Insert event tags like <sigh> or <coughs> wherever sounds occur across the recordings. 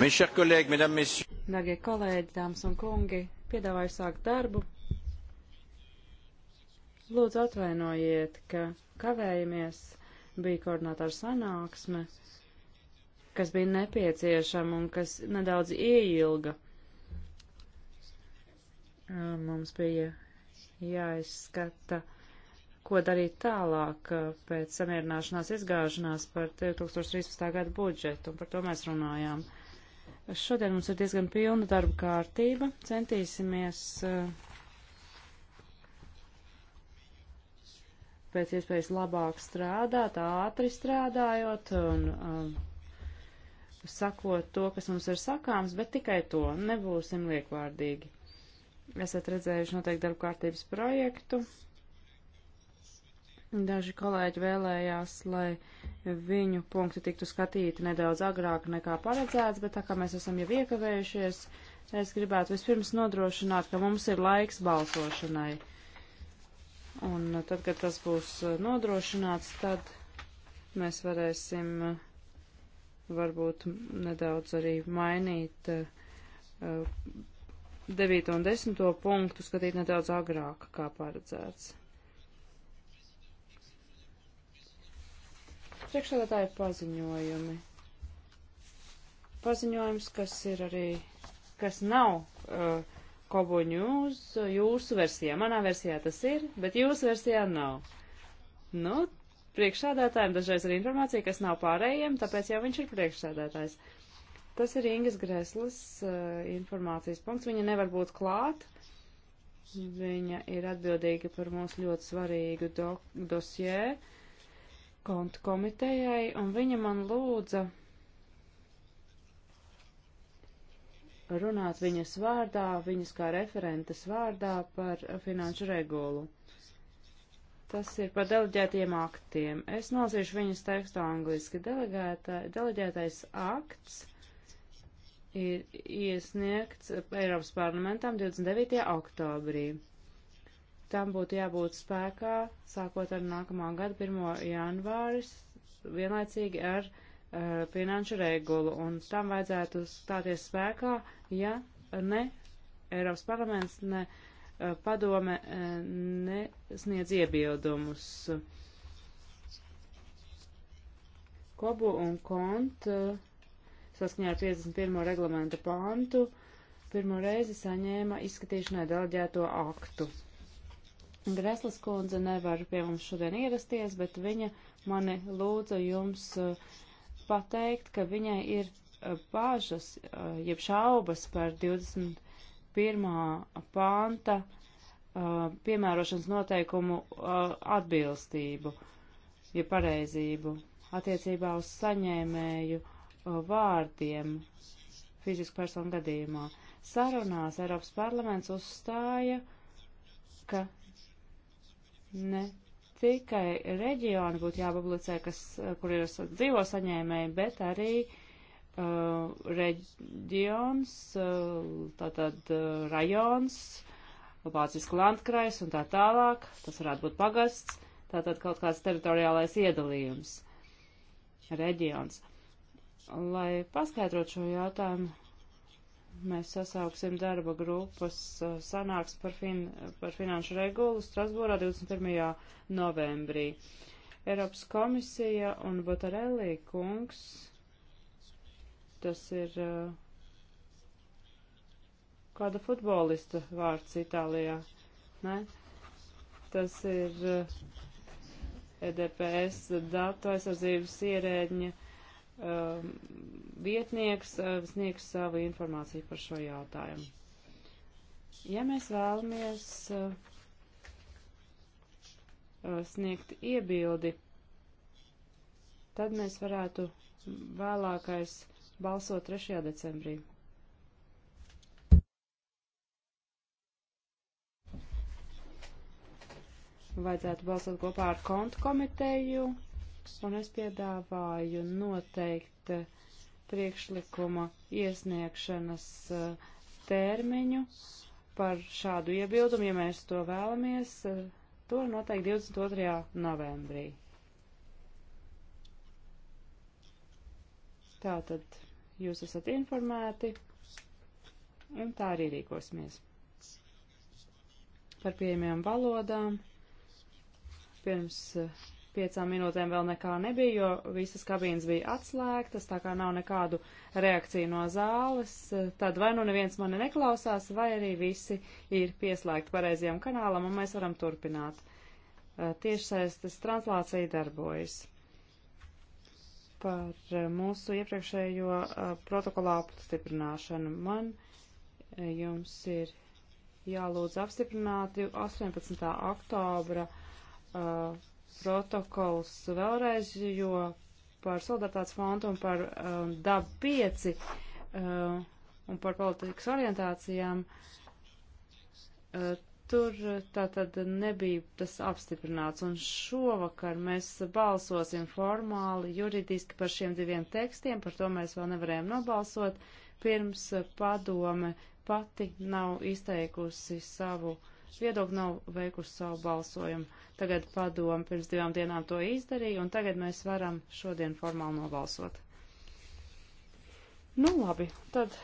Darbie kolēģi, dāmas un kungi, piedāvāju sākt darbu. Lūdzu atvainojiet, ka kavējamies, bija koordinātāra sanāksme, kas bija nepieciešama un kas nedaudz ieilga. Mums bija jāizskata ko darīt tālāk pēc samierināšanās izgāšanās par 2013. gadu budžetu, un par to mēs runājām. Šodien mums ir diezgan pilna darba kārtība. Centīsimies eh, pēc iespējas labāk strādāt, ātri strādājot un um, sakot to, kas mums ir sakāms, bet tikai to. Nebūsim liekvārdīgi. Esat redzējuši noteikti darba kārtības projektu. Daži kolēģi vēlējās, lai viņu punkti tiktu skatīti nedaudz agrāk nekā paredzēts, bet tā kā mēs esam jau iekavējušies, es gribētu vispirms nodrošināt, ka mums ir laiks balsošanai. Un tad, kad tas būs nodrošināts, tad mēs varēsim varbūt nedaudz arī mainīt 9 eh, un 10 punktu, skatīt nedaudz agrāk, kā paredzēts. Priekšsēdētāja paziņojumi. Paziņojums, kas ir arī, kas nav uh, Kobo News jūsu versijā. Manā versijā tas ir, bet jūsu versijā nav. Nu, priekšsēdētājiem dažreiz ir informācija, kas nav pārējiem, tāpēc jau viņš ir priekšsēdētājs. Tas ir Ingas Greslis uh, informācijas punkts. Viņa nevar būt klāt. Viņa ir atbildīga par mūsu ļoti svarīgu do dosjē. Uh, kontu komitejai, un viņa man lūdza runāt viņas vārdā, viņas kā referentes vārdā par finanšu regulu. Tas ir par deleģētiem aktiem. Es nolasīšu viņas tekstu angliski. Delegētā, deleģētais akts ir iesniegts Eiropas parlamentam 29. oktobrī. Tam būtu jābūt spēkā sākot ar nākamā gada 1. janvāris, vienlaicīgi ar uh, finanšu regulu, un tam vajadzētu stāties spēkā, ja ne Eiropas parlaments, ne uh, padome uh, nesniedz iebildumus. Kobu un kont uh, saskaņā ar 51. reglamenta pantu pirmo reizi saņēma izskatīšanai deleģēto aktu. Greslas kundze nevar pie mums šodien ierasties, bet viņa mani lūdza jums eh, pateikt, ka viņai ir eh, bāžas, eh, jeb šaubas par 21. panta piemērošanas noteikumu atbilstību, ja pareizību, attiecībā uz saņēmēju vārdiem fizisku personu gadījumā. Sarunās Eiropas parlaments uzstāja, ka ne tikai reģioni būtu jāpublicē, kas, kur ir dzīvo saņēmēji, bet arī uh, reģions, uh, tātad uh, rajons, vācisku landkrais un tā tālāk, tas varētu būt pagasts, tātad kaut kāds teritoriālais iedalījums, reģions. Lai paskaidrotu šo jautājumu, Mēs sasauksim darba grupas uh, sanāks par, fin, par finanšu regulu Strasbūrā 21. novembrī. Eiropas komisija un Botarelli kungs, tas ir uh, kāda futbolista vārds Itālijā, ne? Tas ir uh, EDPS datu aizsardzības ierēģņa Um, vietnieks uh, sniegs savu informāciju par šo jautājumu. Ja mēs vēlamies uh, uh, sniegt iebildi, tad mēs varētu vēlākais balsot 3. decembrī. Vajadzētu balsot kopā ar kontu komiteju un es piedāvāju noteikt eh, priekšlikuma iesniegšanas eh, termiņu par šādu iebildumu, ja mēs to vēlamies, eh, to noteikti 22. novembrī. Tātad jūs esat informēti, un tā arī rīkosimies. Par pieejamajām valodām pirms piecām minūtēm vēl nekā nebija, jo visas kabīnes bija atslēgtas, tā kā nav nekādu reakciju no zāles. Tad vai nu neviens mani neklausās, vai arī visi ir pieslēgti pareizajam kanālam, un mēs varam turpināt. Tiešsaistes translācija darbojas. Par mūsu iepriekšējo protokolā apstiprināšanu man jums ir jālūdz apstiprināt 18. oktobra uh, protokols vēlreiz, jo par solidaritātes fondu un par um, DAB 5 uh, un par politikas orientācijām uh, tur tā tad nebija tas apstiprināts. Un šovakar mēs balsosim formāli juridiski par šiem diviem tekstiem, par to mēs vēl nevarējām nobalsot, pirms padome pati nav izteikusi savu uh, viedokļu nav veikusi savu balsojumu. Tagad padomu pirms divām dienām to izdarīja, un tagad mēs varam šodien formāli nobalsot. Nu labi, tad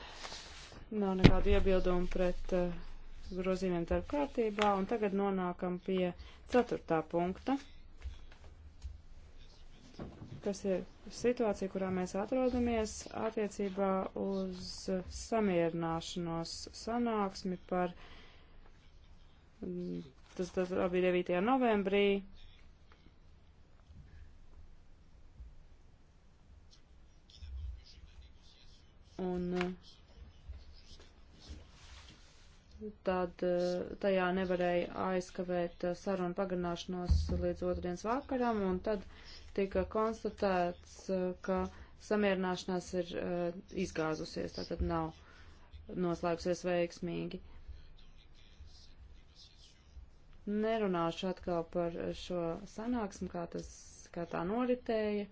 nav nekādu iebildumu pret uh, eh, grozījumiem darba kārtībā, un tagad nonākam pie ceturtā punkta, kas ir situācija, kurā mēs atrodamies attiecībā uz samierināšanos sanāksmi par uh, Tas, tas bija 9. novembrī. Un eh, tad eh, tajā nevarēja aizkavēt eh, sarunu pagarināšanos līdz otrdienas vakaram, un tad tika konstatēts, ka samierināšanās ir izgāzusies, tātad nav noslēgusies veiksmīgi. Uh, Nerunāšu atkal par šo sanāksmi, kā, tas, kā tā noritēja,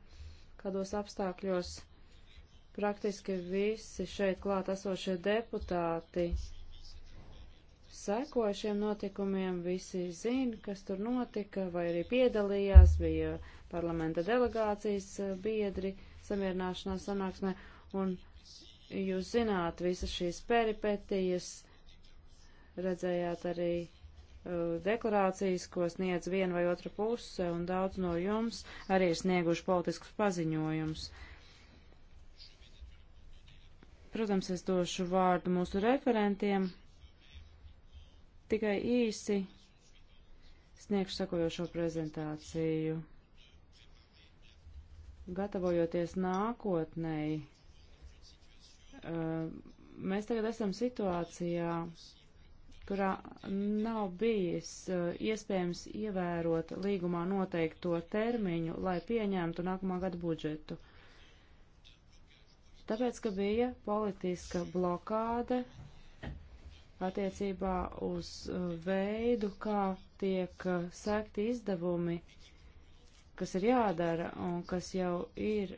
kādos apstākļos praktiski visi šeit klāt esošie deputāti sekoja šiem notikumiem, visi zina, kas tur notika, vai arī piedalījās, bija parlamenta delegācijas eh, biedri samierināšanās sanāksmē, un jūs zināt visas šīs peripetijas, redzējāt arī deklarācijas, ko sniedz viena vai otra puse, un daudz no jums arī ir snieguši politiskus paziņojumus. Protams, es došu vārdu mūsu referentiem. Tikai īsi sniegšu sakojošo prezentāciju. Gatavojoties nākotnēji, uh, mēs tagad esam situācijā, kurā nav bijis eh, iespējams ievērot līgumā noteikto termiņu, lai pieņemtu nākamā gada budžetu. Tāpēc, ka bija politiska blokāde attiecībā uz eh, veidu, kā tiek eh, sekti izdevumi, kas ir jādara un kas jau ir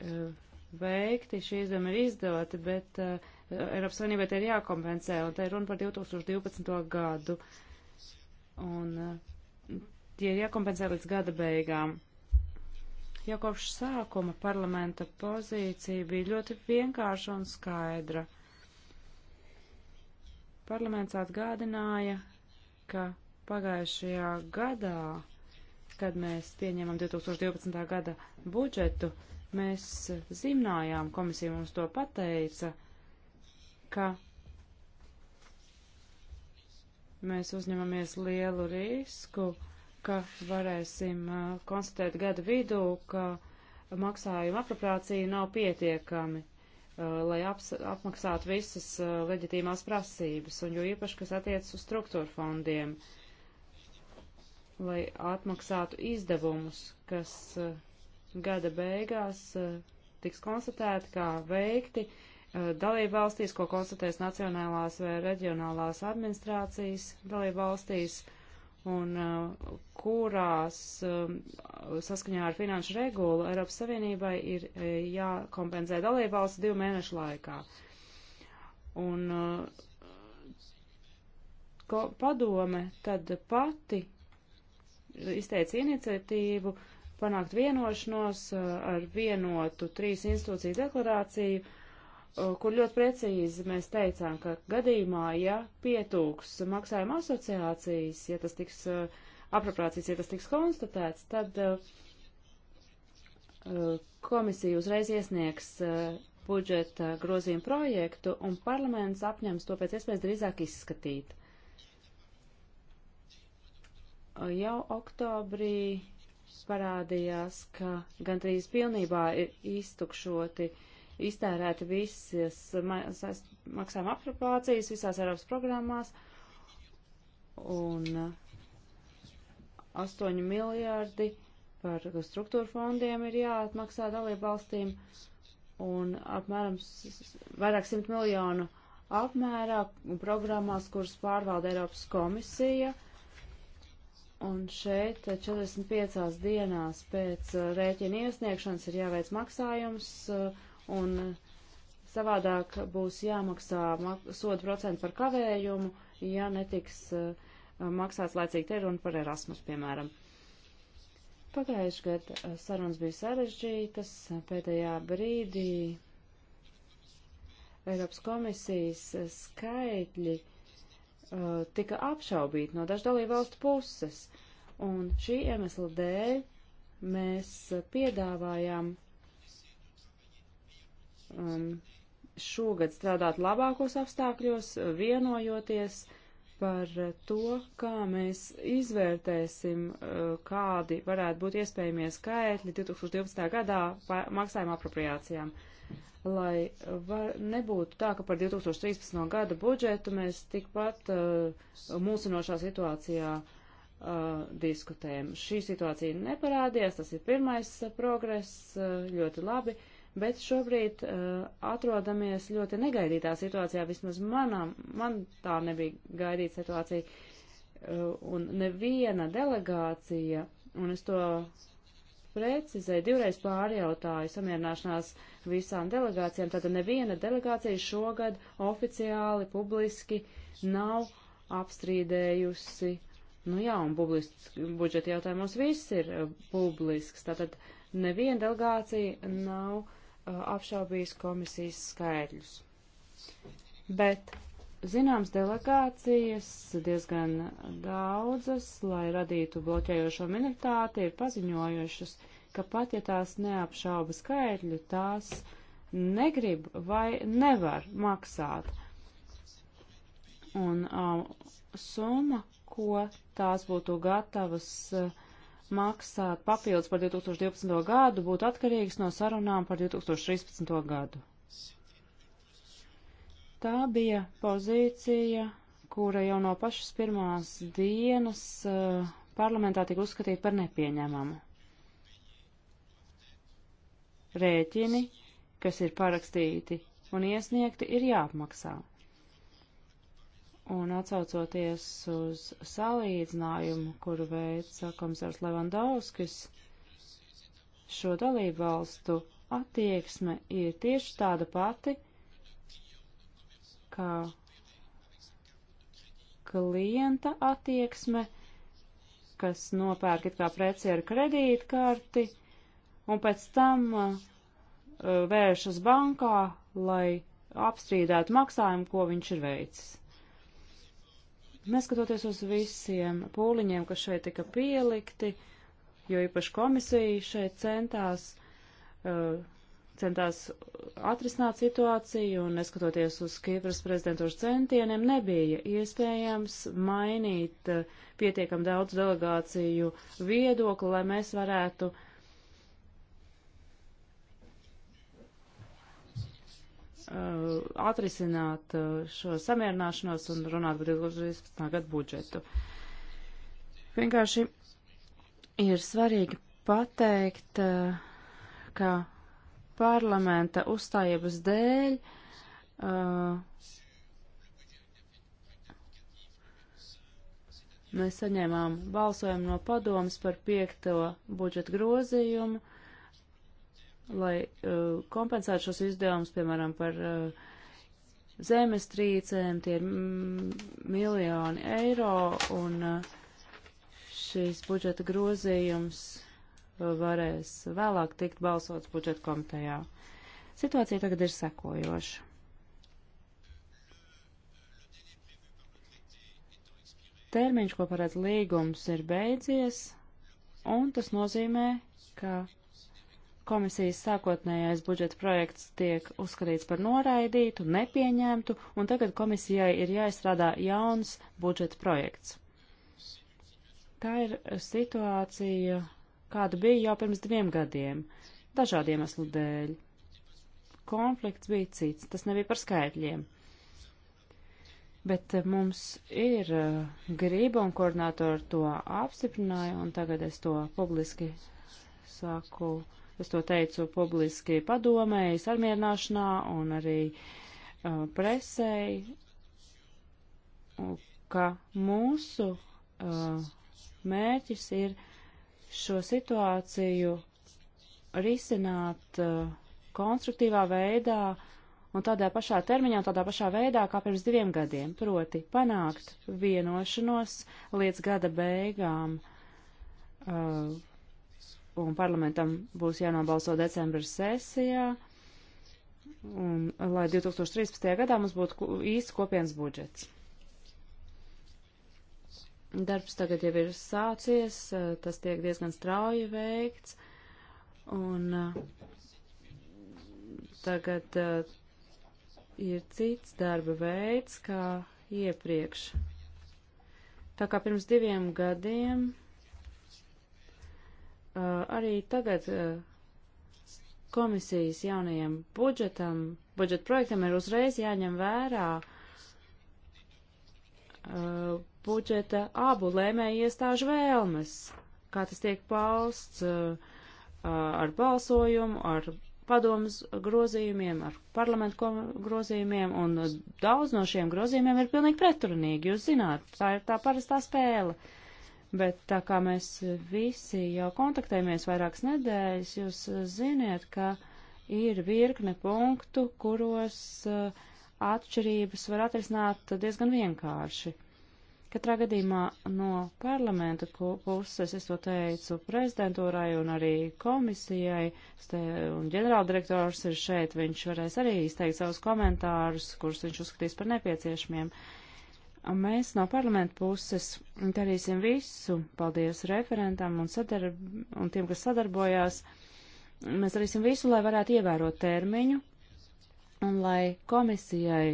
veikti, šie izdevumi ir izdoti, bet uh, Eiropas Savienībai te ir jākompensē, un te ir runa par 2012. gadu. Un uh, tie ir jākompensē līdz gada beigām. Jau kopš sākuma parlamenta pozīcija bija ļoti vienkārša un skaidra. Parlaments atgādināja, ka pagājušajā gadā, kad mēs pieņemam 2012. gada budžetu, mēs zinājām, komisija mums to pateica, ka mēs uzņemamies lielu risku, ka varēsim uh, konstatēt gada vidū, ka maksājuma apropriācija nav pietiekami, uh, lai aps, apmaksātu visas uh, leģitīmās prasības, un jo īpaši, kas attiecas uz struktūra fondiem, lai atmaksātu izdevumus, kas gada beigās tiks konstatēti kā veikti, Uh, dalību valstīs, ko konstatēs nacionālās vai reģionālās administrācijas dalību valstīs, un uh, kurās um, saskaņā ar finanšu regulu Eiropas Savienībai ir uh, jākompensē dalību valsts divu mēnešu laikā. Un ko, padome tad pati izteica iniciatīvu panākt vienošanos ar vienotu trīs institūciju deklarāciju, uh, Uh, kur ļoti precīzi mēs teicām, ka gadījumā, ja pietūks maksājuma asociācijas, ja tas tiks uh, apropriācijas, ja tas tiks konstatēts, tad uh, komisija uzreiz iesniegs budžeta grozījumu projektu un parlaments apņems to pēc iespējas drīzāk izskatīt. Jau oktobrī parādījās, ka gandrīz pilnībā ir iztukšoti uh, iztērēti visas maksājuma apropācijas visās Eiropas programmās. Un 8 uh, miljārdi par struktūra fondiem ir jāatmaksā dalību valstīm un apmēram vairāk simt miljonu apmērā programmās, kuras pārvalda Eiropas komisija. Un šeit 45 uh, dienās pēc uh, rēķina iesniegšanas ir jāveic maksājums uh, un eh, savādāk būs jāmaksā sodu procentu par kavējumu, ja netiks eh, maksāts laicīgi te runa par Erasmus, piemēram. Pagājuši gadu eh, sarunas bija sarežģītas, pēdējā brīdī Eiropas komisijas skaitļi tika apšaubīti no dažu dalību valstu puses, un šī iemesla dēļ mēs piedāvājām um, šogad strādāt labākos apstākļos, vienojoties par to, kā mēs izvērtēsim, uh, kādi varētu būt iespējamie skaitļi 2012. gadā maksājuma apropriācijām. Lai var, nebūtu tā, ka par 2013. gada budžetu mēs tikpat uh, mūsinošā situācijā uh, diskutējam. Šī situācija neparādījās, tas ir pirmais uh, progress, uh, ļoti labi. Uh, bet šobrīd uh, atrodamies ļoti negaidītā situācijā, vismaz manā, man tā nebija gaidīta situācija, uh, un neviena delegācija, un es to precizēju, divreiz pārjautāju samierināšanās visām delegācijām, tātad neviena delegācija šogad oficiāli, publiski nav apstrīdējusi. Nu jā, un publiski budžeta jautājumos viss ir uh, publisks, tātad neviena delegācija nav Uh, apšaubījis komisijas skaidrļus. Bet zināms delegācijas, diezgan daudzas, lai radītu bloķējošo minoritāti, ir paziņojušas, ka pat ja tās neapšauba skaidļu, tās negrib vai nevar maksāt. Un um, summa, ko tās būtu gatavas uh, maksāt papildus par 2012. gadu būtu atkarīgs no sarunām par 2013. gadu. Tā bija pozīcija, kura jau no pašas pirmās dienas uh, parlamentā tika uzskatīta par nepieņemamu. Rēķini, kas ir parakstīti un iesniegti, ir jāapmaksā. Un atsaucoties uz salīdzinājumu, kuru veica komisārs Levandovskis, šo dalību valstu attieksme ir tieši tāda pati, kā klienta attieksme, kas nopērk it kā preci ar kredītkarti, un pēc tam uh, vēršas bankā, lai apstrīdētu maksājumu, ko viņš ir veicis. Neskatoties uz visiem pūliņiem, kas šeit tika pielikti, jo īpaši komisija šeit centās, uh, centās atrisināt situāciju, un neskatoties uz Kipras prezidentūras centieniem, nebija iespējams mainīt uh, pietiekam daudz delegāciju viedokli, lai mēs varētu uh, Uh, atrisināt uh, šo samierināšanos un runāt par 2016. gadu budžetu. Vienkārši ir svarīgi pateikt, uh, ka parlamenta uzstājības dēļ mēs saņēmām balsojumu no padomas par piekto budžeta grozījumu lai uh, kompensētu šos izdevumus, piemēram, par uh, zemestrīcēm, tie ir mm, miljoni eiro, un uh, šīs budžeta grozījums uh, varēs vēlāk tikt balsots budžeta komitejā. Situācija tagad ir sekojoša. Termiņš, ko paredz līgums, ir beidzies, un tas nozīmē, ka Komisijas sākotnējais budžeta projekts tiek uzskatīts par noraidītu, nepieņemtu, un tagad komisijai ir jāizstrādā jauns budžeta projekts. Tā ir situācija, kāda bija jau pirms diviem gadiem, dažādiem iemeslu dēļ. Konflikts bija cits, tas nebija par skaitļiem. Bet eh, mums ir eh, grība un koordinātori to apstiprināja, un tagad es to publiski sāku uh, Es to teicu publiski padomēji, samierināšanā un arī uh, presēji, ka mūsu uh, mērķis ir šo situāciju risināt uh, konstruktīvā veidā un tādā pašā termiņā un tādā pašā veidā kā pirms diviem gadiem, proti panākt vienošanos līdz gada beigām. Uh, un parlamentam būs jānobalso decembra sesijā, un lai 2013. gadā mums būtu īsts kopienas budžets. Darbs tagad jau ir sācies, tas tiek diezgan strauji veikts, un tagad ir cits darba veids, kā iepriekš. Tā kā pirms diviem gadiem Arī tagad komisijas jaunajam budžetam, budžeta projektam ir uzreiz jāņem vērā budžeta abu lēmēju iestāžu vēlmes, kā tas tiek pausts ar balsojumu, ar padomas grozījumiem, ar parlamentu grozījumiem, un daudz no šiem grozījumiem ir pilnīgi pretrunīgi. Jūs zināt, tā ir tā parastā spēle. Uh, Bet tā kā mēs visi jau kontaktējamies vairākas nedēļas, jūs ziniet, ka ir virkne punktu, kuros uh, atšķirības var atrisināt diezgan vienkārši. Katrā gadījumā no parlamenta puses es to teicu prezidentūrai un arī komisijai, Ste, un ģenerāldirektors ir šeit, viņš varēs arī izteikt savus komentārus, kurus viņš uzskatīs par nepieciešamiem. Uh, mēs no parlamenta puses darīsim visu, paldies referentam un, sadarb un tiem, kas sadarbojās, mēs darīsim visu, lai varētu ievērot termiņu un lai komisijai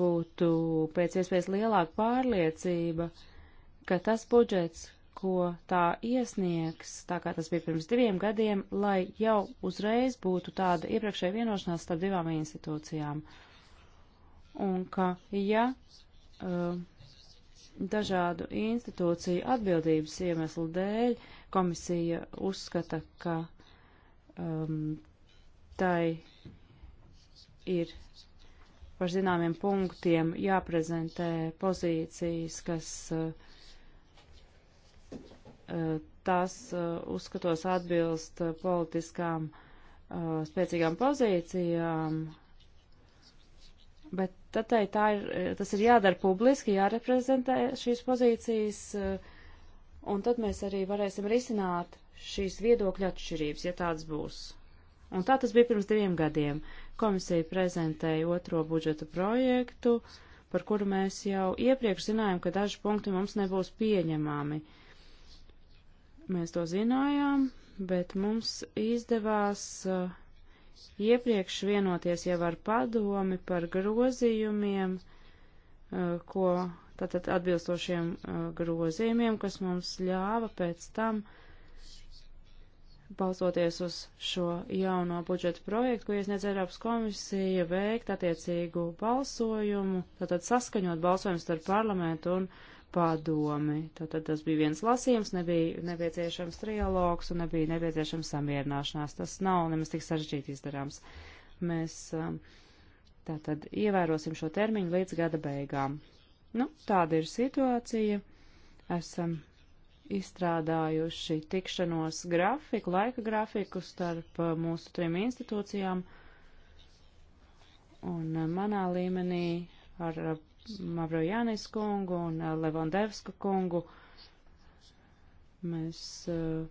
būtu pēc iespējas lielāka pārliecība, ka tas budžets, ko tā iesniegs, tā kā tas bija pirms diviem gadiem, lai jau uzreiz būtu tāda iepriekšēja vienošanās starp divām institūcijām. Uh, un ka, ja eh, dažādu institūciju atbildības iemeslu dēļ komisija uzskata, ka um, tai ir par zināmiem punktiem jāprezentē pozīcijas, kas uh, eh, eh, tās uh, uzskatos atbilst politiskām uh, spēcīgām pozīcijām, bet tad tai, tā ir, eh, tas ir jādara publiski, jāreprezentē šīs pozīcijas, eh, un tad mēs arī varēsim risināt šīs viedokļa atšķirības, ja tāds būs. Un tā tas bija pirms diviem gadiem. Komisija prezentēja otro budžeta projektu, par kuru mēs jau iepriekš zinājām, ka daži punkti mums nebūs pieņemami. Mēs to zinājām, bet mums izdevās uh, iepriekš vienoties jau ar padomi par grozījumiem, eh, ko tātad atbilstošiem eh, grozījumiem, kas mums ļāva pēc tam, balstoties uz šo jauno budžeta projektu, ko iesniedz Eiropas komisija, veikt attiecīgu balsojumu, tātad saskaņot balsojumu starp parlamentu un parlamentu padomi. Tātad tas bija viens lasījums, nebija nepieciešams trialogs un nebija nepieciešams samierināšanās. Tas nav nemaz tik sarežģīti izdarāms. Mēs um, tātad ievērosim šo termiņu līdz gada beigām. Nu, tāda ir situācija. Esam izstrādājuši tikšanos grafiku, laika grafiku starp uh, mūsu trim institūcijām. Un uh, manā līmenī ar uh, Mavrojānis kungu un uh, Levandevska kungu. Mēs uh,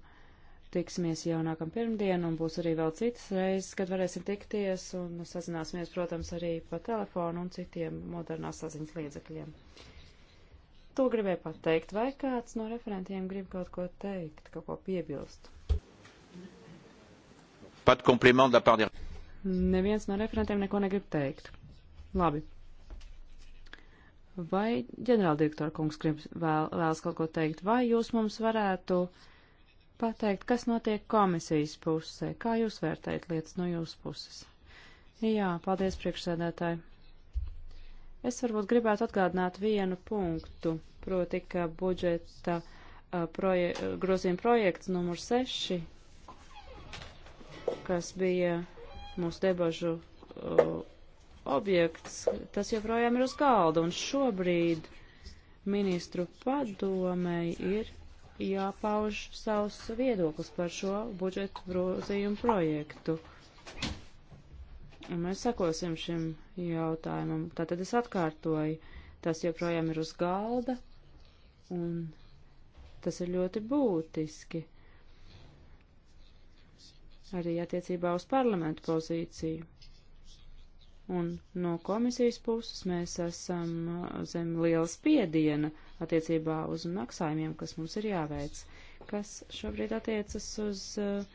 tiksimies jau nākam pirmdien, un būs arī vēl citas reizes, kad varēsim tikties, un sazināsimies, protams, arī pa telefonu un citiem modernās saziņas līdzekļiem. To gribēju pateikt. Vai kāds no referentiem grib kaut ko teikt, kaut ko piebilst? Pat komplimentu apārdiem. Neviens no referentiem neko negrib teikt. Labi. Vai ģenerāldirektora kungs grib vēl, vēlas kaut ko teikt, vai jūs mums varētu pateikt, kas notiek komisijas pusē, kā jūs vērtējat lietas no jūsu puses? Jā, paldies priekšsēdētāji. Es varbūt gribētu atgādināt vienu punktu, proti, ka budžeta uh, proje, grozījuma projekts numur 6, kas bija mūsu debažu uh, objekts, tas joprojām ir uz galda, un šobrīd ministru padomei ir jāpauž savs viedoklis par šo budžetu grozījumu projektu. Un mēs sekosim šim jautājumam. Tātad es atkārtoju, tas joprojām ir uz galda, un tas ir ļoti būtiski. Arī attiecībā uz parlamentu pozīciju. Un no komisijas puses mēs esam uh, zem liela spiediena attiecībā uz maksājumiem, kas mums ir jāveic, kas šobrīd attiecas uz uh,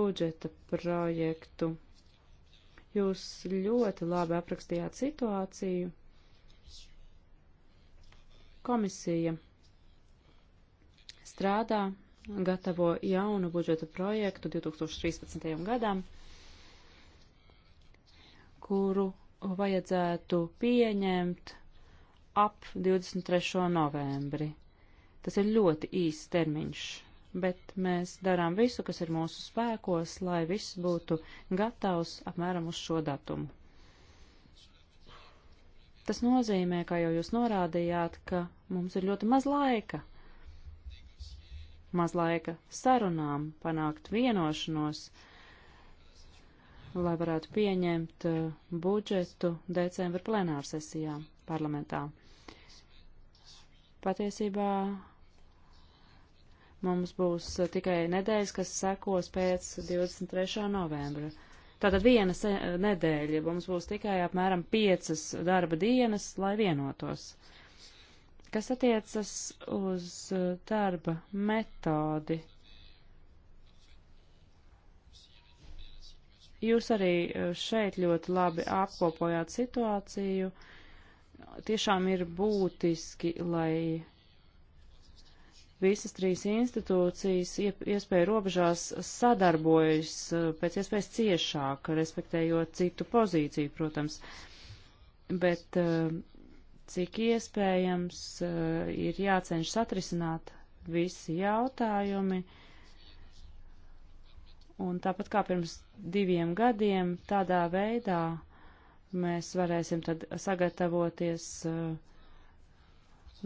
budžeta projektu. Jūs ļoti labi aprakstījāt situāciju. Komisija strādā, gatavo jaunu budžeta projektu 2013. gadam kuru vajadzētu pieņemt ap 23. novembri. Tas ir ļoti īsts termiņš, bet mēs darām visu, kas ir mūsu spēkos, lai viss būtu gatavs apmēram uz šo datumu. Tas nozīmē, kā jau jūs norādījāt, ka mums ir ļoti maz laika. Maz laika sarunām, panākt vienošanos, uh, lai varētu pieņemt uh, budžetu decembra plenārsesijā parlamentā. Patiesībā mums būs uh, tikai nedēļas, kas sekos pēc 23. novembra. Tātad viena uh, nedēļa mums būs tikai apmēram piecas darba dienas, lai vienotos. Kas attiecas uz darba metodi, Jūs arī eh, šeit ļoti labi apkopojāt situāciju. Tiešām ir būtiski, lai visas trīs institūcijas iespēju robežās sadarbojas eh, pēc iespējas ciešāk, respektējot citu pozīciju, protams. Bet eh, cik iespējams ir jācenšas atrisināt visi jautājumi. Uh, Un tāpat kā pirms diviem gadiem, tādā veidā mēs varēsim tad sagatavoties uh,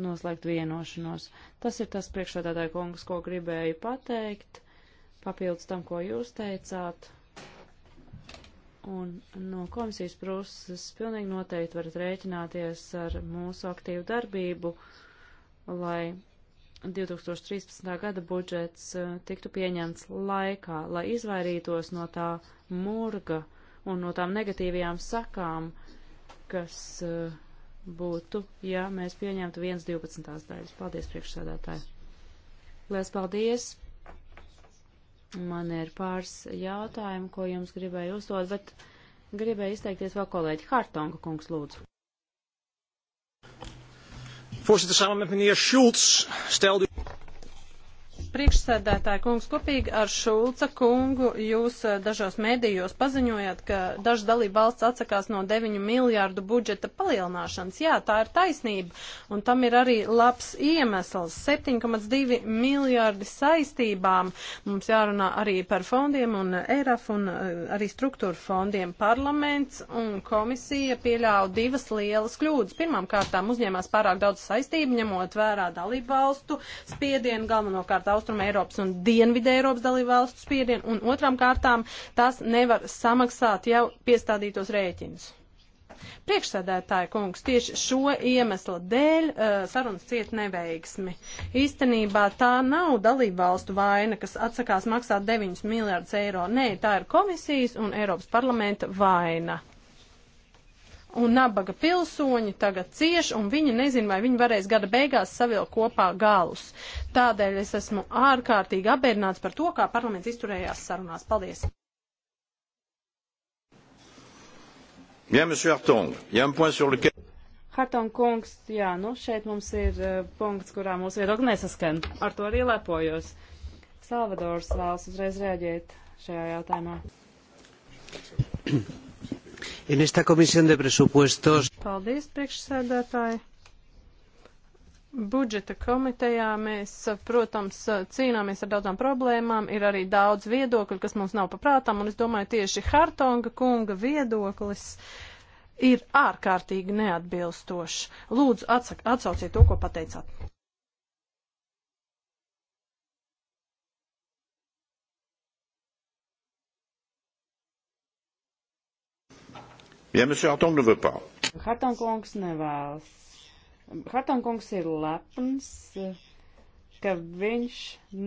noslēgt vienošanos. Tas ir tas priekšsēdētāja kungs, ko gribēju pateikt, papildus tam, ko jūs teicāt. Un no komisijas puses pilnīgi noteikti varat rēķināties ar mūsu aktīvu darbību, lai 2013. gada budžets eh, tiktu pieņemts laikā, lai izvairītos no tā murga un no tām negatīvajām sakām, kas eh, būtu, ja mēs pieņemtu 1.12. daļas. Paldies, priekšsēdētāji! Lielas paldies! Man ir pāris jautājumu, ko jums gribēju uzdot, bet gribēju izteikties vēl kolēģi Hartonga kungs lūdzu. Voorzitter, samen met meneer Schulz stelde Priekšsēdētāja kungs, kopīgi ar Šulca kungu jūs eh, dažos mēdījos paziņojāt, ka dažas dalība valsts atsakās no 9 miljārdu budžeta palielināšanas. Jā, tā ir taisnība, un tam ir arī labs iemesls. 7,2 miljārdi saistībām mums jārunā arī par fondiem un ERAF eh, e un eh, arī struktūra fondiem. Parlaments un komisija pieļāva divas lielas kļūdas. Pirmām kārtām uzņēmās pārāk daudz saistību, ņemot vērā dalību valstu spiedienu galvenokārt Austruma Eiropas un Dienvidē Eiropas dalībvalstu spiedienu, un otrām kārtām tās nevar samaksāt jau piestādītos rēķinus. Priekšsēdētāja kungs tieši šo iemeslu dēļ uh, sarunas ciet neveiksmi. Īstenībā tā nav dalībvalstu vaina, kas atsakās maksāt 9 miljārdus eiro. Nē, tā ir komisijas un Eiropas parlamenta vaina un nabaga pilsoņi tagad cieš, un viņi nezin, vai viņi varēs gada beigās savilkt kopā galus. Tādēļ es esmu ārkārtīgi apbērnāts par to, kā parlaments izturējās sarunās. Paldies! Bien, monsieur Hartong, il y a un point sur lequel. Hartong kungs, jā, nu šeit mums ir uh, punkts, kurā mūsu viedokļi nesaskan. Ar to arī lepojos. Salvadors vēlas uzreiz reaģēt šajā jautājumā. <coughs> en esta Comisión de Presupuestos. Paldies, priekšsēdētāji. Budžeta komitejā mēs, protams, cīnāmies ar daudzām problēmām, ir arī daudz viedokļu, kas mums nav paprātām, un es domāju, tieši Hartonga kunga viedoklis ir ārkārtīgi neatbilstošs. Lūdzu, atsauciet to, ko pateicāt. Ja mēs Hartung ne vēl pār. Hartung kungs nevēlas. Hartung kungs ir lepns, ka viņš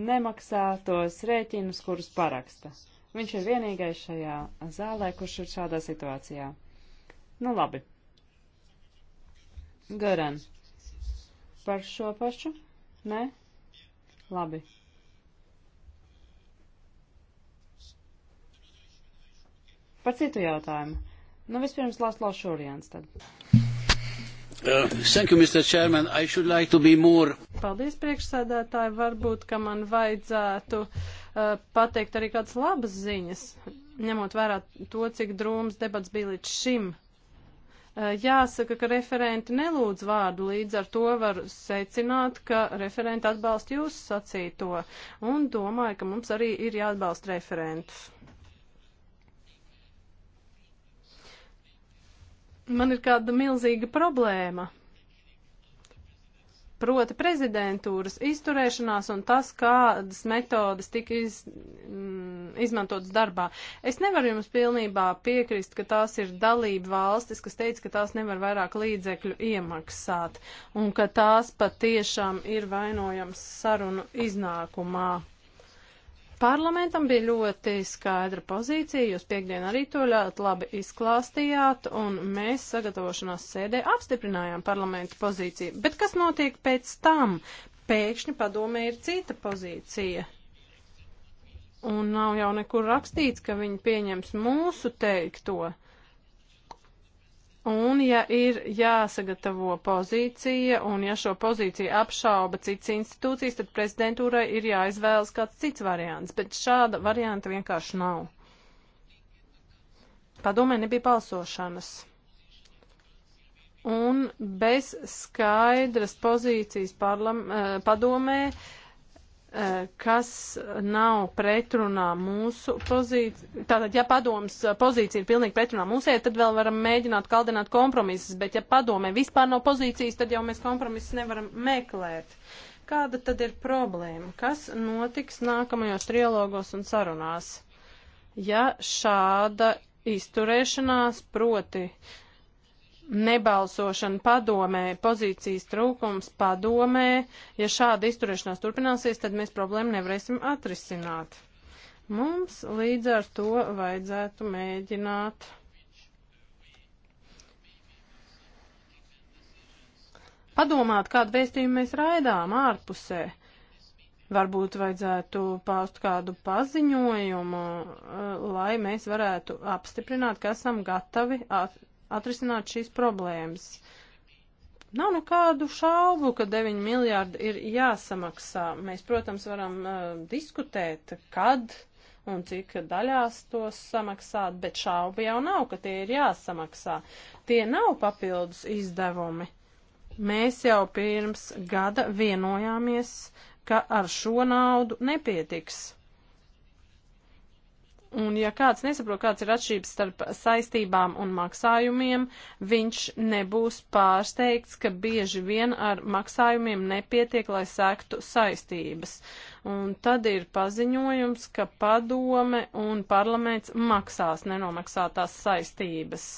nemaksā tos rēķinus, kurus paraksta. Viņš ir vienīgais šajā zālē, kurš ir šādā situācijā. Nu labi. Garan. Par šo pašu? Nē? Labi. Par citu jautājumu. Nu, vispirms Laslo Šurjans tad. Uh, thank you, Mr. Chairman. I should like to be more. Paldies, priekšsēdētāji. Varbūt, ka man vajadzētu uh, pateikt arī kādas labas ziņas, ņemot vērā to, cik drūms debats bija līdz šim uh, jāsaka, ka referenti nelūdz vārdu, līdz ar to var secināt, ka referenti atbalsta jūsu sacīto, un domāju, ka mums arī ir jāatbalsta referentus. man ir kāda milzīga problēma. Proti prezidentūras izturēšanās un tas, kādas metodas tika iz, mm, izmantotas darbā. Es nevaru jums pilnībā piekrist, ka tās ir dalība valstis, kas teica, ka tās nevar vairāk līdzekļu iemaksāt un ka tās patiešām ir vainojams sarunu iznākumā. Parlamentam bija ļoti skaidra pozīcija, jūs piekdien arī to ļoti labi izklāstījāt, un mēs sagatavošanās sēdē apstiprinājām parlamentu pozīciju. Bet kas notiek pēc tam? Pēkšņi padomē ir cita pozīcija. Un nav jau nekur rakstīts, ka viņi pieņems mūsu teikto. Un, ja ir jāsagatavo pozīcija, un ja šo pozīciju apšauba cits institūcijas, tad prezidentūrai ir jāizvēlas kāds cits variants, bet šāda varianta vienkārši nav. Padomē nebija balsošanas. Un bez skaidras pozīcijas parlam, eh, padomē uh, Eh, kas nav pretrunā mūsu pozīcijai. Tātad, ja padoms eh, pozīcija ir pilnīgi pretrunā mūsē, tad vēl varam mēģināt kaldināt kompromisus, bet ja padomē vispār nav pozīcijas, tad jau mēs kompromisus nevaram meklēt. Kāda tad ir problēma? Kas notiks nākamajos trilogos un sarunās? Ja šāda izturēšanās proti uh, nebalsošana padomē, pozīcijas trūkums padomē, ja šāda izturēšanās turpināsies, tad mēs problēmu nevarēsim atrisināt. Mums līdz ar to vajadzētu mēģināt padomāt, kādu vēstījumu mēs raidām ārpusē. Varbūt vajadzētu paust kādu paziņojumu, eh, lai mēs varētu apstiprināt, ka esam gatavi at atrisināt šīs problēmas. Nav nekādu šaubu, ka 9 miljārdi ir jāsamaksā. Mēs, protams, varam uh, diskutēt, kad un cik daļās tos samaksāt, bet šaubu jau nav, ka tie ir jāsamaksā. Tie nav papildus izdevumi. Mēs jau pirms gada vienojāmies, ka ar šo naudu nepietiks. Un ja kāds nesaprot, kāds ir atšķirības starp saistībām un maksājumiem, viņš nebūs pārsteigts, ka bieži vien ar maksājumiem nepietiek, lai sektu saistības. Un tad ir paziņojums, ka padome un parlaments maksās nenomaksātās saistības.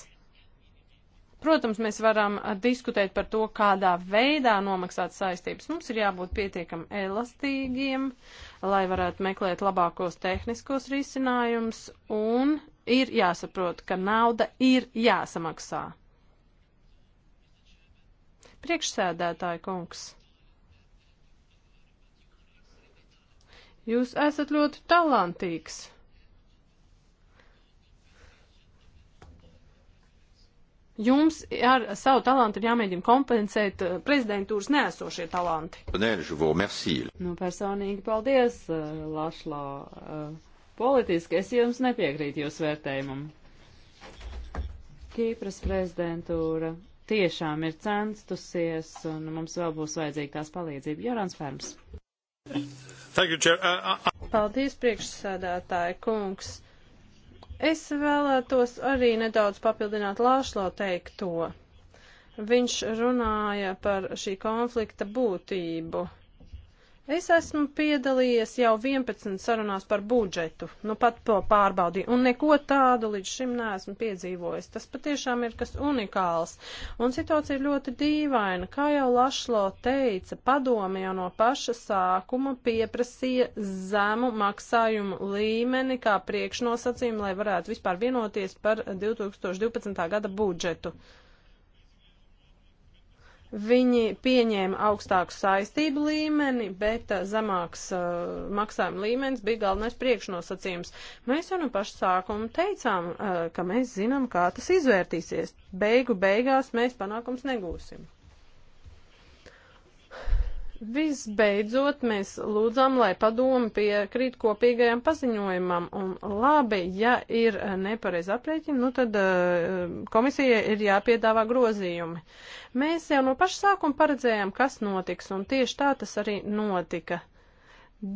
Protams, mēs varam diskutēt par to, kādā veidā nomaksāt saistības. Mums ir jābūt pietiekam elastīgiem, lai varētu meklēt labākos tehniskos risinājumus, un ir jāsaprot, ka nauda ir jāsamaksā. Priekšsēdētāji kungs. Jūs esat ļoti talantīgs. Jums ar savu talantu ir jāmēģina kompensēt eh, prezidentūras nesošie talanti. Nu, personīgi paldies, eh, Lašlā. Eh, politiski es jums nepiekrītu jūsu vērtējumam. Kīpras prezidentūra tiešām ir centusies, un mums vēl būs vajadzīga tās palīdzība. Jorans Ferms. Uh, uh, uh, paldies, priekšsēdētāji kungs. Es vēlētos arī nedaudz papildināt Lāšlo teikto. Viņš runāja par šī konflikta būtību. Es esmu piedalījies jau 11 sarunās par budžetu, nu pat to pārbaudīju, un neko tādu līdz šim neesmu piedzīvojis. Tas patiešām ir kas unikāls, un situācija ir ļoti dīvaina. Kā jau Lašlo teica, padomi jau no paša sākuma pieprasīja zemu maksājumu līmeni kā priekšnosacījumu, lai varētu vispār vienoties par 2012. Eh, gada budžetu. Viņi pieņēma augstāku saistību līmeni, bet uh, zemāks uh, maksājuma līmenis bija galvenais priekšnosacījums. Mēs jau no paša sākuma teicām, uh, ka mēs zinām, kā tas izvērtīsies. Beigu beigās mēs panākums negūsim. Visbeidzot, mēs lūdzam, lai padomu piekrīt kopīgajam paziņojumam. Un labi, ja ir eh, nepareiz aprēķini, nu tad uh, komisijai ir jāpiedāvā grozījumi. Mēs jau no paša sākuma paredzējām, kas notiks, un tieši tā tas arī notika.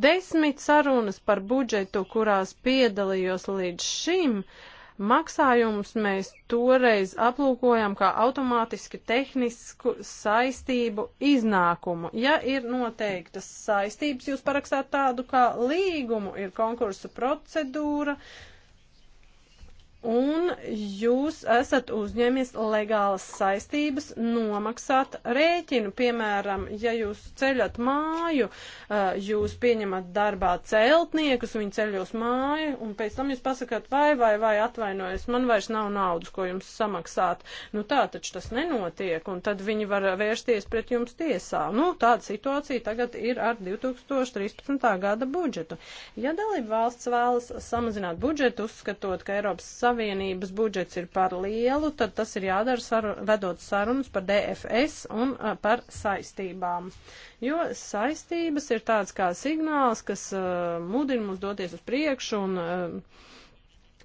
Desmit sarunas par budžetu, kurās piedalījos līdz šim, uh, Maksājumus mēs toreiz aplūkojam kā automātiski tehnisku saistību iznākumu. Ja ir noteiktas saistības, jūs parakstāt tādu kā līgumu, ir konkursu procedūra, uh, un jūs esat uzņēmis legālas saistības nomaksāt rēķinu. Piemēram, ja jūs ceļat māju, eh, jūs pieņemat darbā celtniekus, viņi ceļos māju, un pēc tam jūs pasakāt, vai, vai, vai atvainojos, man vairs nav naudas, ko jums samaksāt. Nu tā taču tas nenotiek, un tad viņi var vērsties pret jums tiesā. Nu, tāda situācija tagad ir ar 2013. gada budžetu. Ja dalība valsts vēlas samazināt budžetu, uzskatot, ka Eiropas Savienība Savienības budžets ir par lielu, tad tas ir jādara saru, vedot sarunas par DFS un uh, par saistībām. Jo saistības ir tāds kā signāls, kas uh, mudina mums doties uz priekšu un uh,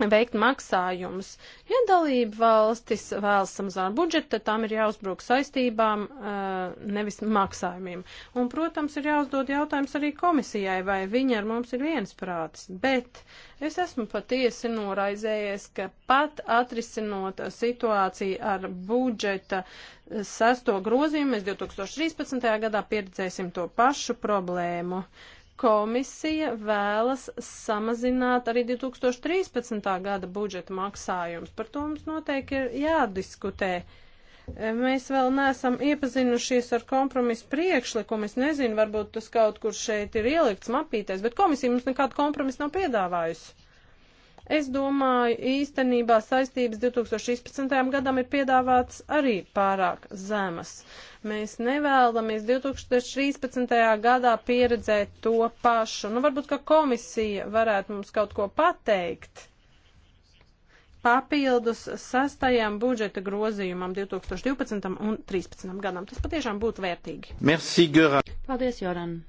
veikt maksājumus. Ja dalība valstis vēlas samazināt budžetu, tad tām ir jāuzbruk saistībām, eh, nevis maksājumiem. Un, protams, ir jāuzdod jautājums arī komisijai, vai viņa ar mums ir viensprātis. Bet es esmu patiesi noraizējies, ka pat atrisinot situāciju ar budžeta eh, sesto grozījumu, mēs 2013. gadā pieredzēsim to pašu problēmu. Uh, Komisija vēlas samazināt arī 2013. gada budžeta maksājumus. Par to mums noteikti ir jādiskutē. E, mēs vēl neesam iepazinušies ar kompromisu priekšlikumu. Es nezinu, varbūt tas kaut kur šeit ir ielikts mapīties, bet komisija mums nekādu kompromisu nav piedāvājusi. Es domāju, īstenībā saistības 2016. gadam ir piedāvāts arī pārāk zemas. Mēs nevēlamies 2013. gadā pieredzēt to pašu. Nu, varbūt, ka komisija varētu mums kaut ko pateikt. Papildus sastajam budžeta grozījumam 2012. un 2013. gadam. Tas patiešām būtu vērtīgi. Merci, Göran. Paldies, Joran.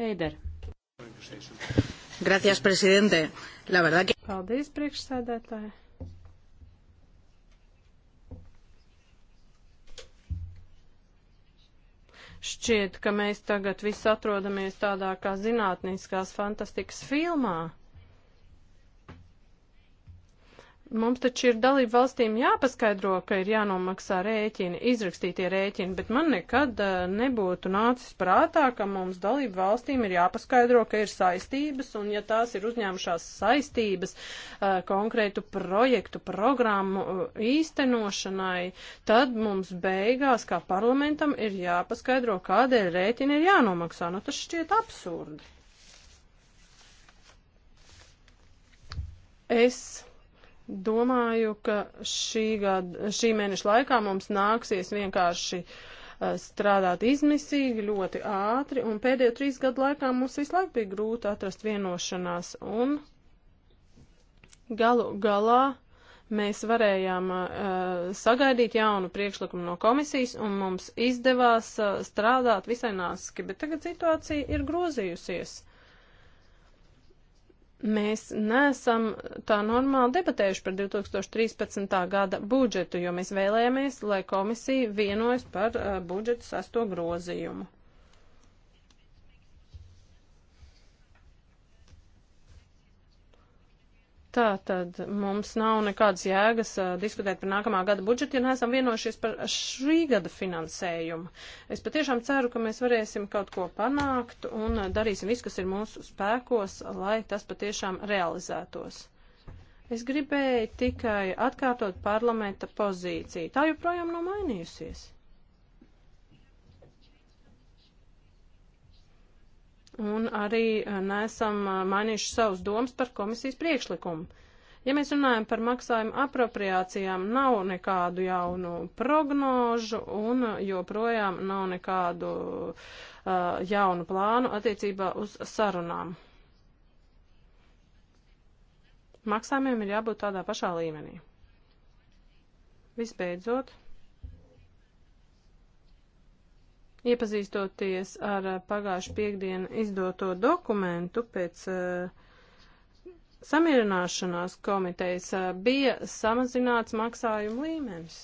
Eider. Thank you. Gracias, presidente. La verdad que... Paldies, priekšsēdētāji. Šķiet, ka mēs tagad visi atrodamies tādā kā zinātniskās fantastikas filmā. Mums taču ir dalību valstīm jāpaskaidro, ka ir jānomaksā rēķini, izrakstītie rēķini, bet man nekad uh, nebūtu nācis prātā, ka mums dalību valstīm ir jāpaskaidro, ka ir saistības, un ja tās ir uzņēmušās saistības uh, konkrētu projektu, programmu uh, īstenošanai, tad mums beigās, kā parlamentam, ir jāpaskaidro, kādēļ rēķini ir jānomaksā. Nu, tas šķiet absurdi. Es Domāju, ka šī, gada, šī mēneša laikā mums nāksies vienkārši eh, strādāt izmisīgi, ļoti ātri, un pēdējo trīs gadu laikā mums visu laiku bija grūti atrast vienošanās, un galu galā mēs varējām uh, sagaidīt jaunu priekšlikumu no komisijas, un mums izdevās uh, strādāt visai nāski, bet tagad situācija ir grozījusies mēs nesam tā normāli debatējuši par 2013. gada budžetu, jo mēs vēlējāmies, lai komisija vienojas par uh, budžetu sasto grozījumu. Tā tad mums nav nekādas jēgas uh, diskutēt par nākamā gada budžetu, ja neesam vienojušies par šī gada finansējumu. Es patiešām ceru, ka mēs varēsim kaut ko panākt un uh, darīsim visu, kas ir mūsu spēkos, lai tas patiešām realizētos. Es gribēju tikai atkārtot parlamenta pozīciju. Tā joprojām nav mainījusies. un arī eh, nesam eh, mainījuši savus domas par komisijas priekšlikumu. Ja mēs runājam par maksājumu apropriācijām, nav nekādu jaunu prognožu un eh, joprojām nav nekādu uh, jaunu plānu attiecībā uz sarunām. Maksājumiem ir jābūt tādā pašā līmenī. Visbeidzot. Iepazīstoties ar eh, pagājušu piekdienu izdoto dokumentu pēc uh, samierināšanās komitejas, uh, bija samazināts maksājumu līmenis.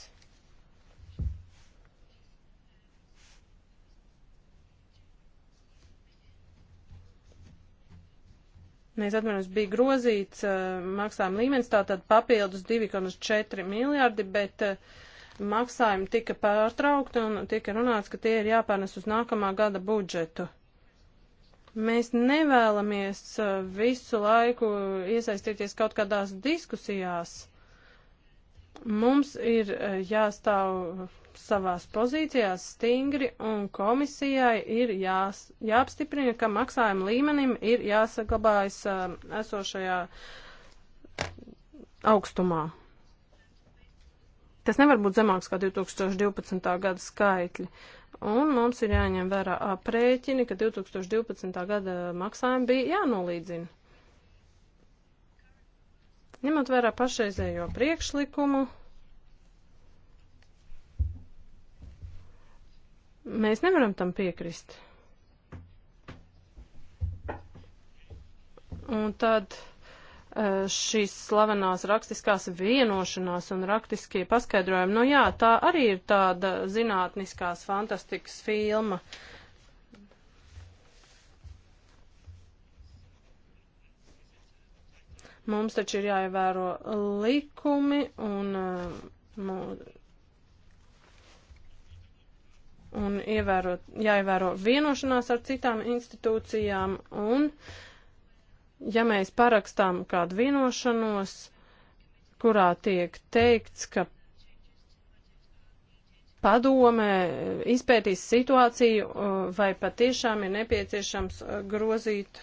Mēs atceramies, bija grozīts uh, maksājuma līmenis, tātad papildus 2,4 miljardi, bet uh, maksājumi tika pārtraukti un tika runāts, ka tie ir jāpārnes uz nākamā gada budžetu. Mēs nevēlamies uh, visu laiku iesaistīties kaut kādās diskusijās. Mums ir uh, jāstāv savās pozīcijās stingri un komisijai ir jās, jāapstiprina, ka maksājuma līmenim ir jāsaglabājas uh, esošajā augstumā. Tas nevar būt zemāks kā 2012. gada skaitļi. Un mums ir jāņem vērā aprēķini, ka 2012. gada maksājumi bija jānolīdzina. Ņemot vērā pašreizējo priekšlikumu, mēs nevaram tam piekrist. Un tad. Tād... Eh, šīs slavenās rakstiskās vienošanās un rakstiskie paskaidrojumi. Nu jā, tā arī ir tāda zinātniskās fantastikas filma. Mums taču ir jāievēro likumi un, eh, nu, un ievērot, jāievēro vienošanās ar citām institūcijām un uh, ja mēs parakstām kādu vienošanos, kurā tiek teikts, ka padome izpētīs situāciju, uh, vai patiešām ir nepieciešams uh, grozīt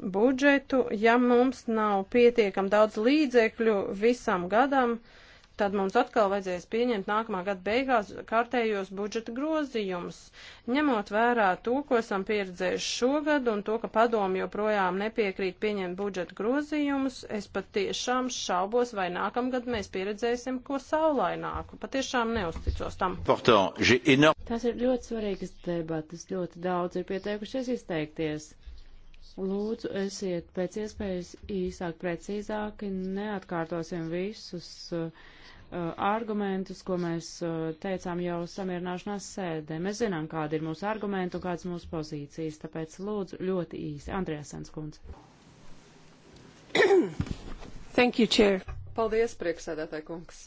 budžetu, ja mums nav pietiekam daudz līdzekļu visam gadam, uh, tad mums atkal vajadzēs pieņemt nākamā gada beigās kārtējos budžeta grozījumus. Ņemot vērā to, ko esam pieredzējuši šogad un to, ka padomu joprojām nepiekrīt pieņemt budžeta grozījumus, es pat tiešām šaubos, vai nākamgad mēs pieredzēsim ko saulaināku. Patiešām neusticos tam. Tas ir ļoti svarīgas debatas, ļoti daudz ir pieteikušies izteikties. Lūdzu, esiet pēc iespējas īsāk, precīzāk, neatkārtosim visus uh, Uh, argumentus, ko mēs uh, teicām jau samierināšanās sēdē. Mēs zinām, kāda ir mūsu argumenta un kādas mūsu pozīcijas, tāpēc lūdzu ļoti īsi. Andrēsens kundze. Thank you, Chair. Paldies, prieksēdētāji kungs.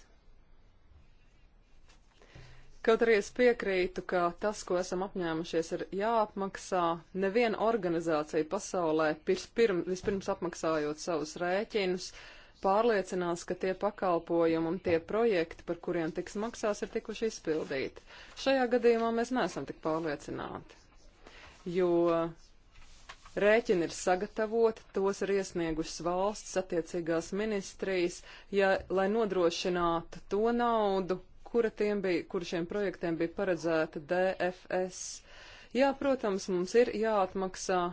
Kaut arī es piekrītu, ka tas, ko esam apņēmušies, ir jāapmaksā. Neviena organizācija pasaulē pirms, pirms, vispirms apmaksājot savus rēķinus, uh, pārliecinās, ka tie pakalpojumi un tie projekti, par kuriem tiks maksās, ir tikuši izpildīti. Šajā gadījumā mēs neesam tik pārliecināti, jo Rēķini ir sagatavoti, tos ir iesniegušas valsts attiecīgās ministrijas, ja, lai nodrošinātu to naudu, kura, bija, kura šiem projektiem bija paredzēta DFS. Jā, protams, mums ir jāatmaksā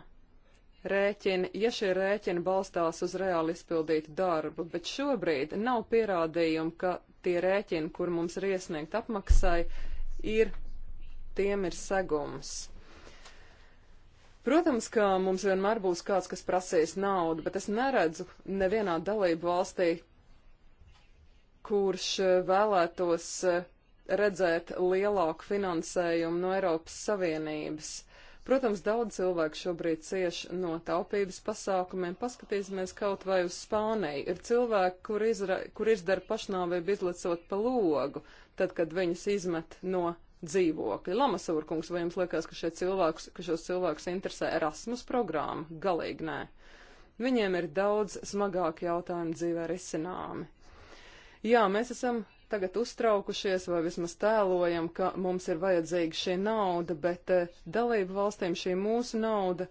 rēķini, ja šie rēķini balstās uz reāli izpildītu darbu, bet šobrīd nav pierādījumu, ka tie rēķini, kur mums ir iesniegt apmaksai, ir, tiem ir segums. Protams, ka mums vienmēr būs kāds, kas prasīs naudu, bet es neredzu nevienā dalību valstī, kurš vēlētos eh, redzēt lielāku finansējumu no Eiropas Savienības. Uh, Protams, daudz cilvēku šobrīd cieš no taupības pasākumiem. Paskatīsimies kaut vai uz Spāniju. Ir cilvēki, kur, izra, kur izdara pašnāvību izlicot pa logu, tad, kad viņus izmet no dzīvokļa. Lamasūrkungs, vai jums liekas, ka, cilvēkus, ka šos cilvēkus interesē Erasmus programma? Galīgi nē. Viņiem ir daudz smagāki jautājumi dzīvē risināmi. Jā, mēs esam tagad uztraukušies vai vismaz tēlojam, ka mums ir vajadzīga šī nauda, bet eh, dalību valstīm šī mūsu nauda,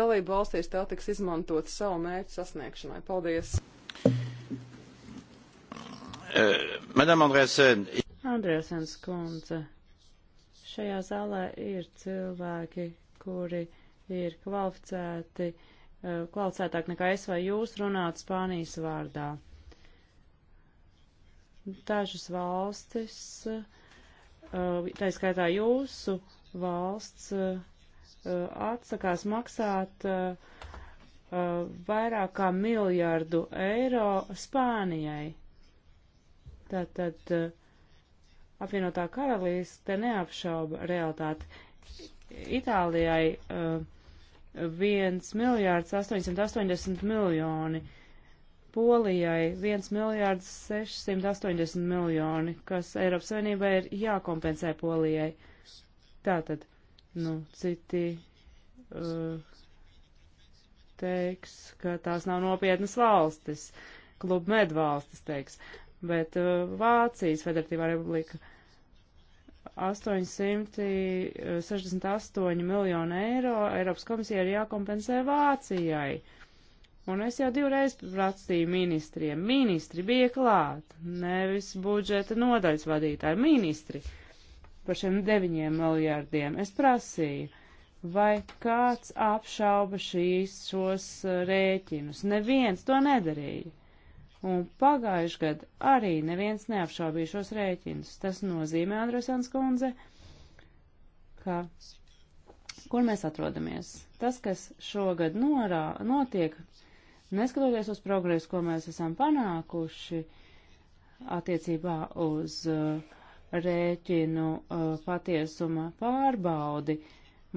dalību valstīs tā tiks izmantot savu mērķu sasniegšanai. Paldies! Uh, Madame Andrēsen. Andrēsens kundze, šajā zālē ir cilvēki, kuri ir kvalificēti, eh, kvalificētāk nekā es vai jūs runāt Spānijas vārdā dažas valstis, uh, tā skaitā jūsu valsts, uh, atsakās maksāt uh, vairāk kā miljardu eiro Spānijai. Tātad apvienotā karalīste neapšauba realitāti. Itālijai viens miljārds 880 miljoni uh, Polijai 1 miljārds 680 miljoni, kas Eiropas Savienībai ir jākompensē Polijai. Tātad, nu, citi uh, teiks, ka tās nav nopietnas valstis, klubu medvalstis teiks, bet uh, Vācijas Federatīvā republika 868 uh, miljonu eiro Eiropas komisija ir jākompensē Vācijai. Uh, Un es jau divreiz rakstīju ministriem. Ministri bija klāt, nevis budžeta nodaļas vadītāji, ministri par šiem deviņiem miljārdiem. Es prasīju, vai kāds apšauba šīs šos eh, rēķinus. Neviens to nedarīja. Un pagājuši gadu arī neviens neapšaubīja šos rēķinus. Tas nozīmē, Andresans kundze, ka kur mēs atrodamies? Tas, kas šogad norā, notiek, Neskatoties uz progresu, ko mēs esam panākuši attiecībā uz uh, rēķinu uh, patiesuma pārbaudi,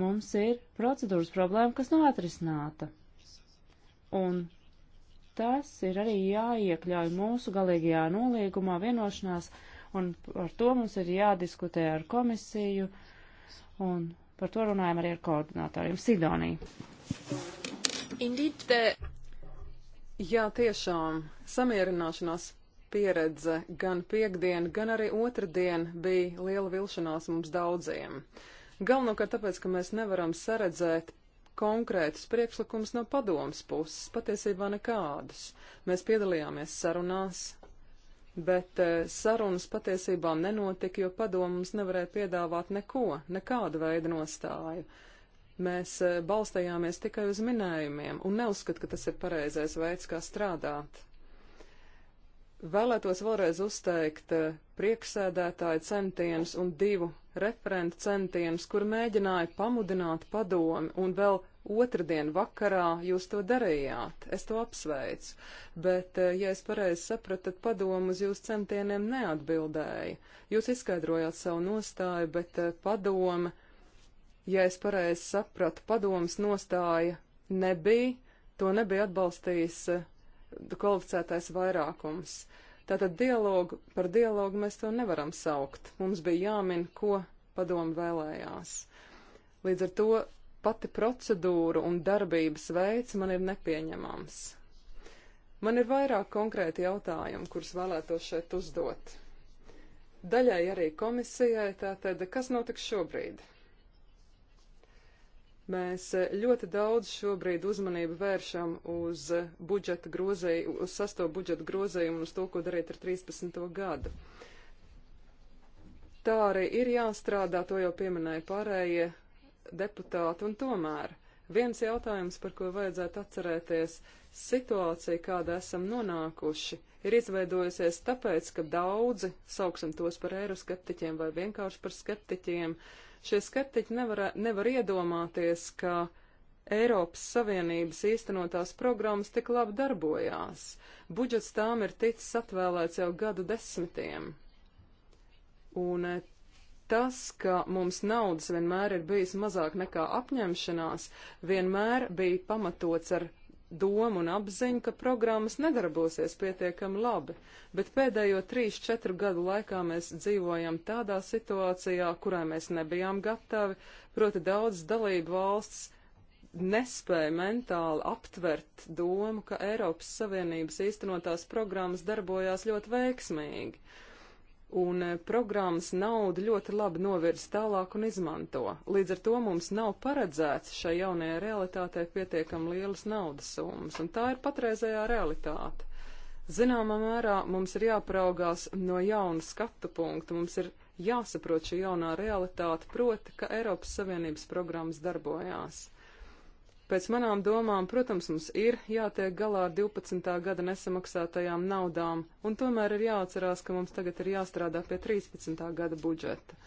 mums ir procedūras problēma, kas nav atrisināta. Un tas ir arī jāiekļauj mūsu galīgajā nolīgumā vienošanās, un par to mums ir jādiskutē ar komisiju, un par to runājam arī ar koordinātoriem Sidoniju. Indeed, the... Jā, tiešām samierināšanās pieredze gan piekdien, gan arī otrdien bija liela vilšanās mums daudziem. Galvenokārt tāpēc, ka mēs nevaram saredzēt konkrētus priekšlikumus no padomas puses, patiesībā nekādus. Mēs piedalījāmies sarunās, bet eh, sarunas patiesībā nenotika, jo padomas nevarēja piedāvāt neko, nekādu veidu nostāju. Mēs e, balstījāmies tikai uz minējumiem un neuzskat, ka tas ir pareizais veids, kā strādāt. Vēlētos vēlreiz uzteikt e, prieksēdētāju centienus un divu referentu centienus, kur mēģināja pamudināt padomi un vēl otrdien vakarā jūs to darījāt. Es to apsveicu, bet, e, ja es pareizi sapratu, tad padomu uz jūsu centieniem neatbildēja. Jūs izskaidrojāt savu nostāju, bet padome ja es pareizi sapratu, padomas nostāja nebija, to nebija atbalstījis eh, kvalificētais vairākums. Tātad dialogu, par dialogu mēs to nevaram saukt. Mums bija jāmin, ko padomu vēlējās. Līdz ar to pati procedūra un darbības veids man ir nepieņemams. Man ir vairāk konkrēti jautājumi, kurus vēlētos šeit uzdot. Daļai arī komisijai, tātad, kas notiks šobrīd? Mēs eh, ļoti daudz šobrīd uzmanību vēršam uz budžeta grozēju, uz sasto budžeta grozējumu un uz to, ko darīt ar 13. gadu. Tā arī ir jāstrādā, to jau pieminēja pārējie deputāti, un tomēr viens jautājums, par ko vajadzētu atcerēties, situācija, kāda esam nonākuši, ir izveidojusies tāpēc, ka daudzi, sauksim tos par eiroskeptiķiem vai vienkārši par skeptiķiem, uh, Šie skeptiķi nevar, nevar iedomāties, ka Eiropas Savienības īstenotās programmas tik labi darbojās. Budžets tām ir ticis atvēlēts jau gadu desmitiem. Un eh, tas, ka mums naudas vienmēr ir bijis mazāk nekā apņemšanās, vienmēr bija pamatots ar domu un apziņu, ka programmas nedarbosies pietiekami labi, bet pēdējo 3-4 gadu laikā mēs dzīvojam tādā situācijā, kurā mēs nebijām gatavi, proti daudz dalību valsts nespēja mentāli aptvert domu, ka Eiropas Savienības īstenotās programmas darbojās ļoti veiksmīgi un eh, programmas naudu ļoti labi novirz tālāk un izmanto. Līdz ar to mums nav paredzēts šai jaunajai realitātei pietiekam lielas naudas summas, un tā ir patreizējā realitāte. Zināmā mērā mums ir jāpraugās no jauna skatu punkta, mums ir jāsaprot šī jaunā realitāte, proti, ka Eiropas Savienības programmas darbojās. Pēc manām domām, protams, mums ir jātiek galā ar 12. gada nesamaksātajām naudām, un tomēr ir jāatcerās, ka mums tagad ir jāstrādā pie 13. gada budžeta.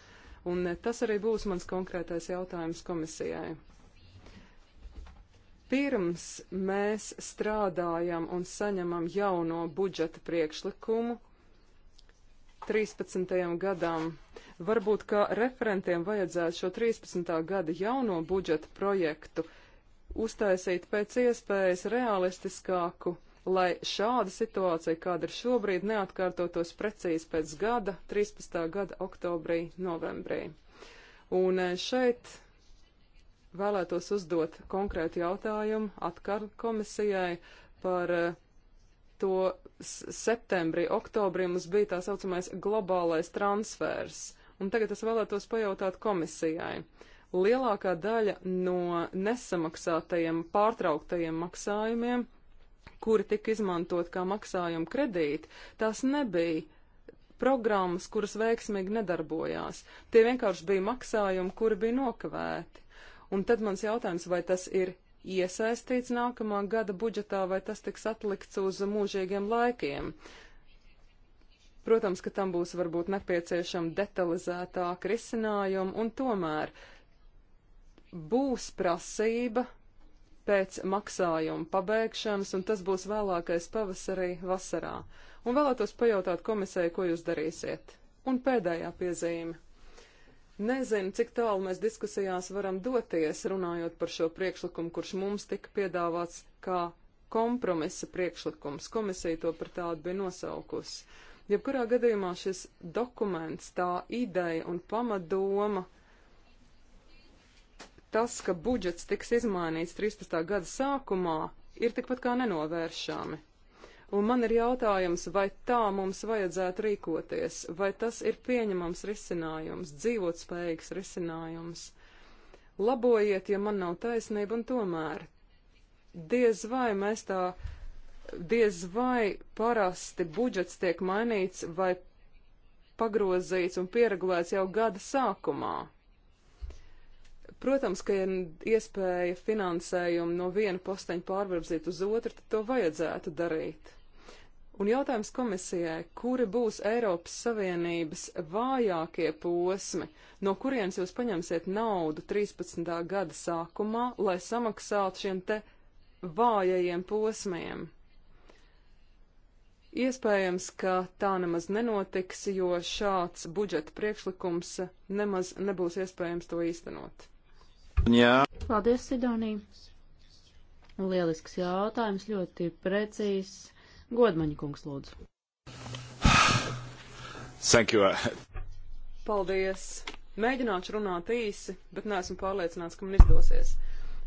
Un eh, tas arī būs mans konkrētais jautājums komisijai. Pirms mēs strādājam un saņemam jauno budžeta priekšlikumu 13. gadam, varbūt, ka referentiem vajadzētu šo 13. gada jauno budžeta projektu uh, uztaisīt pēc iespējas realistiskāku, lai šāda situācija, kāda ir šobrīd, neatkārtotos precīzi pēc gada, 13. gada oktobrī, novembrī. Un e, šeit vēlētos uzdot konkrētu jautājumu atkar komisijai par e, to septembrī, oktobrī mums bija tā saucamais globālais transfers. Un tagad es vēlētos pajautāt komisijai. Uh, lielākā daļa no nesamaksātajiem pārtrauktajiem maksājumiem, kuri tika izmantot kā maksājuma kredīti, tās nebija programmas, kuras veiksmīgi nedarbojās. Tie vienkārši bija maksājumi, kuri bija nokavēti. Un tad mans jautājums, vai tas ir iesaistīts nākamā gada budžetā, vai tas tiks atlikts uz mūžīgiem laikiem? Protams, ka tam būs varbūt nepieciešama detalizētāka risinājuma, un tomēr būs prasība pēc maksājuma pabeigšanas, un tas būs vēlākais pavasarī vasarā. Un vēlētos pajautāt komisēju, ko jūs darīsiet. Un pēdējā piezīme. Nezinu, cik tālu mēs diskusijās varam doties, runājot par šo priekšlikumu, kurš mums tika piedāvāts kā kompromisa priekšlikums. Komisija to par tādu bija nosaukusi. Jebkurā gadījumā šis dokuments, tā ideja un pamatdoma tas, ka budžets tiks izmainīts 13. gada sākumā, ir tikpat kā nenovēršami. Un man ir jautājums, vai tā mums vajadzētu rīkoties, vai tas ir pieņemams risinājums, dzīvotspējīgs risinājums. Labojiet, ja man nav taisnība, un tomēr diez vai mēs tā, diez vai parasti budžets tiek mainīts vai pagrozīts un pieregulēts jau gada sākumā. Protams, ka ir iespēja finansējumu no viena posteņa pārvirzīt uz otru, tad to vajadzētu darīt. Un jautājums komisijai, kuri būs Eiropas Savienības vājākie posmi, no kurienes jūs paņemsiet naudu 13. gada sākumā, lai samaksātu šiem te vājajiem posmiem? Iespējams, ka tā nemaz nenotiks, jo šāds budžeta priekšlikums nemaz nebūs iespējams to īstenot. Jā. Paldies, Sidonija. Lielisks jautājums, ļoti precīzs. Godmaņa kungs, lūdzu. Thank you. Paldies. Mēģināšu runāt īsi, bet neesmu pārliecināts, ka man izdosies.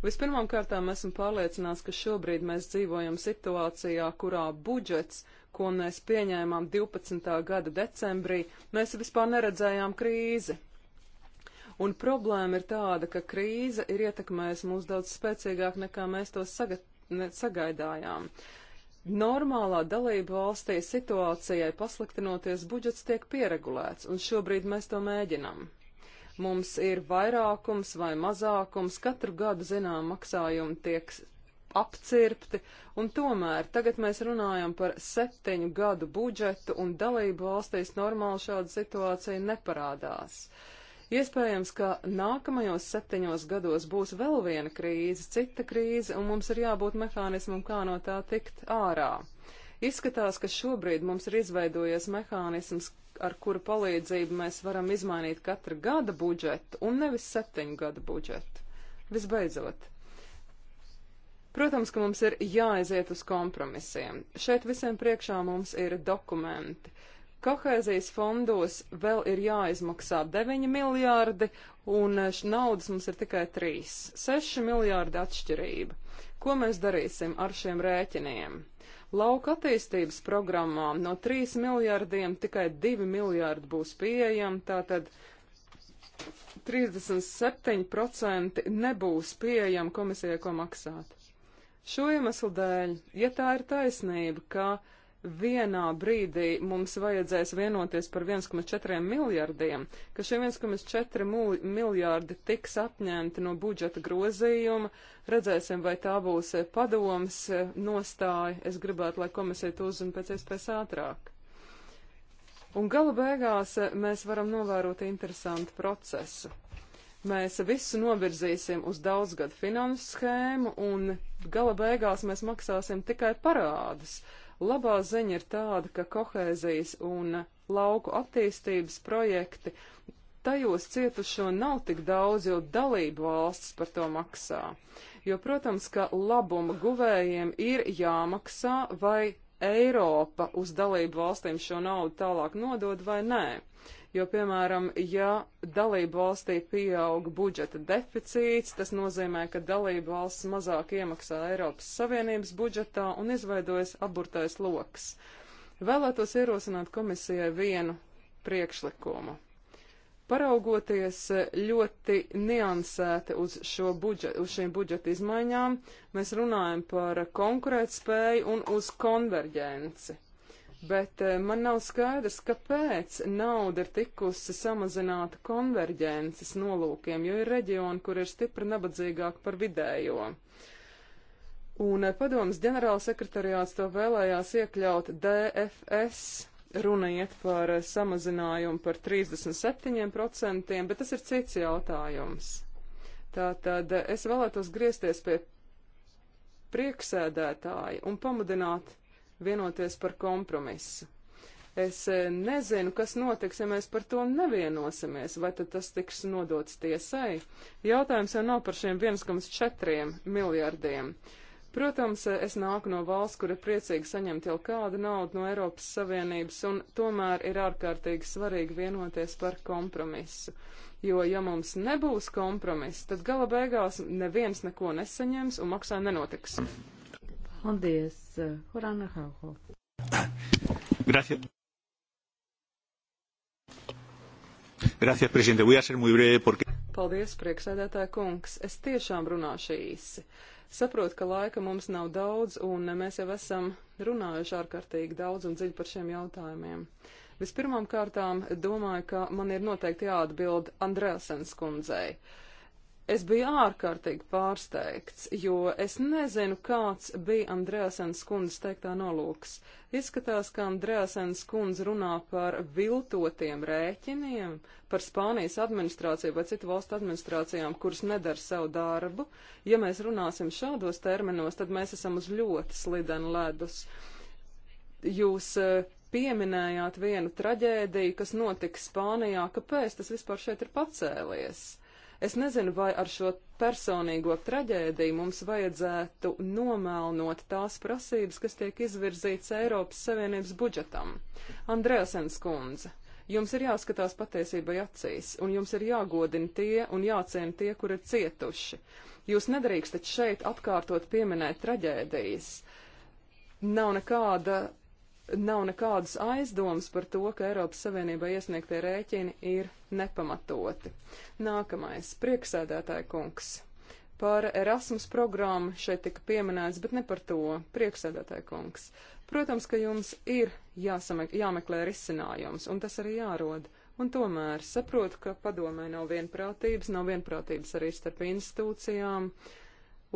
Vispirmām kārtām esmu pārliecināts, ka šobrīd mēs dzīvojam situācijā, kurā budžets, ko mēs pieņēmām 12. gada decembrī, mēs vispār neredzējām krīzi. Un problēma ir tāda, ka krīze ir ietekmējusi mūs daudz spēcīgāk nekā mēs to saga ne sagaidājām. Normālā dalība valstī situācijai pasliktinoties budžets tiek pieregulēts, un šobrīd mēs to mēģinām. Mums ir vairākums vai mazākums, katru gadu zinām maksājumi tiek apcirpti, un tomēr tagad mēs runājam par septiņu gadu budžetu, un dalību valstīs normāli šāda situācija neparādās. Uh, Iespējams, ka nākamajos septiņos gados būs vēl viena krīze, cita krīze, un mums ir jābūt mehānismam, kā no tā tikt ārā. Izskatās, ka šobrīd mums ir izveidojies mehānisms, ar kura palīdzību mēs varam izmainīt katra gada budžetu un nevis septiņu gada budžetu. Visbeidzot, protams, ka mums ir jāaiziet uz kompromisiem. Šeit visiem priekšā mums ir dokumenti. Kohēzijas fondos vēl ir jāizmaksā 9 miljārdi, un naudas mums ir tikai 3. 6 miljārdi atšķirība. Ko mēs darīsim ar šiem rēķiniem? Lauka attīstības programmā no 3 miljārdiem tikai 2 miljārdi būs pieejami, tātad 37% nebūs pieejami komisijai, ko maksāt. Šo iemeslu dēļ, ja tā ir taisnība, ka vienā brīdī mums vajadzēs vienoties par 1,4 miljardiem, ka šie 1,4 miljārdi tiks atņemti no budžeta grozījuma. Redzēsim, vai tā būs padomas nostāja. Es gribētu, lai komisija to uzzina pēc iespējas ātrāk. Un gala beigās mēs varam novērot interesantu procesu. Mēs visu novirzīsim uz daudzgadu finanses schēmu un gala beigās mēs maksāsim tikai parādus. Uh, Labā ziņa ir tāda, ka kohēzijas un lauku attīstības projekti tajos cietušo nav tik daudz, jo dalību valsts par to maksā. Jo, protams, ka labuma guvējiem ir jāmaksā, vai Eiropa uz dalību valstīm šo naudu tālāk nodod vai nē jo, piemēram, ja dalību valstī pieaug budžeta deficīts, tas nozīmē, ka dalību valsts mazāk iemaksā Eiropas Savienības budžetā un izveidojas aburtais loks. Vēlētos ierosināt komisijai vienu priekšlikumu paraugoties ļoti niansēti uz, budžet, uz šīm budžeta izmaiņām, mēs runājam par konkurētspēju un uz konverģenci bet eh, man nav skaidrs, kāpēc nauda ir tikusi samazināta konverģences nolūkiem, jo ir reģioni, kur ir stipri nabadzīgāk par vidējo. Un eh, padomas ģenerālsekretariāts to vēlējās iekļaut DFS runa iet par eh, samazinājumu par 37%, bet tas ir cits jautājums. Tātad es vēlētos griezties pie prieksēdētāja un pamudināt vienoties par kompromisu. Es e, nezinu, kas notiks, ja mēs par to nevienosimies, vai tad tas tiks nodots tiesai. Jautājums jau nav par šiem 1,4 miljardiem. Protams, e, es nāku no valsts, kur ir priecīgi saņemt jau kādu naudu no Eiropas Savienības, un tomēr ir ārkārtīgi svarīgi vienoties par kompromisu. Jo, ja mums nebūs kompromiss, tad gala beigās neviens neko nesaņems un maksā nenotiks. Paldies, eh, Horana Hauho. Gracias. Gracias, presidente. Voy a ser muy breve porque. Paldies, priekšsēdētāja kungs. Es tiešām runāšu īsi. Saprotu, ka laika mums nav daudz, un mēs jau esam runājuši ārkārtīgi daudz un dziļi par šiem jautājumiem. Vispirmām kārtām domāju, ka man ir noteikti jāatbild Andrēsens kundzei. Uh, Es biju ārkārtīgi pārsteigts, jo es nezinu, kāds bija Andrēsens kundzes teiktā nolūks. Izskatās, ka Andrēsens kundze runā par viltotiem rēķiniem, par Spānijas administrāciju vai citu valstu administrācijām, kuras nedara savu darbu. Ja mēs runāsim šādos terminos, tad mēs esam uz ļoti slidenu ledus. Jūs eh, pieminējāt vienu traģēdiju, kas notika Spānijā. Kāpēc tas vispār šeit ir pacēlies? Es nezinu, vai ar šo personīgo traģēdiju mums vajadzētu nomēlnot tās prasības, kas tiek izvirzītas Eiropas Savienības budžetam. Andrēsens kundze, jums ir jāskatās patiesībai acīs, un jums ir jāgodina tie un jāciena tie, kur ir cietuši. Jūs nedrīkstat šeit atkārtot pieminēt traģēdijas. Nav nekāda nav nekādas aizdomas par to, ka Eiropas Savienībai iesniegtie rēķini ir nepamatoti. Nākamais - prieksēdētāja kungs. Par Erasmus programmu šeit tika pieminēts, bet ne par to - prieksēdētāja kungs. Protams, ka jums ir jāsamek, jāmeklē risinājums, un tas arī jārod. Un tomēr saprotu, ka padomē nav vienprātības, nav vienprātības arī starp institūcijām. Uh,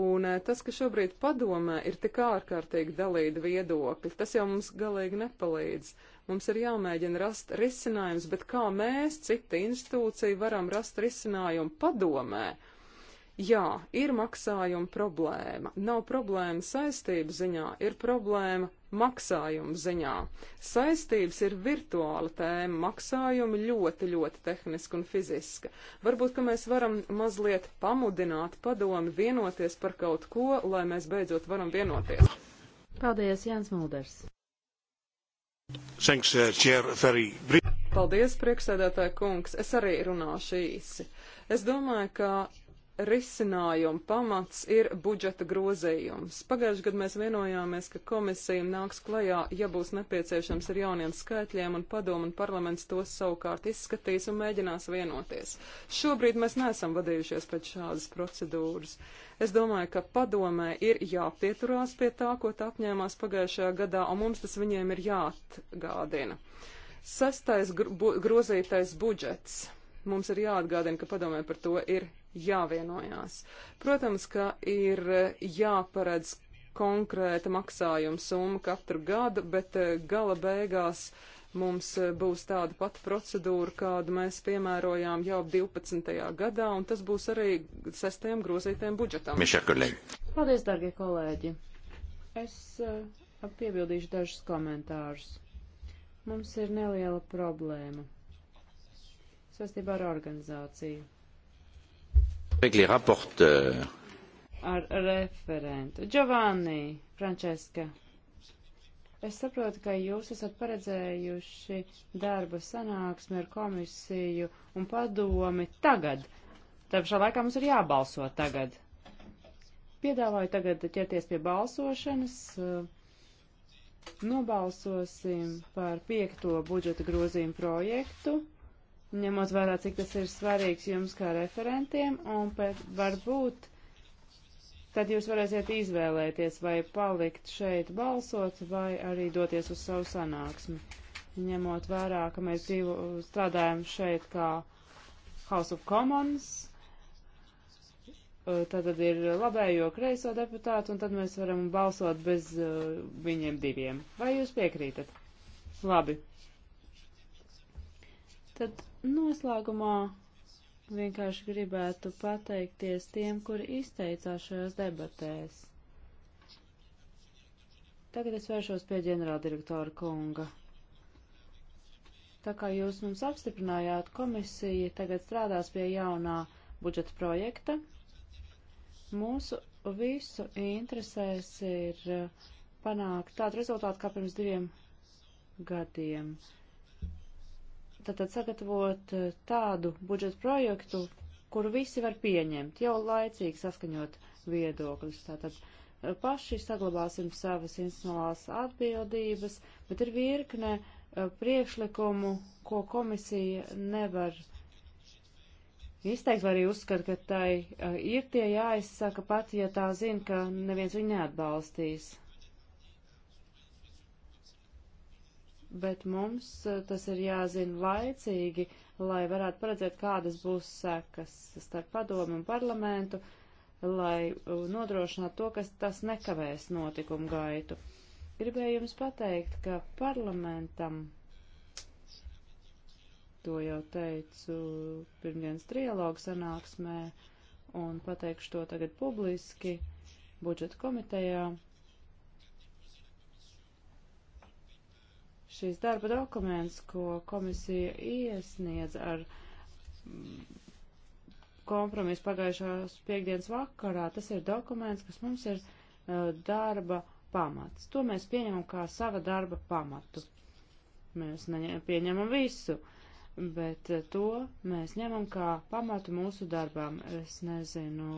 Un eh, tas, ka šobrīd padomē ir tik ārkārtīgi dalīta viedokļa, tas jau mums galīgi nepalīdz. Mums ir jāmēģina rast risinājums, bet kā mēs, cita institūcija, varam rast risinājumu padomē, Jā, ir maksājuma problēma. Nav problēma saistību ziņā, ir problēma maksājumu ziņā. Saistības ir virtuāla tēma, maksājumi ļoti, ļoti tehniska un fiziska. Varbūt, ka mēs varam mazliet pamudināt padomi vienoties par kaut ko, lai mēs beidzot varam vienoties. Paldies, Jānis Mulders. Thanks, uh, chair, very... Paldies, priekšsēdētāja kungs. Es arī runāšu īsi. Es domāju, ka risinājuma pamats ir budžeta grozījums. Pagājušajā gadā mēs vienojāmies, ka komisija nāks klajā, ja būs nepieciešams ar jauniem skaitļiem, un padomu un parlaments tos savukārt izskatīs un mēģinās vienoties. Šobrīd mēs neesam vadījušies pēc šādas procedūras. Es domāju, ka padomē ir jāpieturās pie tā, ko tā apņēmās pagājušajā gadā, un mums tas viņiem ir jāatgādina. Sastais gro grozītais budžets. Mums ir jāatgādina, ka padomē par to ir jāvienojās. Protams, ka ir jāparedz konkrēta maksājuma summa katru gadu, bet eh, gala beigās mums eh, būs tāda pati procedūra, kādu mēs piemērojām jau 12. gadā, un tas būs arī sestajam grozītajam budžetam. Paldies, dārgie kolēģi! Es uh, piebildīšu dažus komentārus. Mums ir neliela problēma saistībā ar organizāciju. Ar referentu. Giovanni, Franceska. Es saprotu, ka jūs esat paredzējuši darba sanāksmi ar komisiju un padomi tagad. Tā pašā laikā mums ir jābalso tagad. Piedāvāju tagad ķerties pie balsošanas. Nobalsosim par piekto budžeta grozījumu projektu ņemot vērā, cik tas ir svarīgs jums kā referentiem, un pēc, varbūt tad jūs varēsiet izvēlēties, vai palikt šeit balsot, vai arī doties uz savu sanāksmi, ņemot vērā, ka mēs dzīvo, strādājam šeit kā House of Commons, tātad eh, ir labējo kreiso deputātu, un tad mēs varam balsot bez uh, viņiem diviem. Vai jūs piekrītat? Labi. Tad noslēgumā vienkārši gribētu pateikties tiem, kuri izteicās šajās debatēs. Tagad es vēršos pie ģenerāldirektora kunga. Tā kā jūs mums apstiprinājāt, komisija tagad strādās pie jaunā budžeta projekta. Mūsu visu interesēs ir eh, panākt tādu rezultātu kā pirms diviem gadiem tātad sagatavot eh, tādu budžetu projektu, kuru visi var pieņemt, jau laicīgi saskaņot viedokļus. Tātad eh, paši saglabāsim savas institucionālās atbildības, bet ir virkne eh, priekšlikumu, ko komisija nevar izteikt, vai arī uzskat, ka tai ir tie jāizsaka pat, ja tā zina, ka neviens viņu neatbalstīs. bet mums e, tas ir jāzina laicīgi, lai varētu paredzēt, kādas būs sekas starp padomu un parlamentu, lai e, nodrošinātu to, kas tas nekavēs notikumu gaitu. Gribēju jums pateikt, ka parlamentam, to jau teicu pirmdienas trialogu sanāksmē, un pateikšu to tagad publiski budžeta komitejā Šīs darba dokuments, ko komisija iesniedz ar mm, kompromisu pagājušās piekdienas vakarā, tas ir dokuments, kas mums ir uh, darba pamats. To mēs pieņemam kā sava darba pamatu. Mēs pieņemam visu, bet uh, to mēs ņemam kā pamatu mūsu darbām. Es nezinu,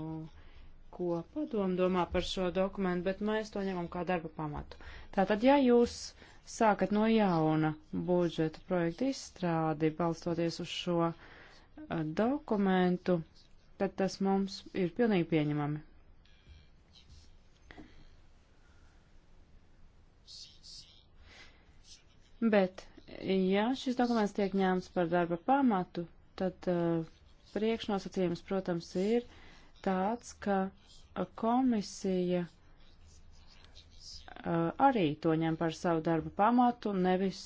ko padomu domā par šo dokumentu, bet mēs to ņemam kā darba pamatu. Tātad, ja jūs sākat no jauna budžeta projektu izstrādi, balstoties uz šo eh, dokumentu, tad tas mums ir pilnīgi pieņemami. Bet, ja šis dokuments tiek ņemts par darba pamatu, tad uh, priekšnosacījums, protams, ir uh, tāds, ka komisija arī to ņem par savu darbu pamatu, nevis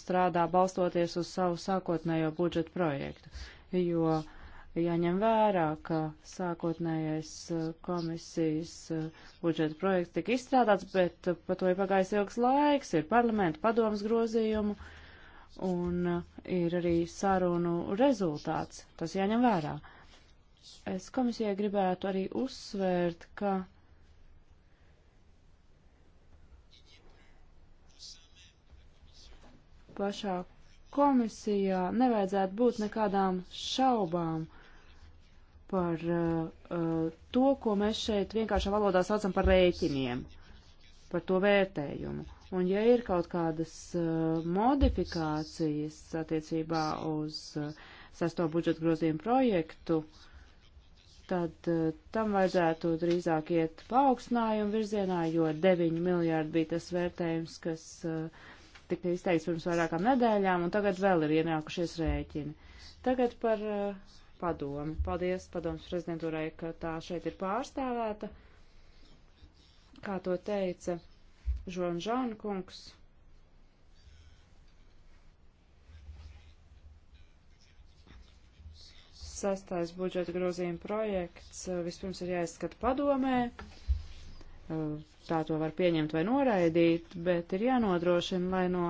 strādā balstoties uz savu sākotnējo budžetu projektu, jo jāņem vērā, ka sākotnējais komisijas budžeta projekts tika izstrādāts, bet pa to ir pagājis ilgs laiks, ir parlamenta padomas grozījumu un ir arī sarunu rezultāts. Tas jāņem vērā. Uh, Es komisijai gribētu arī uzsvērt, ka pašā komisijā nevajadzētu būt nekādām šaubām par uh, uh, to, ko mēs šeit vienkāršā valodā saucam par rēķiniem, par to vērtējumu. Un ja ir kaut kādas uh, modifikācijas attiecībā uz uh, sesto budžeta grozījumu projektu, uh, tad uh, tam vajadzētu drīzāk iet paaugstinājumu virzienā, jo 9 miljārdi bija tas vērtējums, kas uh, tika izteikts pirms vairākām nedēļām, un tagad vēl ir ienākušies rēķini. Tagad par uh, padomu. Paldies padomas prezidentūrai, ka tā šeit ir pārstāvēta. Kā to teica Žonžāna kungs, Sastais budžeta grozījuma projekts eh, vispirms ir jāizskata padomē. Eh, tā to var pieņemt vai noraidīt, bet ir jānodrošina, lai no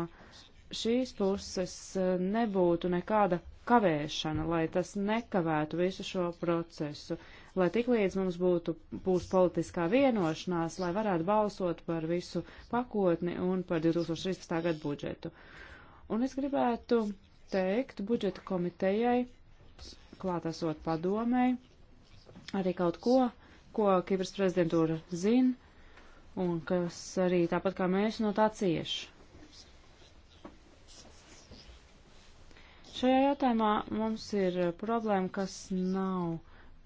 šīs puses eh, nebūtu nekāda kavēšana, lai tas nekavētu visu šo procesu, lai tiklīdz mums būtu būs politiskā vienošanās, lai varētu balsot par visu pakotni un par 2013. gadu budžetu. Un es gribētu teikt budžeta komitejai, klātesot padomēji, arī kaut ko, ko Kipras prezidentūra zina un kas arī tāpat kā mēs no tā cieš. Šajā jautājumā mums ir problēma, kas nav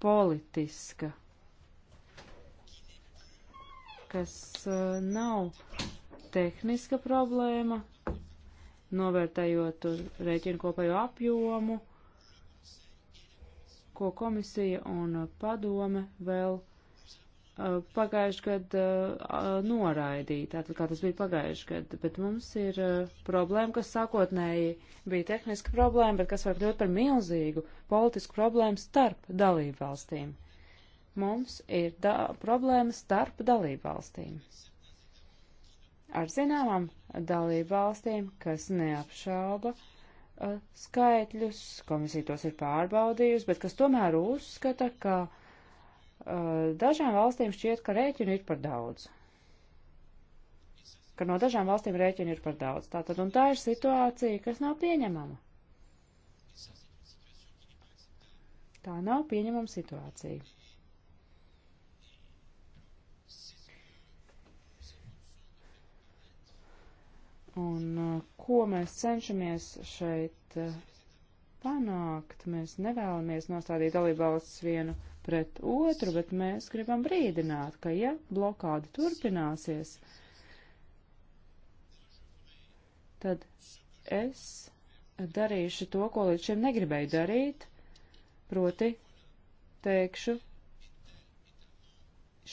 politiska, kas uh, nav tehniska problēma, novērtējot rēķinu kopējo apjomu ko komisija un padome vēl pagājuši gadu noraidīja, tātad kā tas bija pagājuši gadu, bet mums ir problēma, kas sākotnēji bija tehniska problēma, bet kas var kļūt par milzīgu politisku problēmu starp dalību valstīm. Mums ir da problēma starp dalību valstīm. Ar zināmām dalību valstīm, kas neapšauba, uh, skaitļus, komisija tos ir pārbaudījusi, bet kas tomēr uzskata, ka uh, dažām valstīm šķiet, ka rēķinu ir par daudz. Ka no dažām valstīm rēķinu ir par daudz. Tātad, un tā ir situācija, kas nav pieņemama. Tā nav pieņemama situācija. Un uh, ko mēs cenšamies šeit uh, panākt? Mēs nevēlamies nostādīt dalībvalstis vienu pret otru, bet mēs gribam brīdināt, ka ja blokāda turpināsies, tad es darīšu to, ko līdz šim negribēju darīt, proti teikšu,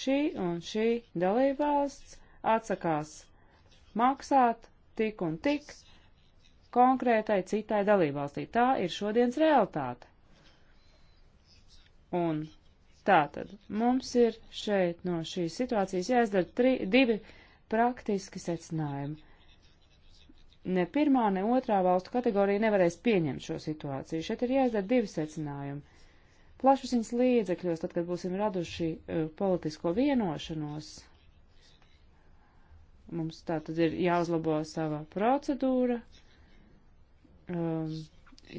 šī un šī dalībvalsts atsakās maksāt tik un tik konkrētai citai dalībvalstī. Tā ir šodienas realitāte. Un tātad mums ir šeit no šīs situācijas jāizdara tri, divi praktiski secinājumi. Ne pirmā, ne otrā valstu kategorija nevarēs pieņemt šo situāciju. Šeit ir jāizdara divi secinājumi. Plašsaziņas līdzekļos, tad, kad būsim raduši uh, politisko vienošanos, Mums tā tad ir jāuzlabo sava procedūra, um,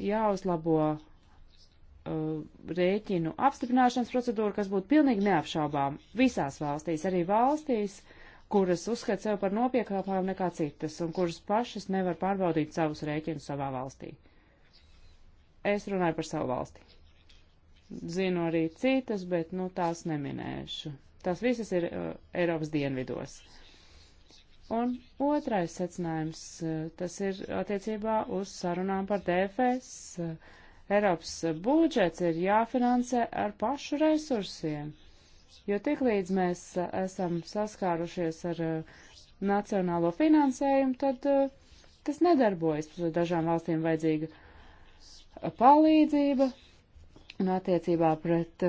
jāuzlabo um, rēķinu apstiprināšanas procedūra, kas būtu pilnīgi neapšaubām visās valstīs, arī valstīs, kuras uzskata sev par nopiekāpām nekā citas un kuras pašas nevar pārbaudīt savus rēķinus savā valstī. Es runāju par savu valsti. Zinu arī citas, bet nu tās neminēšu. Tās visas ir uh, Eiropas dienvidos. Uh, Un otrais secinājums, eh, tas ir attiecībā uz sarunām par DFS. Eh, Eiropas budžets ir jāfinansē ar pašu resursiem, jo tiklīdz mēs eh, esam saskārušies ar nacionālo finansējumu, tad tas nedarbojas. Dažām valstīm vajadzīga palīdzība un attiecībā pret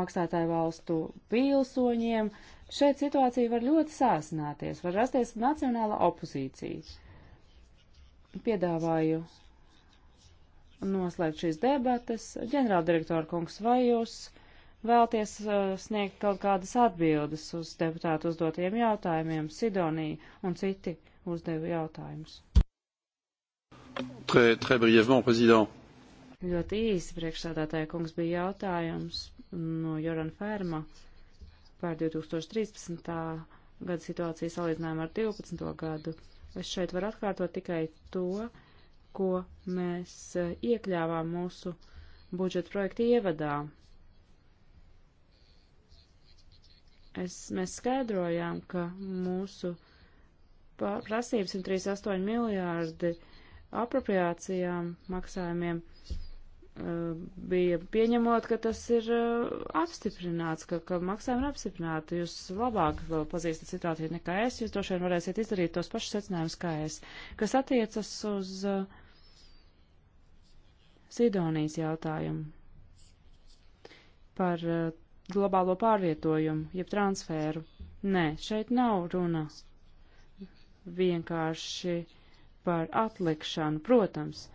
maksātāju valstu pilsoņiem Šeit situācija var ļoti sāsināties, var rasties nacionāla opozīcija. Piedāvāju noslēgt šīs debates. Ģenerāldirektora kungs, vai jūs vēlties uh, sniegt kaut kādas atbildes uz deputātu uzdotiem jautājumiem? Sidonija un citi uzdeva jautājumus. Très, très brièvement, président. Ļoti īsi priekšsādātāja kungs bija jautājums no Jorana Ferma. Uh, par 2013. gada situāciju salīdzinājumu ar 12. gadu. Es šeit varu atkārtot tikai to, ko mēs e, iekļāvām mūsu budžeta projekta ievadā. Es, mēs skaidrojām, ka mūsu prasības 138 miljārdi apropriācijām maksājumiem uh, bija pieņemot, ka tas ir eh, apstiprināts, ka, ka maksājumi ir apstiprināti. Jūs labāk vēl pazīstat situāciju nekā es, jūs droši vien varēsiet izdarīt tos pašus secinājumus kā es. Kas attiecas uz eh, Sidonijas jautājumu par eh, globālo pārvietojumu, jeb transferu. Nē, šeit nav runa vienkārši par atlikšanu, protams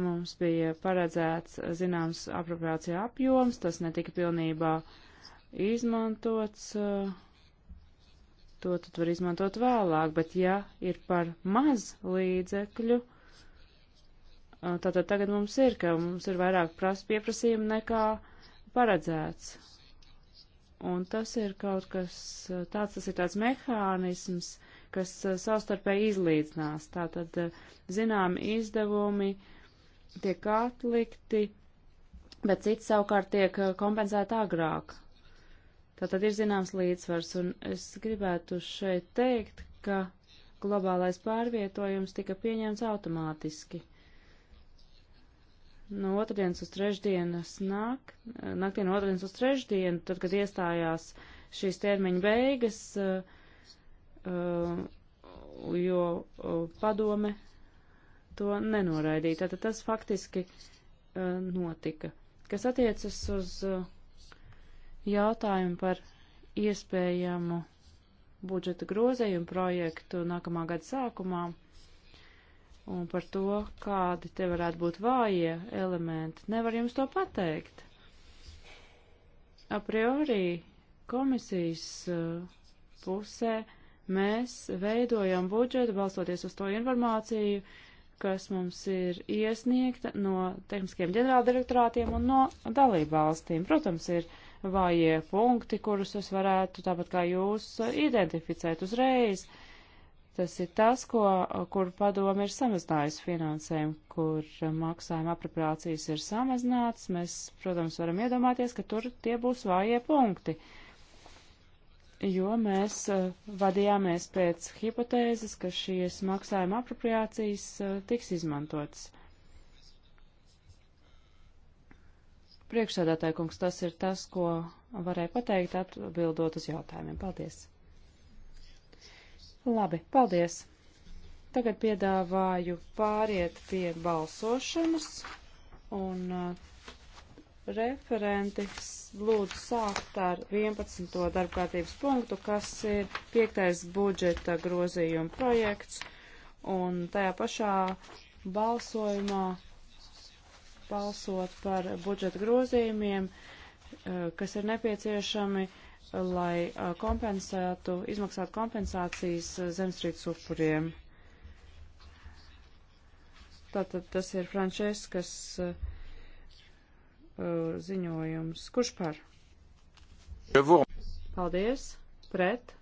Mums bija paredzēts zināms apropriācijā apjoms, tas netika pilnībā izmantots. Eh, to tad var izmantot vēlāk, bet ja ir par maz līdzekļu, eh, tātad tagad mums ir, ka mums ir vairāk pieprasījumu nekā paredzēts. Un tas ir kaut kas eh, tāds, tas ir tāds mehānisms, kas savstarpēji izlīdzinās. Tātad zinām izdevumi uh, tiek atlikti, bet cits savukārt tiek eh, kompensēta agrāk. Tātad ir zināms līdzsvars, un es gribētu šeit teikt, ka globālais pārvietojums tika pieņemts automātiski. No otrdienas uz trešdienas nāk, eh, naktī no otrdienas uz trešdienu, tad, kad iestājās šīs termiņa beigas, eh, jo padome to nenoraidīja. Tātad tas faktiski uh, notika. Kas attiecas uz uh, jautājumu par iespējamu budžeta grozējumu projektu nākamā gada sākumā un par to, kādi te varētu būt vājie elementi, nevar jums to pateikt. A priori komisijas uh, pusē mēs veidojam budžetu balstoties uz to informāciju, kas mums ir iesniegta no tehniskiem ģenerāldirektorātiem un no dalību valstīm. Protams, ir vājie punkti, kurus es varētu, tāpat kā jūs, identificēt uzreiz. Tas ir tas, ko, kur padomi ir samazinājusi finansējumu, kur maksājuma apropriācijas ir samazināts. Mēs, protams, varam iedomāties, ka tur tie būs vājie punkti. Uh, jo mēs eh, vadījāmies pēc hipotēzes, ka šīs maksājuma apropriācijas eh, tiks izmantotas. Priekšsēdētāji kungs, tas ir tas, ko varēja pateikt atbildot uz jautājumiem. Paldies! Labi, paldies! Tagad piedāvāju pāriet pie balsošanas un eh, referenti lūdzu sākt ar 11. darbkārtības punktu, kas ir piektais budžeta grozījuma projekts, un tajā pašā balsojumā balsot par budžeta grozījumiem, eh, kas ir nepieciešami, lai eh, kompensētu, izmaksātu kompensācijas eh, zemstrītas upuriem. Tātad tas ir Frančeskas uh, uh, ziņojums. Kurš par? Paldies. Pret.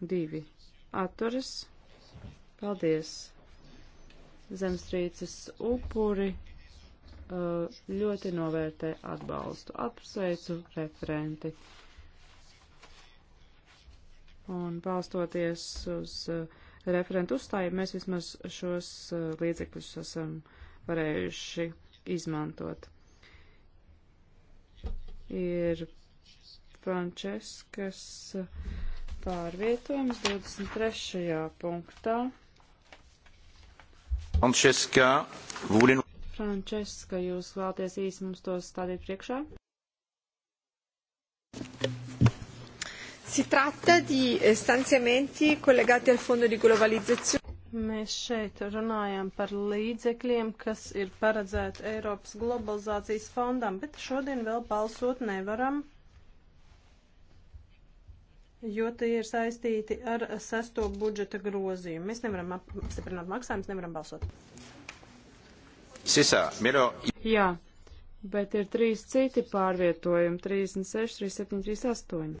Divi. Atturas. Paldies. Zemstrīces upuri uh, ļoti novērtē atbalstu. Apsveicu referenti. Un balstoties uz uh, referentu uzstāju, mēs vismaz šos uh, līdzekļus esam varējuši izmantot. Ir Frančeskas pārvietojums 23. punktā. Frančeska, vūlin... Frančeska, jūs vēlaties īsi mums to stādīt priekšā? Si tratta di stanziamenti collegati al fondo di globalizzazione. Mēs šeit runājam par līdzekļiem, kas ir paredzēti Eiropas globalizācijas fondam, bet šodien vēl balsot nevaram, jo tie ir saistīti ar sesto budžeta grozījumu. Mēs nevaram apstiprināt maksājumus, nevaram balsot. Sisā, miro. Jā, bet ir trīs citi pārvietojumi - 36, 37, 38.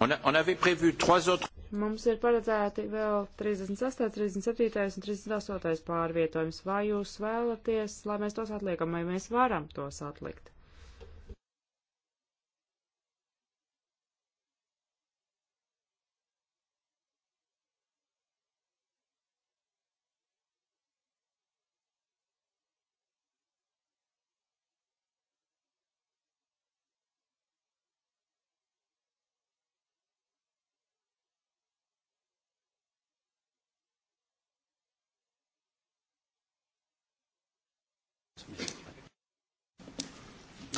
On, a, on avait prévu trois autres. Mums ir paredzēti vēl 36, 37 un 38 pārvietojums. Vai jūs vēlaties, lai mēs tos atliekam, vai mēs varam tos atlikt?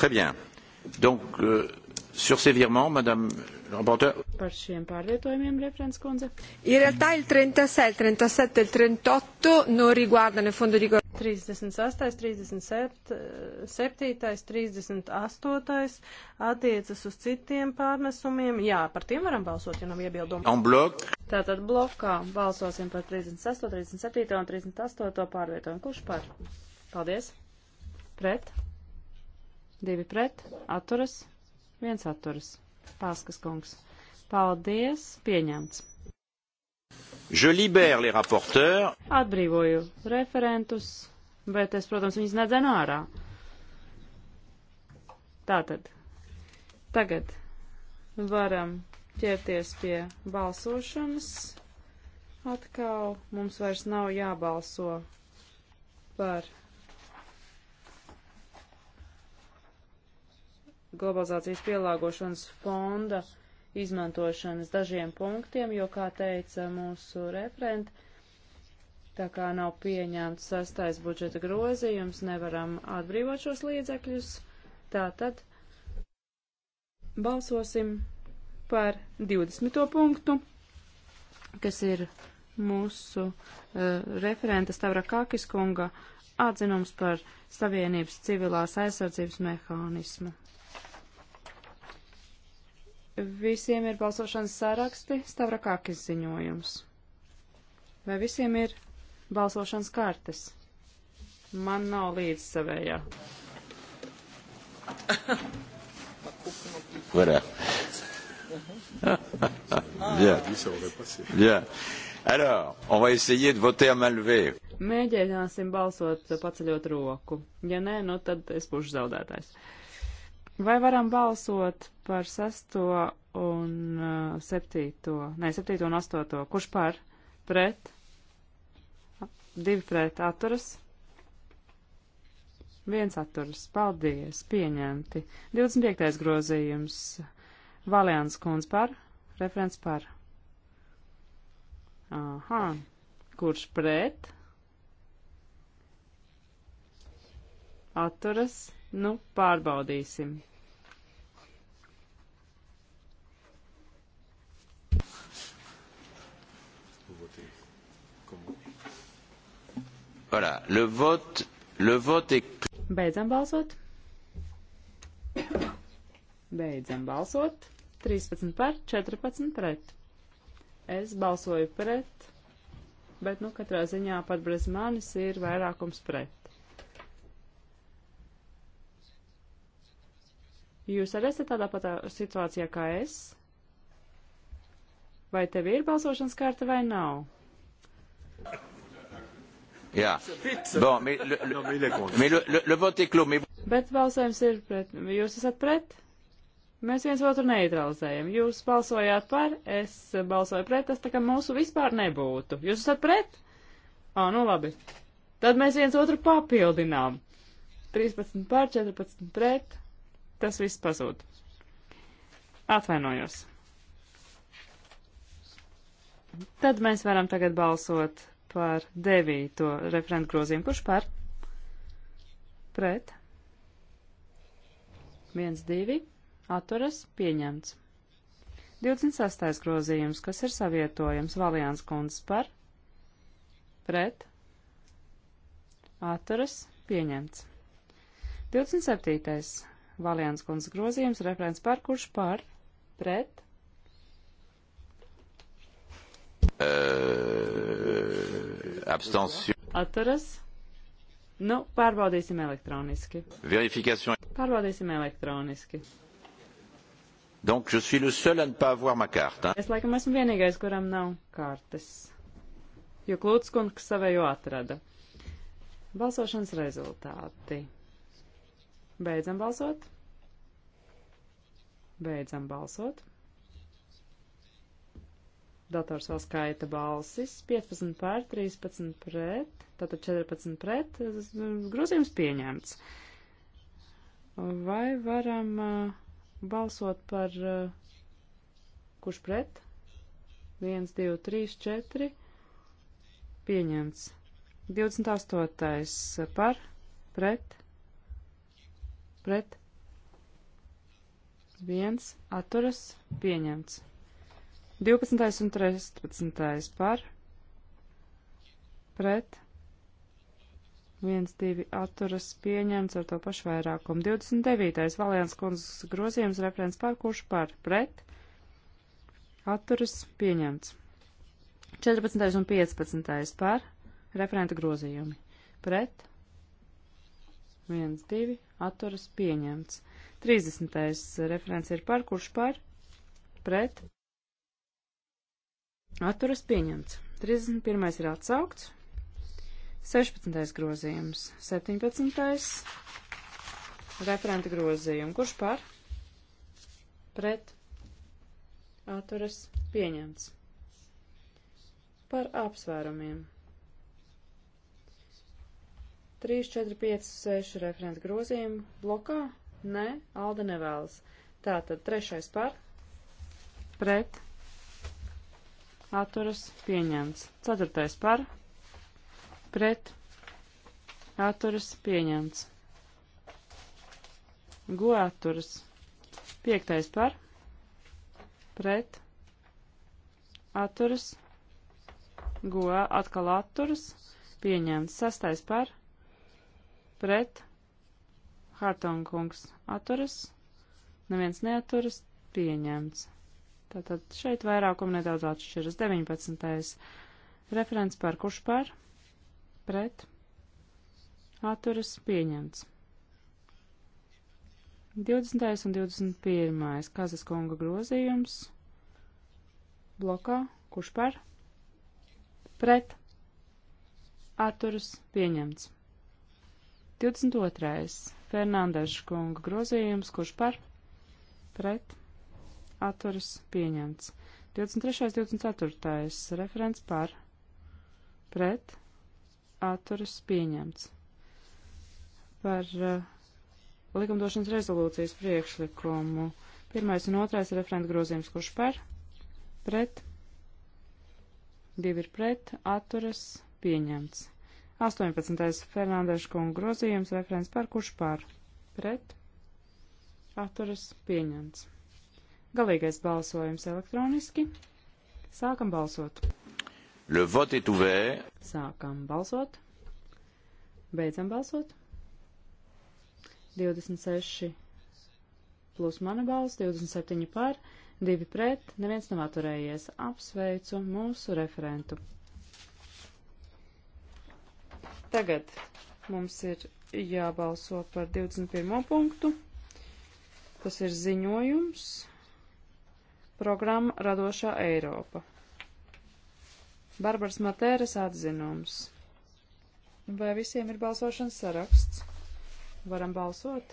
Très bien. Donc, euh, sur ces virements, Madame la rapporteure. Par šiem pārvietojumiem, referents kundze. In realtà il 36, il 37 e il 38 non riguardano il fondo di 36, 37, 38 attiecas uz citiem pārmesumiem. Jā, par tiem varam balsot, ja nav iebildumu. En blok. Tātad blokā balsosim par 36, 37 un 38 pārvietojumu. Kurš par? Paldies. Pret divi pret, atturas, viens atturas. Pāskas kungs. Paldies, pieņemts. Je libère les rapporteurs. Atbrīvoju referentus, bet es, protams, viņus nedzenu ārā. Tātad, tagad varam ķerties pie balsošanas. Atkal mums vairs nav jābalso par globalizācijas pielāgošanas fonda izmantošanas dažiem punktiem, jo, kā teica mūsu referent, tā kā nav pieņemts sastais budžeta grozījums, nevaram atbrīvot šos līdzekļus. Tātad balsosim par 20. punktu, kas ir mūsu uh, referenta Stavra Kākis kunga atzinums par Savienības civilās aizsardzības mehānismu. Visiem ir balsošanas saraksti, Stavrakakis ziņojums. Vai visiem ir balsošanas kartes? Man nav līdz savējā. <laughs> Voilà. <laughs> Bien. Ah, Bien. Alors, on va essayer de voter à main levée. Mēģināsim balsot paceļot roku. Ja nē, nu tad es būšu zaudētājs. Uh, Vai varam balsot par sesto un uh, septīto, nē, septīto un astoto? Kurš par? Pret? Divi pret atturas? Viens atturas. Paldies. Pieņemti. 25. grozījums. Valians kundz par? Referents par? Aha. Kurš pret? Atturas? Nu, pārbaudīsim. Voilà, le vote, le vote est... Beidzam balsot. Beidzam balsot. 13 par, 14 pret. Es balsoju pret, bet nu katrā ziņā pat bez manis ir vairākums pret. Jūs arī esat tādā patā situācijā kā es? Vai tev ir balsošanas karta vai nav? Jā, bon, mais, le, le, mais le, le, le vote est clos. Mais... Bet balsojums ir pret. Jūs esat pret? Mēs viens otru neutralizējam. Jūs balsojāt par, es balsoju pret, tas tā kā mūsu vispār nebūtu. Jūs esat pret? Ā, nu labi. Tad mēs viens otru papildinām. 13 pār 14 pret, tas viss pazūd. Atvainojos. Tad mēs varam tagad balsot par devīto referentu grozījumu. Kurš par? Pret. 1, 2. Atturas pieņemts. 26. grozījums, kas ir savietojams Valjāns kundzes par, pret, atturas, pieņemts. 27. Valjāns kundzes grozījums, referents par, kurš par, pret. Uh. Abstention. Atturas. Nu, pārbaudīsim elektroniski. Verification. Pārbaudīsim elektroniski. Donc, je suis le seul à ne pas avoir ma carte. Hein. Es laikam esmu vienīgais, kuram nav kartes. Jo Klūtskungs savējo atrada. Balsošanas rezultāti. Beidzam balsot. Beidzam balsot dators vēl skaita balsis, 15 pār, 13 pret, tātad 14 pret, grozījums pieņemts. Vai varam uh, balsot par uh, kurš pret? 1, 2, 3, 4, pieņemts. 28. par, pret, pret, 1, atturas, pieņemts. 12. un 13. par pret 1, 2 atturas pieņemts ar to pašu vairākumu. 29. Valjāns kundzes grozījums referents par kurš par pret atturas pieņemts. 14. un 15. par referenta grozījumi pret 1, 2 atturas pieņemts. 30. referents ir par kurš par pret Atturas pieņemts. 31. ir atsaukts. 16. grozījums. 17. referenta grozījumu. Kurš par? Pret. Atturas pieņemts. Par apsvērumiem. 3, 4, 5, 6 referenta grozījumu blokā. Nē, Alde nevēlas. Tātad trešais par, pret, atturas pieņemts. Ceturtais par, pret, atturas pieņemts. Go atturas. Piektais par, pret, atturas, go atkal atturas, pieņemts. Sestais par, pret, Hartonkungs atturas, neviens neaturas, pieņemts. Tātad šeit vairākumu nedaudz atšķiras. 19. Referents par kurš par? Pret. Atturas pieņemts. 20. un 21. Kazas kunga grozījums. Blokā. Kurš par? Pret. Atturas pieņemts. 22. Fernandeša kunga grozījums. Kurš par? Pret atturas pieņemts. 23. 24. referents par pret atturas pieņemts. Par uh, likumdošanas rezolūcijas priekšlikumu. Pirmais un otrais referenta grozījums, kurš par pret divi ir pret, atturas, pieņemts. 18. Fernandeša kunga grozījums, referents par kurš par, pret, atturas, pieņemts. Galīgais balsojums elektroniski. Sākam balsot. Le vote est ouvert. Sākam balsot. Beidzam balsot. 26 plus mana balss, 27 par, 2 pret, neviens nav atturējies. Apsveicu mūsu referentu. Tagad mums ir jābalso par 21. punktu. Tas ir ziņojums Programma Radošā Eiropa. Barbaras Matēras atzinums. Vai visiem ir balsošanas saraksts? Varam balsot.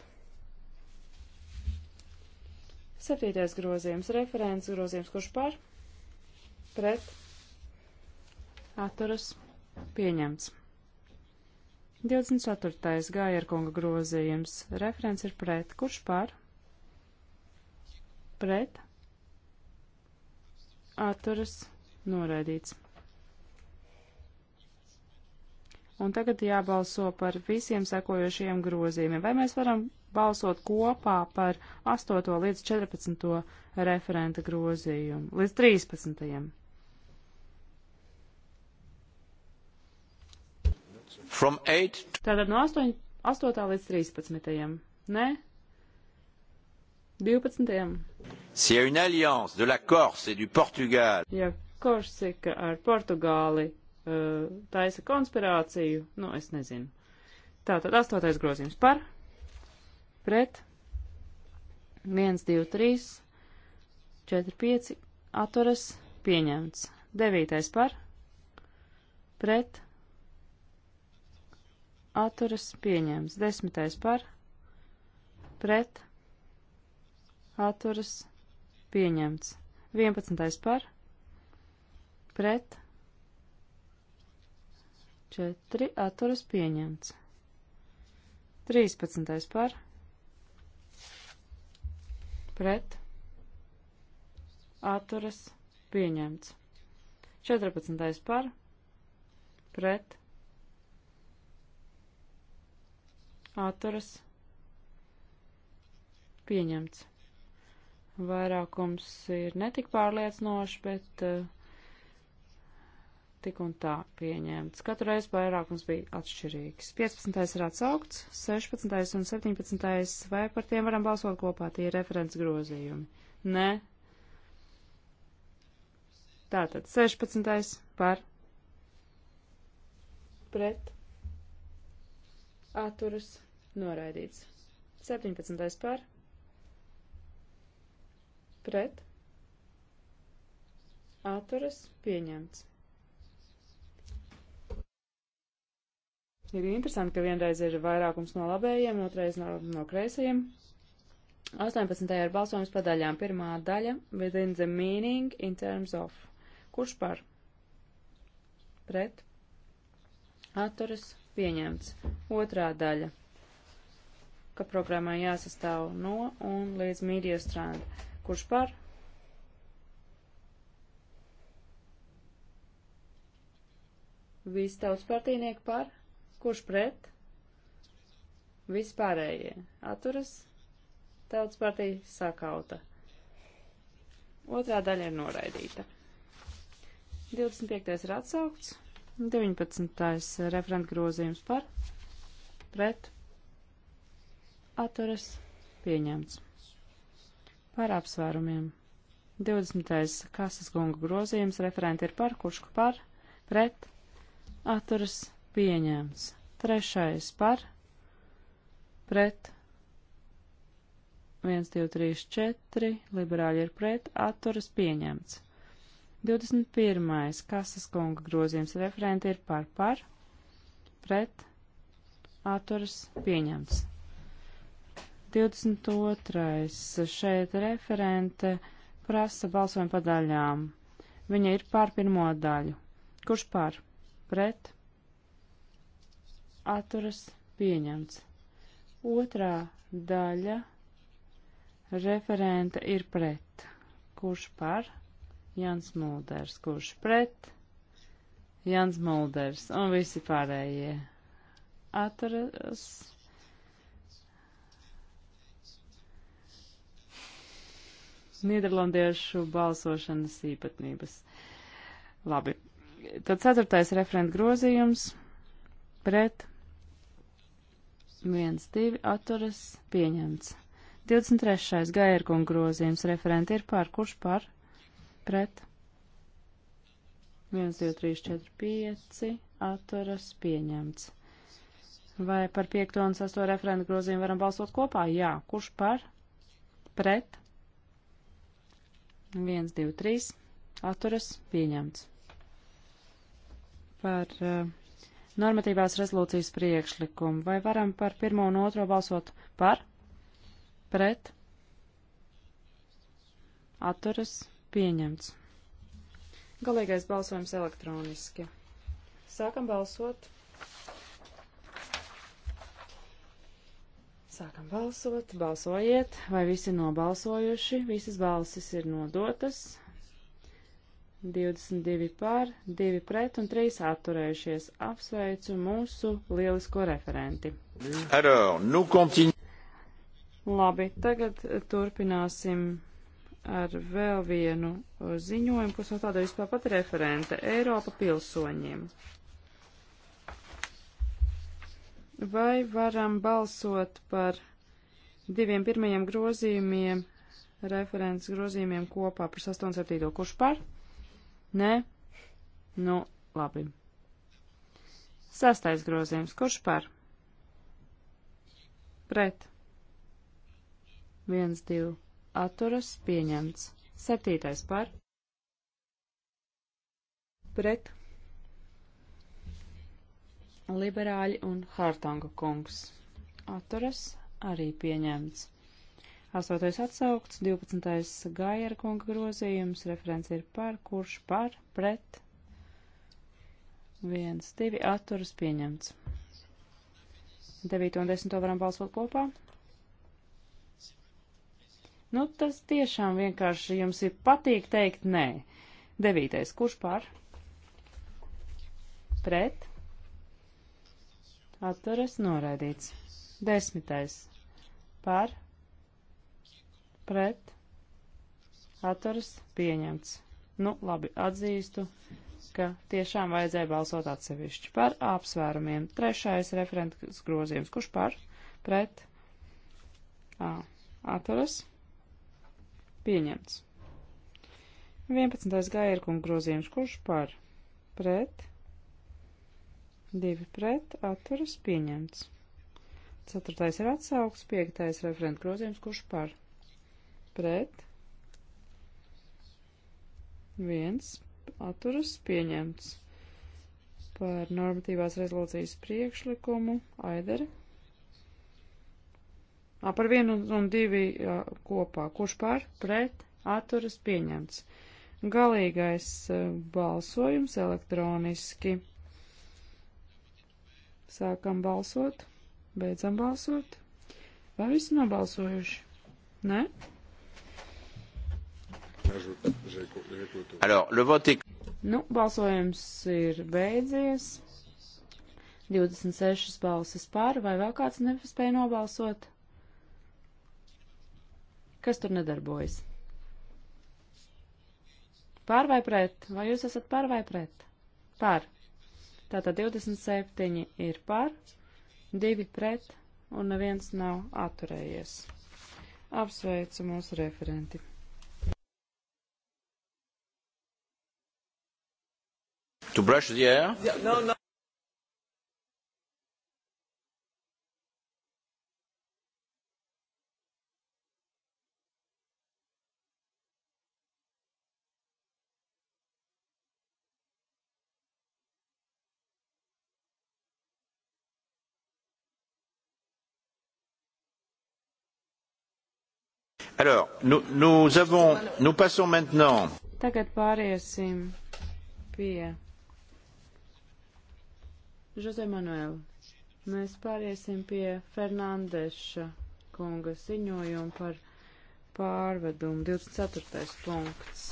Septītais grozījums, referents grozījums, kurš par, pret, atturas, pieņemts. 24. Gājerkunga grozījums, referents ir pret, kurš par, pret, atturas noraidīts. Un tagad jābalso par visiem sekojošiem grozījumiem. Vai mēs varam balsot kopā par 8. līdz 14. referenta grozījumu, līdz 13. Tātad no 8, 8. līdz 13. Nē? 12. Si y a une alliance de la Corse et du Portugal. Ja Korsika ar Portugāli uh, taisa konspirāciju, nu es nezinu. Tātad astotais grozījums par, pret, 1, 2, 3, 4, 5, atturas, pieņemts. Devītais par, pret, atturas, pieņemts. Desmitais par, pret, atturas pieņemts. 11. par pret 4 atturas pieņemts. 13. par pret atturas pieņemts. 14. par pret atturas pieņemts vairākums ir netik pārliecinoši, bet eh, tik un tā pieņemts. Katru reizi vairākums bija atšķirīgs. 15. ir atsaukts, 16. un 17. vai par tiem varam balsot kopā, tie ir referents grozījumi. Nē. Tātad 16. par pret atturas noraidīts. 17. par pret pret, atturas pieņemts. Ir interesanti, ka vienreiz ir vairākums no labējiem, otrais no, no kreisajiem. 18. ir balsojums pa daļām. Pirmā daļa - within the meaning in terms of. Kurš par? Pret. Atturas pieņemts. Otrā daļa - ka programmai jāsastāv no un līdz mīdijas strāna. Kurš par? Visi tautas partīnieki par? Kurš pret? Vispārējie. Atturas. Tautas partija sakauta. Otrā daļa ir noraidīta. 25. ir atsaukts. 19. referenta grozījums par. Pret. Atturas. Pieņemts. Par apsvērumiem. 20. kasas gunga grozījums referenti ir par, kurš par, pret, atturas pieņēmts. Trešais par, pret, 1, 2, 3, 4, liberāļi ir pret, atturas pieņemts. 21. kasas kunga grozījums referenti ir par, par, pret, atturas pieņemts. 22. šeit referente prasa balsojumu pa daļām. Viņa ir pār pirmo daļu. Kurš pār? Pret? Atturas pieņemts. Otrā daļa referente ir pret. Kurš par? Jans Mulders. Kurš pret? Jans Mulders. Un visi pārējie. Atturas Nīderlandiešu balsošanas īpatnības. Labi. Tad ceturtais referenta grozījums pret 1, 2 atturas pieņemts. 23. gairkunga grozījums referenta ir par kurš par pret 1, 2, 3, 4, 5 atturas pieņemts. Vai par 5 un 6 referenta grozījumu varam balsot kopā? Jā. Kurš par? Pret? 1, 2, 3, atturas pieņemts. Par uh, normatīvās rezolūcijas priekšlikumu. Vai varam par pirmo un otro balsot par, pret, atturas pieņemts. Galīgais balsojums elektroniski. Sākam balsot. Sākam balsot, balsojiet, vai visi nobalsojuši, visas balsis ir nodotas. 22 pār, 2 pret un 3 atturējušies. Apsveicu mūsu lielisko referenti. Alors, nu continu... Labi, tagad turpināsim ar vēl vienu ziņojumu, kas no tāda vispār pat referente Eiropa pilsoņiem. Vai varam balsot par diviem pirmajiem grozījumiem, referents grozījumiem kopā par 8.7. Kurš par? Nē? Nu, labi. Sastais grozījums. Kurš par? Pret. 1, 2. Atturas pieņemts. Septītais par. Pret liberāļi un Hartonga kungs. Atturas arī pieņemts. 8. atsaukts, 12. Gaiera kunga grozījums, referents ir par, kurš par, pret, 1, 2, atturas pieņemts. 9 un 10 varam balsot kopā. Nu, tas tiešām vienkārši jums ir patīk teikt nē. Devītais, kurš par? Pret? atturas noraidīts. Desmitais par, pret, atturas pieņemts. Nu, labi, atzīstu, ka tiešām vajadzēja balsot atsevišķi par apsvērumiem. Trešais referents grozījums. Kurš par? Pret? À, atturas? Pieņemts. 11. gairkunga grozījums. Kurš par? Pret? 2 pret, atturas pieņemts. 4. ir atsaugs, 5. referenta grozījums, kurš par pret, 1, atturas pieņemts. Par normatīvās rezolūcijas priekšlikumu Aidere. A, par vienu un divi a, kopā. Kurš par? Pret, atturas pieņemts. Galīgais a, balsojums elektroniski. Sākam balsot, beidzam balsot. Vai visi nobalsojuši? Nē? Nu, balsojums ir beidzies. 26 balsis pār, vai vēl kāds nespēja nobalsot? Kas tur nedarbojas? Pār vai pret? Vai jūs esat pār vai pret? Pār. Tātad 27 ir par, 2 pret un neviens nav atturējies. Apsveicu mūsu referenti. To brush the air? Yeah, no, no. Alors, nous, nous, avons, nous passons maintenant. Tagad pāriesim pie Jose Manuela. Mēs pāriesim pie Fernandeša kunga ziņojumu par pārvedumu. 24. punkts.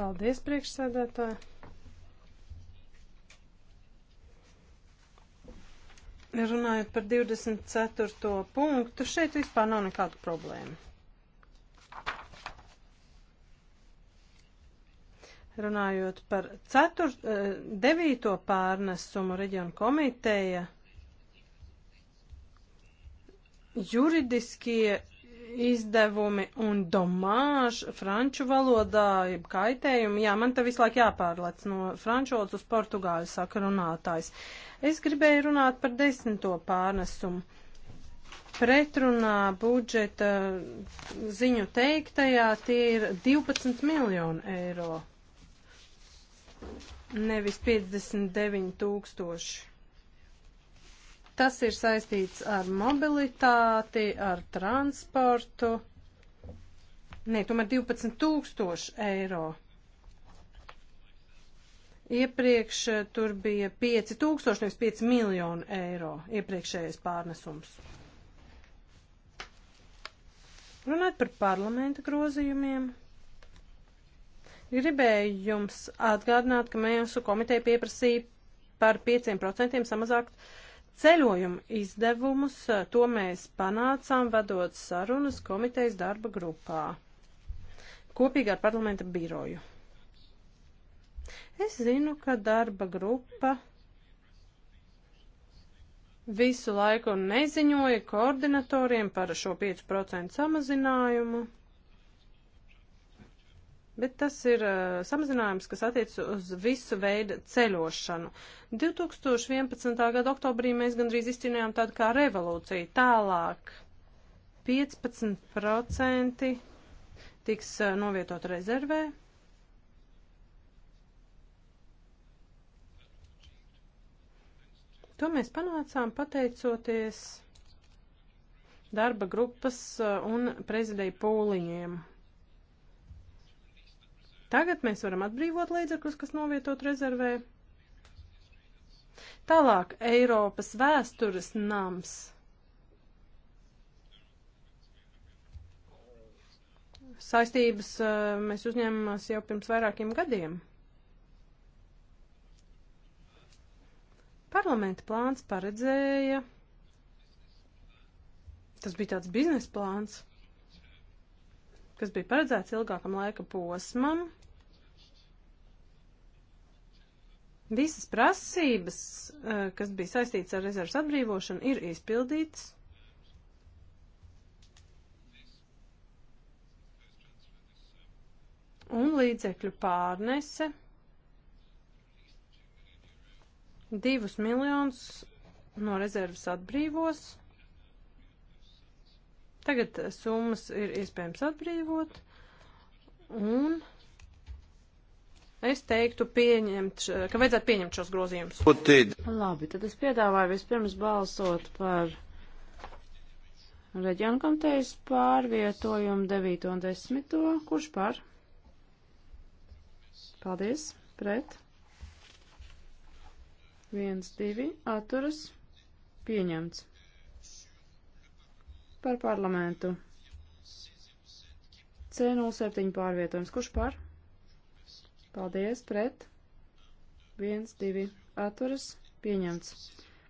Paldies, priekšsēdētāji. Runājot par 24. punktu, šeit vispār nav nekādu problēmu. Runājot par 4, 9. Eh, pārnesumu reģionu komiteja, juridiskie izdevumi un domāž franču valodā, jeb kaitējumi. Jā, man te visu laiku jāpārlec no franču valodas uz portugāļu saka runātājs. Uh, Es gribēju runāt par desmito pārnesumu. Pretrunā budžeta ziņu teiktajā tie ir 12 miljoni eiro, nevis 59 tūkstoši. Tas ir saistīts ar mobilitāti, ar transportu. Nē, tomēr 12 tūkstoši eiro. Iepriekš eh, tur bija 5000, nevis 5 miljonu eiro iepriekšējais pārnesums. Runāt par parlamenta grozījumiem. Gribēju jums atgādināt, ka mūsu komiteja pieprasīja par 5% samazākt ceļojumu izdevumus. Eh, to mēs panācām, vadot sarunas komitejas darba grupā kopīgi ar parlamenta biroju. Es zinu, ka darba grupa visu laiku neziņoja koordinatoriem par šo 5% samazinājumu, bet tas ir uh, samazinājums, kas attiec uz visu veidu ceļošanu. 2011. gada oktobrī mēs gandrīz izcīnījām tādu kā revolūciju. Tālāk 15% tiks uh, novietot rezervē. To mēs panācām pateicoties darba grupas uh, un prezidēju pūliņiem. Tagad mēs varam atbrīvot līdzekļus, kas novietot rezervē. Tālāk Eiropas vēstures nams. Saistības uh, mēs uzņēmāmies jau pirms vairākiem gadiem. Parlamenta plāns paredzēja, tas bija tāds biznesa plāns, kas bija paredzēts ilgākam laika posmam. Visas prasības, eh, kas bija saistītas ar rezervas atbrīvošanu, ir izpildītas. Un līdzekļu pārnese Divus miljonus no rezerves atbrīvos. Tagad summas ir iespējams atbrīvot. Un es teiktu, pieņemt, ka vajadzētu pieņemt šos grozījumus. Labi, tad es piedāvāju vispirms balsot par reģionu komitejas pārvietojumu 9 un 10. Kurš par? Paldies. Pret. 1, 2, atturas, pieņemts. Par parlamentu. C07 pārvietojums. Kurš par? Paldies, pret. 1, 2, atturas, pieņemts.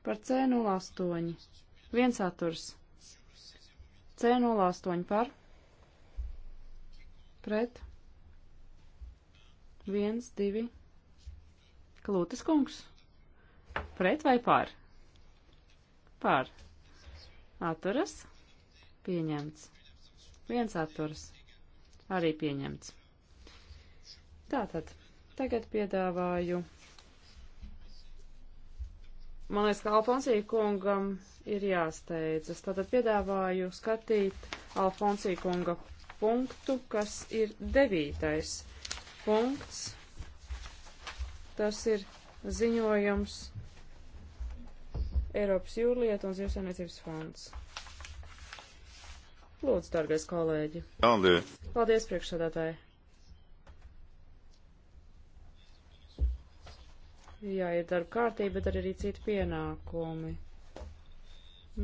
Par C08. 1 atturas. C08 par. Pret. 1, 2. Klūtis kungs. Pret vai par? Par. Atturas. Pieņemts. Viens atturas. Arī pieņemts. Tātad, tagad piedāvāju. Man liekas, ka Alfonsija kungam ir jāsteidzas. Tātad piedāvāju skatīt Alfonsija kunga punktu, kas ir devītais punkts. Tas ir ziņojums Eiropas jūrlietu un zivsainiecības fonds. Lūdzu, dārgais kolēģi. Paldies. Paldies, priekšsādātāji. Jā, ir darba kārtība, bet arī citi pienākumi.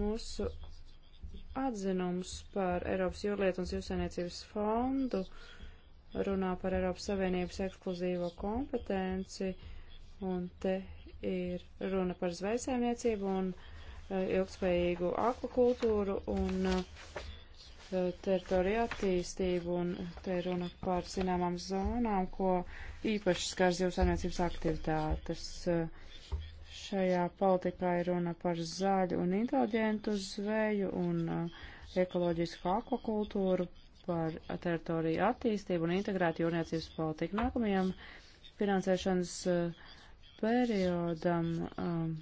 Mūsu atzinums par Eiropas jūrlietu un zivsainiecības fondu runā par Eiropas Savienības ekskluzīvo kompetenci, un te ir runa par zvejsaimniecību un eh, ilgspējīgu akvakultūru un eh, teritoriju attīstību, un te ir runa par zināmām zonām, ko īpaši skar zivsaimniecības aktivitātes. Šajā politikā ir runa par zaļu un inteliģentu zveju un eh, ekoloģisku akvakultūru, par teritoriju attīstību un integrētu jūrniecības politiku. Nākamajam finansēšanas uh, periodam um,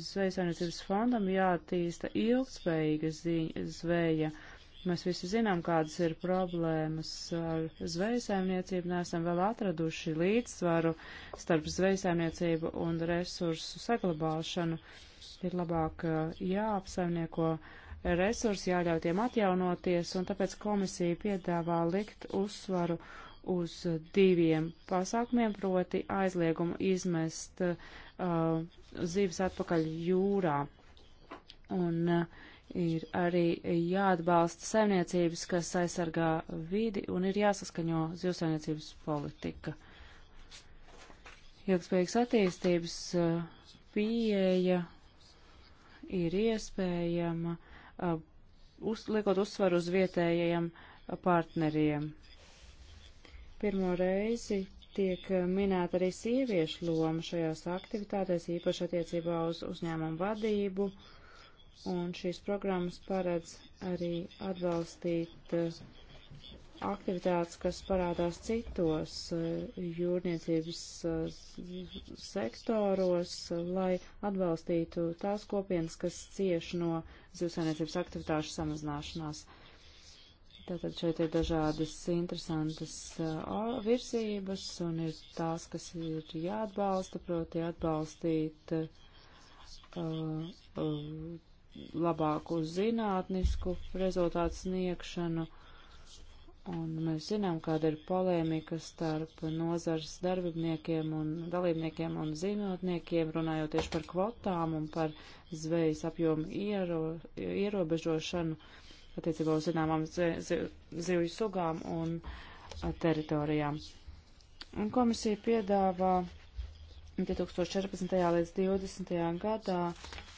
zvejasainicības fondam jātīsta ilgspējīga zveja. Mēs visi zinām, kādas ir problēmas ar zvejasēmniecību, neesam vēl atraduši līdzsvaru starp zvejasēmniecību un resursu saglabāšanu. Ir labāk uh, jāapsaimnieko resursi, jāļauj tiem atjaunoties, un tāpēc komisija piedāvā likt uzsvaru uz diviem pasākumiem, proti aizliegumu izmest uh, zīves atpakaļ jūrā. Un uh, ir arī jāatbalsta saimniecības, kas aizsargā vidi, un ir jāsaskaņo zivsaimniecības politika. Ilgspējīgas attīstības uh, pieeja ir iespējama, uh, uz, liekot uzsvaru uz vietējiem uh, partneriem. Pirmo reizi tiek eh, minēta arī sieviešu loma šajās aktivitātēs, īpaši attiecībā uz uzņēmumu vadību, un šīs programmas paredz arī atbalstīt eh, aktivitātes, kas parādās citos eh, jūrniecības sektoros, lai atbalstītu tās kopienas, kas cieš no zivsainiecības aktivitāšu samazināšanās. Uh, Tātad šeit ir dažādas interesantas uh, virsības un ir tās, kas ir jāatbalsta, proti atbalstīt uh, uh, labāku zinātnisku rezultātu sniegšanu. Un mēs zinām, kāda ir polēmika starp nozars darbiniekiem un dalībniekiem un zinotniekiem, runājot tieši par kvotām un par zvejas apjomu iero, ierobežošanu. Uh, attiecībā uz zināmām zivju sugām un teritorijām. Un komisija piedāvā 2014. līdz 2020. gadā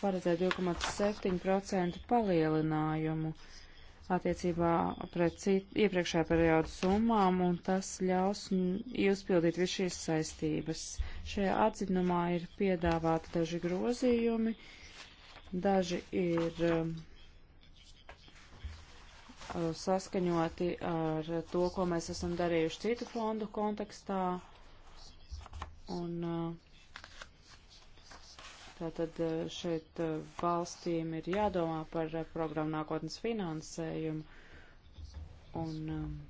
paredzēt 2,7% palielinājumu attiecībā pret citu iepriekšējā periodu summām, un tas ļaus izpildīt visu šīs saistības. Šajā atzinumā ir piedāvāti daži grozījumi, daži ir um, Uh, saskaņoti ar to, ko mēs esam darījuši citu fondu kontekstā. Un uh, tātad uh, šeit valstīm ir jādomā par programmu nākotnes finansējumu. Un um,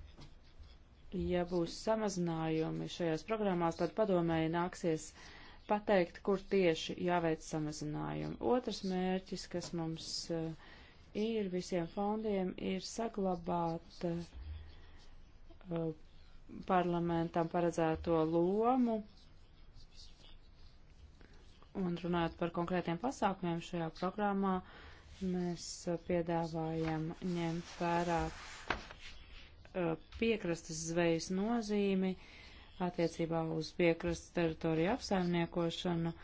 ja būs samazinājumi šajās programmās, tad padomēji nāksies pateikt, kur tieši jāveic samazinājumi. Otrs mērķis, kas mums uh, ir visiem fondiem, ir saglabāt uh, parlamentam paredzēto lomu un runājot par konkrētiem pasākumiem šajā programmā, mēs uh, piedāvājam ņemt vērā uh, piekrastes zvejas nozīmi attiecībā uz piekrastes teritoriju apsaimniekošanu,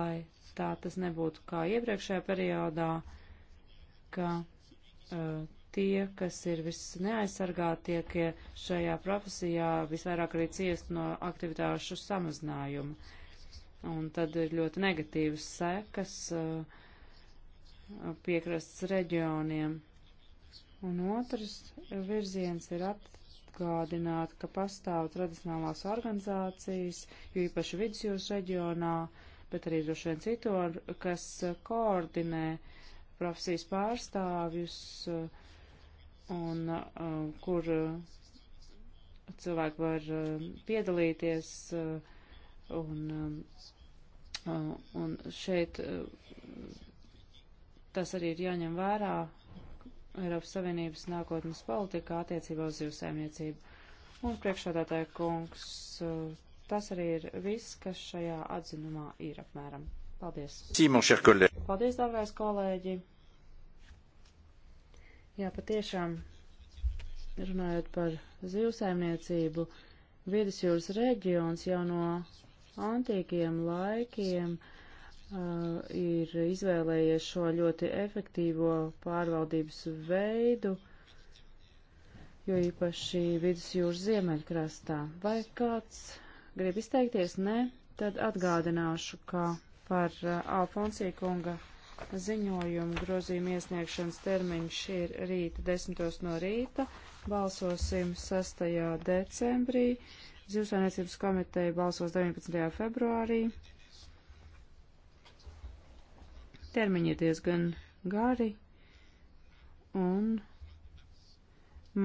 lai tā tas nebūtu kā iepriekšējā periodā, uh, ka uh, tie, kas ir visneaizsargātiekie šajā profesijā, visvairāk arī ciest no aktivitāšu samazinājuma. Un tad ir ļoti negatīvas sekas uh, piekrasts reģioniem. Un otrs virziens ir atgādināt, ka pastāv tradicionālās organizācijas, jo īpaši vidusjūras reģionā, bet arī droši vien citur, kas koordinē uh, profesijas pārstāvjus eh, un eh, kur eh, cilvēki var piedalīties un, un šeit tas arī ir jāņem vērā Eiropas Savienības nākotnes politikā attiecībā uz zivsēmniecību. Un priekšādātāja kungs, tas arī ir viss, kas šajā atzinumā ir apmēram. Paldies. Sīmo, Paldies, dārgais kolēģi! Jā, patiešām, runājot par zivsaimniecību, Vidusjūras reģions jau no antīkiem laikiem uh, ir izvēlējies šo ļoti efektīvo pārvaldības veidu, jo īpaši Vidusjūras ziemeļkrastā. Vai kāds grib izteikties? Nē, tad atgādināšu, ka par uh, Alfonsija kunga ziņojumu grozījumu iesniegšanas termiņš ir rīta 10. no rīta. Balsosim 6. decembrī. Zivsainiecības komiteja balsos 19. februārī. Termiņi ir diezgan gari. Un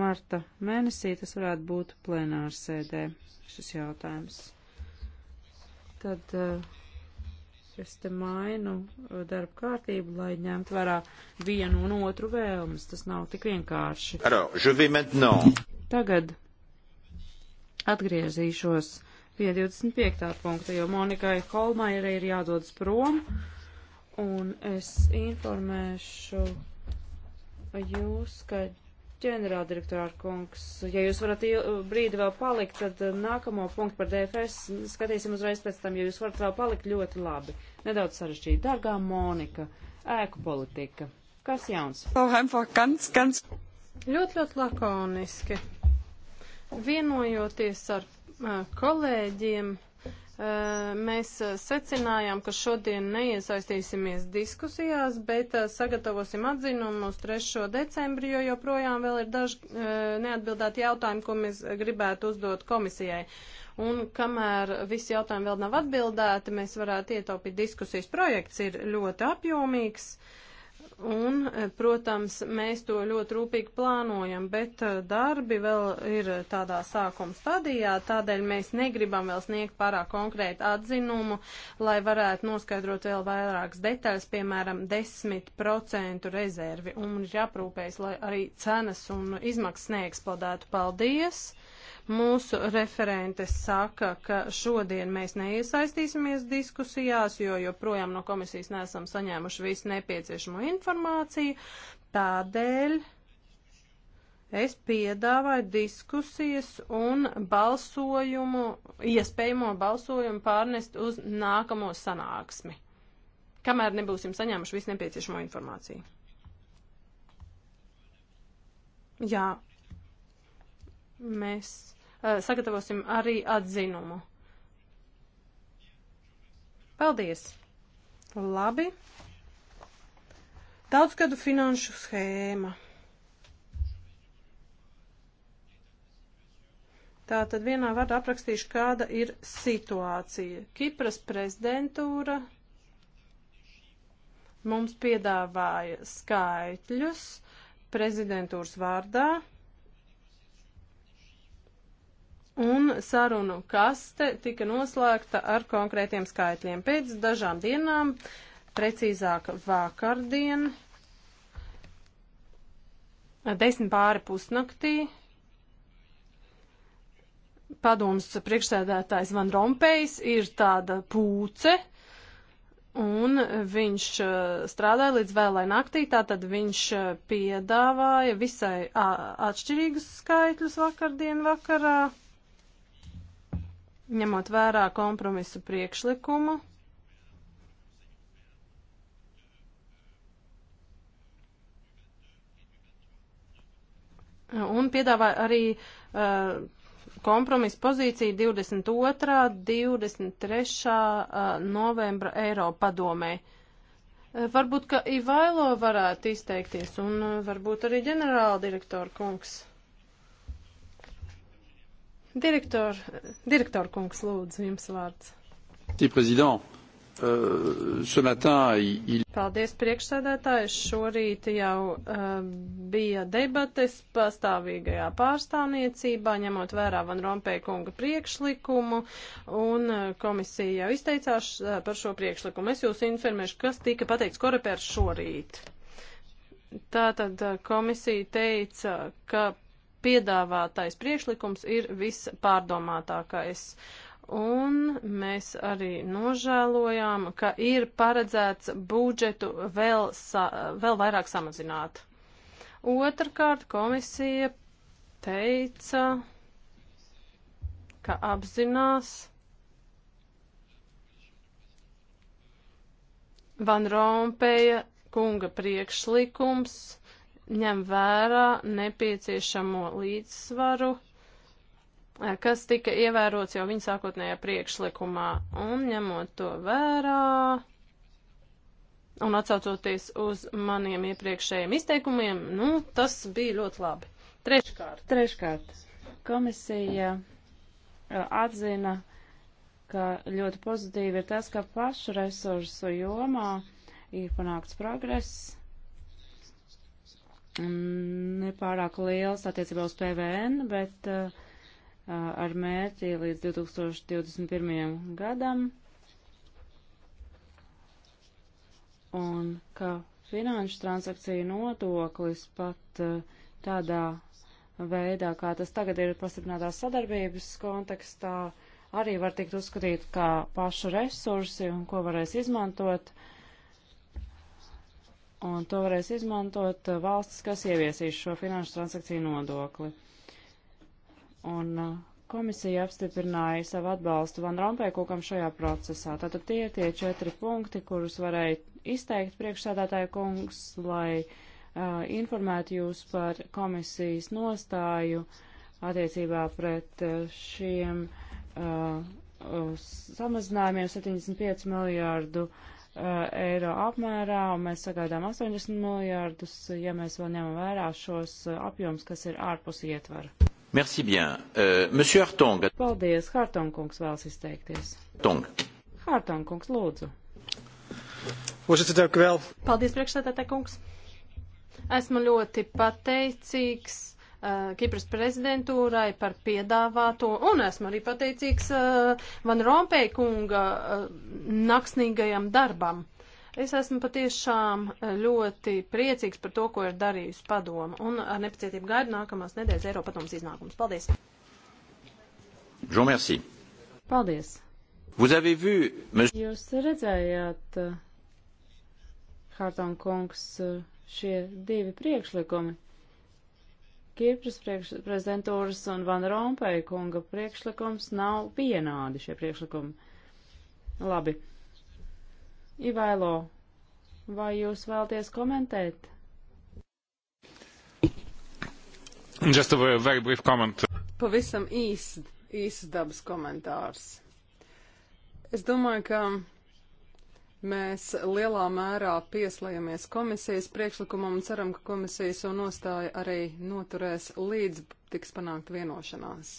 marta mēnesī tas varētu būt plenārsēdē šis jautājums. Tad uh, Es te mainu uh, darba kārtību, lai ņemtu vērā vienu un otru vēlmes. Tas nav tik vienkārši. Alors, Tagad atgriezīšos pie 25. punkta, jo Monikai Holmaira ir jādodas prom, un es informēšu jūs, ka ģenerāldirektora kungs, ja jūs varat brīdi vēl palikt, tad eh, nākamo punktu par DFS skatīsim uzreiz pēc tam, ja jūs varat vēl palikt ļoti labi. Nedaudz sarežģīti. Dargā Monika, ēku politika. Kas jauns? Oh, ganz, ganz. Ļoti, ļoti lakoniski. Vienojoties ar uh, kolēģiem. Uh, mēs secinājām, ka šodien neiesaistīsimies diskusijās, bet sagatavosim atzinumu uz 3. decembri, jo joprojām vēl ir daži neatbildēti jautājumi, ko mēs gribētu uzdot komisijai. Un kamēr visi jautājumi vēl nav atbildēti, mēs varētu ietaupīt diskusijas. Projekts ir ļoti apjomīgs. Uh, Un, eh, protams, mēs to ļoti rūpīgi plānojam, bet eh, darbi vēl ir tādā sākuma stadijā, tādēļ mēs negribam vēl sniegt pārāk konkrētu atzinumu, lai varētu noskaidrot vēl vairākas detaļas, piemēram, 10% rezervi. Un ir jāprūpējas, lai arī cenas un izmaksas neeksplodētu. Paldies! Mūsu referente saka, ka šodien mēs neiesaistīsimies diskusijās, jo joprojām no komisijas nesam saņēmuši visu nepieciešamo informāciju. Tādēļ es piedāvāju diskusijas un balsojumu, iespējamo balsojumu pārnest uz nākamo sanāksmi, kamēr nebūsim saņēmuši visu nepieciešamo informāciju. Jā, mēs uh, sagatavosim arī atzinumu. Paldies! Labi. Daudzgadu finanšu schēma. Tā tad vienā vārdā aprakstīšu, kāda ir situācija. Kipras prezidentūra mums piedāvāja skaitļus prezidentūras vārdā un sarunu kaste tika noslēgta ar konkrētiem skaitļiem. Pēc dažām dienām, precīzāk vakardien, desmit pāri pusnaktī, padomus priekšsēdētājs Van Rompējs ir tāda pūce, Un viņš uh, strādāja līdz vēlai naktī, tātad viņš uh, piedāvāja visai atšķirīgus skaitļus vakardien vakarā ņemot vērā kompromisu priekšlikumu. Un piedāvāja arī uh, kompromisu pozīciju 22. 23. Uh, novembra Eiropa padomē. Uh, varbūt, ka Ivailo varētu izteikties un uh, varbūt arī ģenerāldirektora kungs. Direktor, direktor kungs, lūdzu, jums vārds. Tī, prezident, euh, ce matin, il... Paldies, priekšsēdētāji. Šorīt jau uh, bija debates pastāvīgajā pārstāvniecībā, ņemot vērā Van Rompēja kunga priekšlikumu, un uh, komisija jau izteicās uh, par šo priekšlikumu. Es jūs informēšu, kas tika pateikts korepērs šorīt. Tātad uh, komisija teica, ka piedāvātais priekšlikums ir vispārdomātākais. Un mēs arī nožēlojām, ka ir paredzēts budžetu vēl, sa, vēl vairāk samazināt. Otrakārt komisija teica, ka apzinās Van Rompēja kunga priekšlikums ņem vērā nepieciešamo līdzsvaru eh, kas tika ievērots jau viņa sākotnējā priekšlikumā, un ņemot to vērā un atsaucoties uz maniem iepriekšējiem izteikumiem, nu, tas bija ļoti labi. Treškārt. Treškārt. Komisija eh, atzina, ka ļoti pozitīvi ir tas, ka pašu resursu jomā ir panākts progress nepārāk liels attiecībā uz PVN, bet uh, ar mērķi līdz 2021. gadam un ka finanšu transakciju nodoklis pat uh, tādā veidā, kā tas tagad ir pastiprinātās sadarbības kontekstā, arī var tikt uzskatīt kā pašu resursi un ko varēs izmantot uh, un to varēs izmantot uh, valstis, kas ieviesīs šo finanšu transakciju nodokli. Un uh, komisija apstiprināja savu atbalstu Van Rompēkūkam šajā procesā. Tātad tie ir tie četri punkti, kurus varēja izteikt priekšsādātāja kungs, lai uh, informētu jūs par komisijas nostāju attiecībā pret uh, šiem uh, uh samazinājumiem 75 miljārdu uh, Uh, eiro apmērā, un mēs sagaidām 80 miljārdus, ja mēs vēl ņemam vērā šos uh, apjoms, kas ir ārpus ietvara. Merci bien. Uh, Monsieur Hartong. Paldies. Hartonkungs vēlas izteikties. Tong. Hartonkungs, lūdzu. Voorzitter, dank u wel. Paldies, priekšsēdētāj kungs. Esmu ļoti pateicīgs uh, Kipras prezidentūrai par piedāvāto, un esmu arī pateicīgs uh, Van Rompēj kunga uh, naksnīgajam darbam. Es esmu patiešām ļoti priecīgs par to, ko ir darījusi padoma, un ar nepacietību gaidu nākamās nedēļas Eiropa padomas iznākums. Paldies! Jean, merci. Paldies! Vous avez vu, monsieur... Jūs redzējāt, Hārton kungs, šie divi priekšlikumi. Kipras prezidentūras un Van Rompeja kunga priekšlikums nav vienādi šie priekšlikumi. Labi. Ivailo, vai jūs vēlties komentēt? Just a very brief comment. Pavisam īsts, īsts dabas komentārs. Es domāju, ka Mēs lielā mērā pieslējamies komisijas priekšlikumam un ceram, ka komisijas un nostāja arī noturēs līdz tiks panākt vienošanās.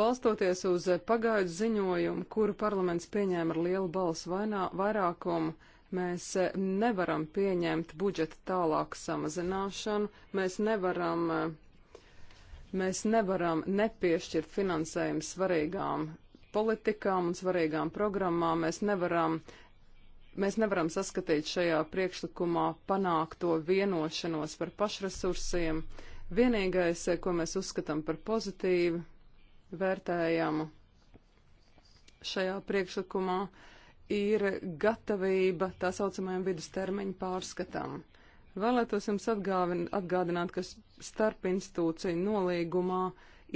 Balstoties uz pagaidu ziņojumu, kuru parlaments pieņēma ar lielu balsu vainā, vairākumu, mēs nevaram pieņemt budžeta tālāku samazināšanu, mēs nevaram, mēs nevaram nepiešķirt finansējumu svarīgām politikām un svarīgām programmām mēs nevaram, mēs nevaram saskatīt šajā priekšlikumā panākto vienošanos par pašresursiem. Vienīgais, ko mēs uzskatām par pozitīvu, vērtējamu šajā priekšlikumā, ir gatavība tā saucamajam vidustermiņu pārskatam. Vēlētos jums atgādināt, ka starp institūciju nolīgumā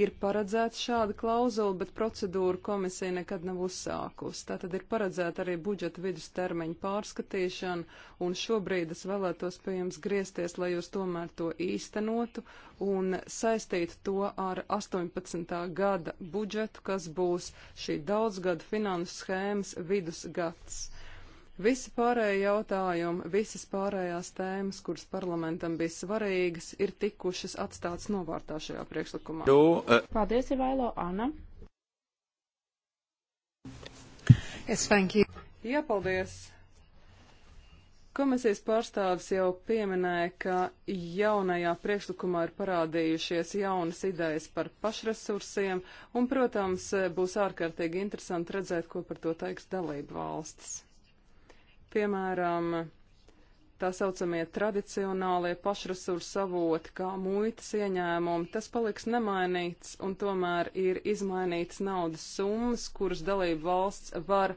ir paredzēta šāda klauzula, bet procedūru komisija nekad nav uzsākusi. Tātad ir paredzēta arī budžeta vidustermiņa pārskatīšana, un šobrīd es vēlētos pie jums griezties, lai jūs tomēr to īstenotu un saistītu to ar 18. gada budžetu, kas būs šī daudzgada finanses schēmas vidusgads. Visi pārējie jautājumi, visas pārējās tēmas, kuras parlamentam bija svarīgas, ir tikušas atstātas novārtā šajā priekšlikumā. Do, uh... Eh, paldies, Ivailo, Ana. Yes, thank you. Jā, paldies. Komisijas pārstāvis jau pieminēja, ka jaunajā priekšlikumā ir parādījušies jaunas idejas par pašresursiem, un, protams, būs ārkārtīgi interesanti redzēt, ko par to teiks dalību valstis. Piemēram, tā saucamie tradicionālie pašresursu avoti, kā muitas ieņēmumi, tas paliks nemainīts, un tomēr ir izmainīts naudas summas, kuras dalību valsts var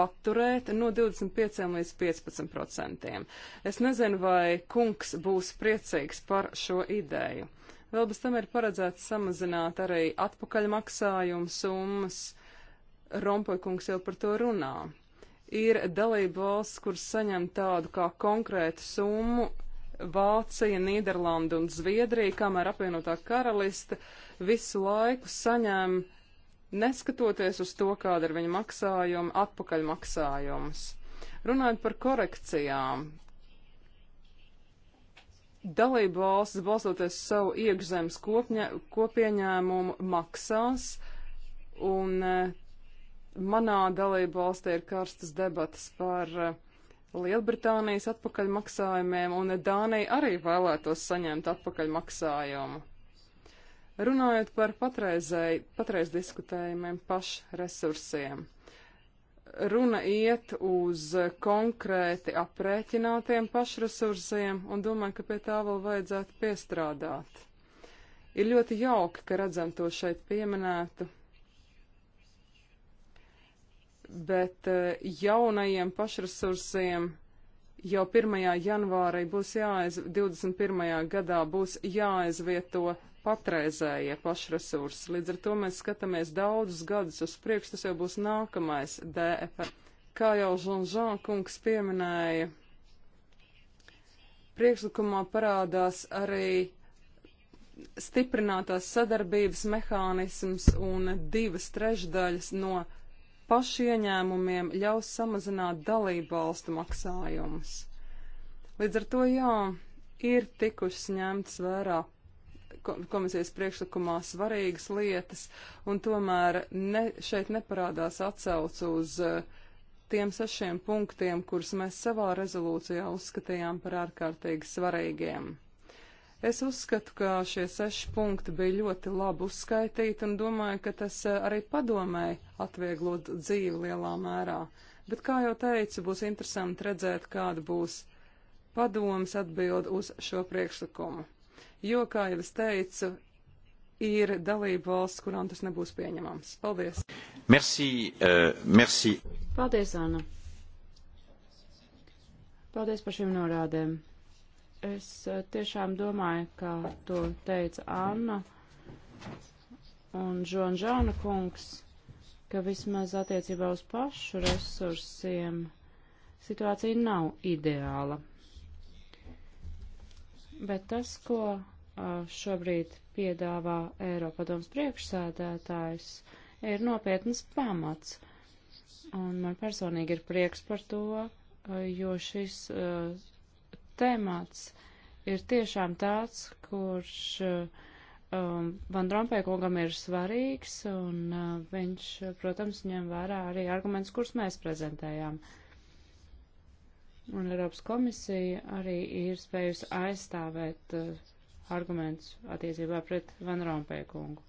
paturēt no 25 līdz 15 procentiem. Es nezinu, vai kungs būs priecīgs par šo ideju. Vēl bez tam ir paredzēts samazināt arī atpakaļmaksājumu summas. Rompoja kungs jau par to runā ir dalība valsts, kuras saņem tādu kā konkrētu summu Vācija, Nīderlanda un Zviedrija, kamēr apvienotā karaliste visu laiku saņem, neskatoties uz to, kāda ir viņa maksājuma, atpakaļ maksājums. Runājot par korekcijām, dalība valsts, balstoties savu iekšzemes kopņa, kopieņēmumu, maksās, un eh, Manā dalību valstī ir karstas debatas par eh, Lielbritānijas atpakaļmaksājumiem, un Dānija arī vēlētos saņemt atpakaļmaksājumu. Runājot par patreizēji, patreiz diskutējumiem pašresursiem. Runa iet uz konkrēti aprēķinātiem pašresursiem, un domāju, ka pie tā vēl vajadzētu piestrādāt. Ir ļoti jauki, ka redzam to šeit pieminētu, bet eh, jaunajiem pašresursiem jau 1. janvārī būs jāaiz, 21. gadā būs jāaizvieto patreizējie pašresursi. Līdz ar to mēs skatāmies daudzus gadus uz priekšu, tas jau būs nākamais DFP. E Kā jau Žanžan kungs pieminēja, priekšlikumā parādās arī stiprinātās sadarbības mehānisms un divas trešdaļas no pašu ieņēmumiem ļaus samazināt dalību valstu maksājumus. Līdz ar to jā, ir tikušas ņemtas vērā komisijas priekšlikumā svarīgas lietas, un tomēr ne, šeit neparādās atsauc uz eh, tiem sešiem punktiem, kurus mēs savā rezolūcijā uzskatījām par ārkārtīgi svarīgiem. Es uzskatu, ka šie seši punkti bija ļoti labi uzskaitīti un domāju, ka tas eh, arī padomēji atvieglot dzīvi lielā mērā. Bet, kā jau teicu, būs interesanti redzēt, kāda būs padomas atbild uz šo priekšlikumu. Jo, kā jau es teicu, ir dalība valsts, kurām tas nebūs pieņemams. Paldies! Merci, uh, merci. Paldies, Anna! Paldies par šīm norādēm! Es eh, tiešām domāju, kā to teica Anna un Žonžāna kungs, ka vismaz attiecībā uz pašu resursiem situācija nav ideāla. Bet tas, ko eh, šobrīd piedāvā Eiropadoms priekšsēdētājs, ir nopietnas pamats. Un man personīgi ir prieks par to, eh, jo šis uh, temats ir tiešām tāds, kurš uh, um, Van Rompēkungam ir svarīgs, un uh, viņš, protams, ņem vērā arī arguments, kurus mēs prezentējām. Un Eiropas komisija arī ir spējusi aizstāvēt uh, argumentus attiecībā pret Van Rompēkungu.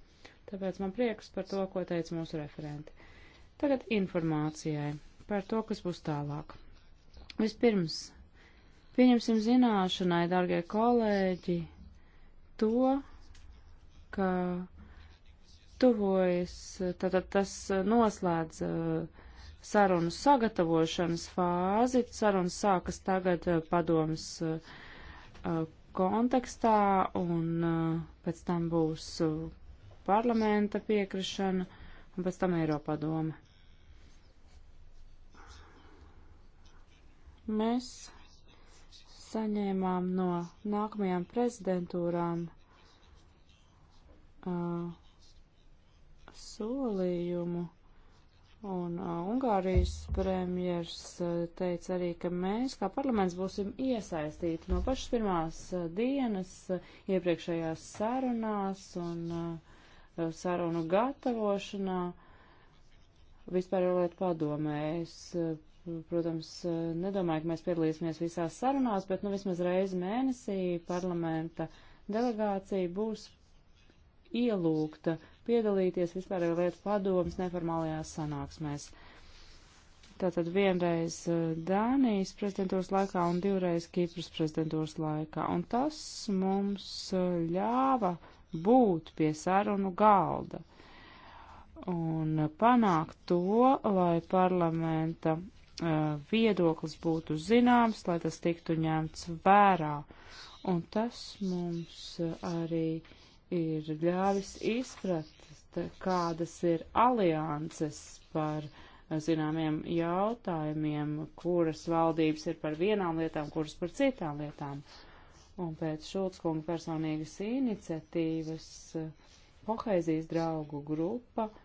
Tāpēc man prieks par to, ko teica mūsu referenti. Tagad informācijai par to, kas būs tālāk. Vispirms Pieņemsim zināšanai, dargie kolēģi, to, ka tuvojas, tātad tas noslēdz uh, sarunu sagatavošanas fāzi, sarunas sākas tagad uh, padomas uh, kontekstā un pēc tam būs parlamenta piekrišana un pēc tam Eiropadome. Mēs saņēmām no nākamajām prezidentūrām uh, solījumu, un uh, Ungārijas premjers uh, teica arī, ka mēs kā parlaments būsim iesaistīti no pašas pirmās uh, dienas uh, iepriekšējās sarunās un uh, sarunu gatavošanā. Vispār jau lietu padomē, es uh, Protams, eh, nedomāju, ka mēs piedalīsimies visās sarunās, bet nu, vismaz reizi mēnesī parlamenta delegācija būs ielūgta piedalīties vispārējo lietu padomas neformālajās sanāksmēs. Tātad vienreiz eh, Dānijas prezidentūras laikā un divreiz Kipras prezidentūras laikā. Un tas mums eh, ļāva būt pie sarunu galda un panākt to, lai parlamenta Uh, viedoklis būtu zināms, lai tas tiktu ņemts vērā. Un tas mums arī ir ļāvis izprast, kādas ir alianses par uh, zināmiem jautājumiem, kuras valdības ir par vienām lietām, kuras par citām lietām. Un pēc Šulckunga personīgas iniciatīvas kohēzijas uh, draugu grupa uh,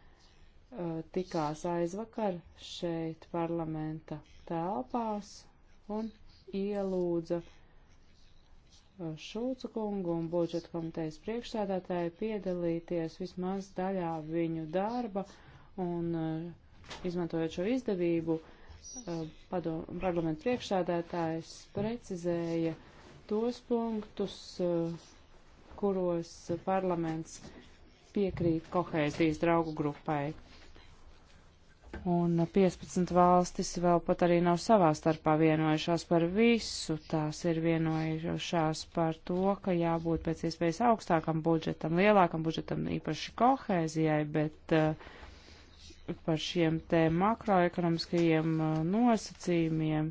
Eh, tikās aizvakar šeit parlamenta telpās un ielūdza eh, Šulcu kungu un budžeta komitejas priekšsēdētāju piedalīties vismaz daļā viņu darba un eh, izmantojot šo izdevību, padomu parlamentu priekšsēdētājs precizēja tos punktus, kuros parlaments piekrīt kohēzijas draugu grupai un 15 valstis vēl pat arī nav savā starpā vienojušās par visu. Tās ir vienojušās par to, ka jābūt pēc iespējas augstākam budžetam, lielākam budžetam, īpaši kohēzijai, bet eh, par šiem te makroekonomiskajiem eh, nosacījumiem.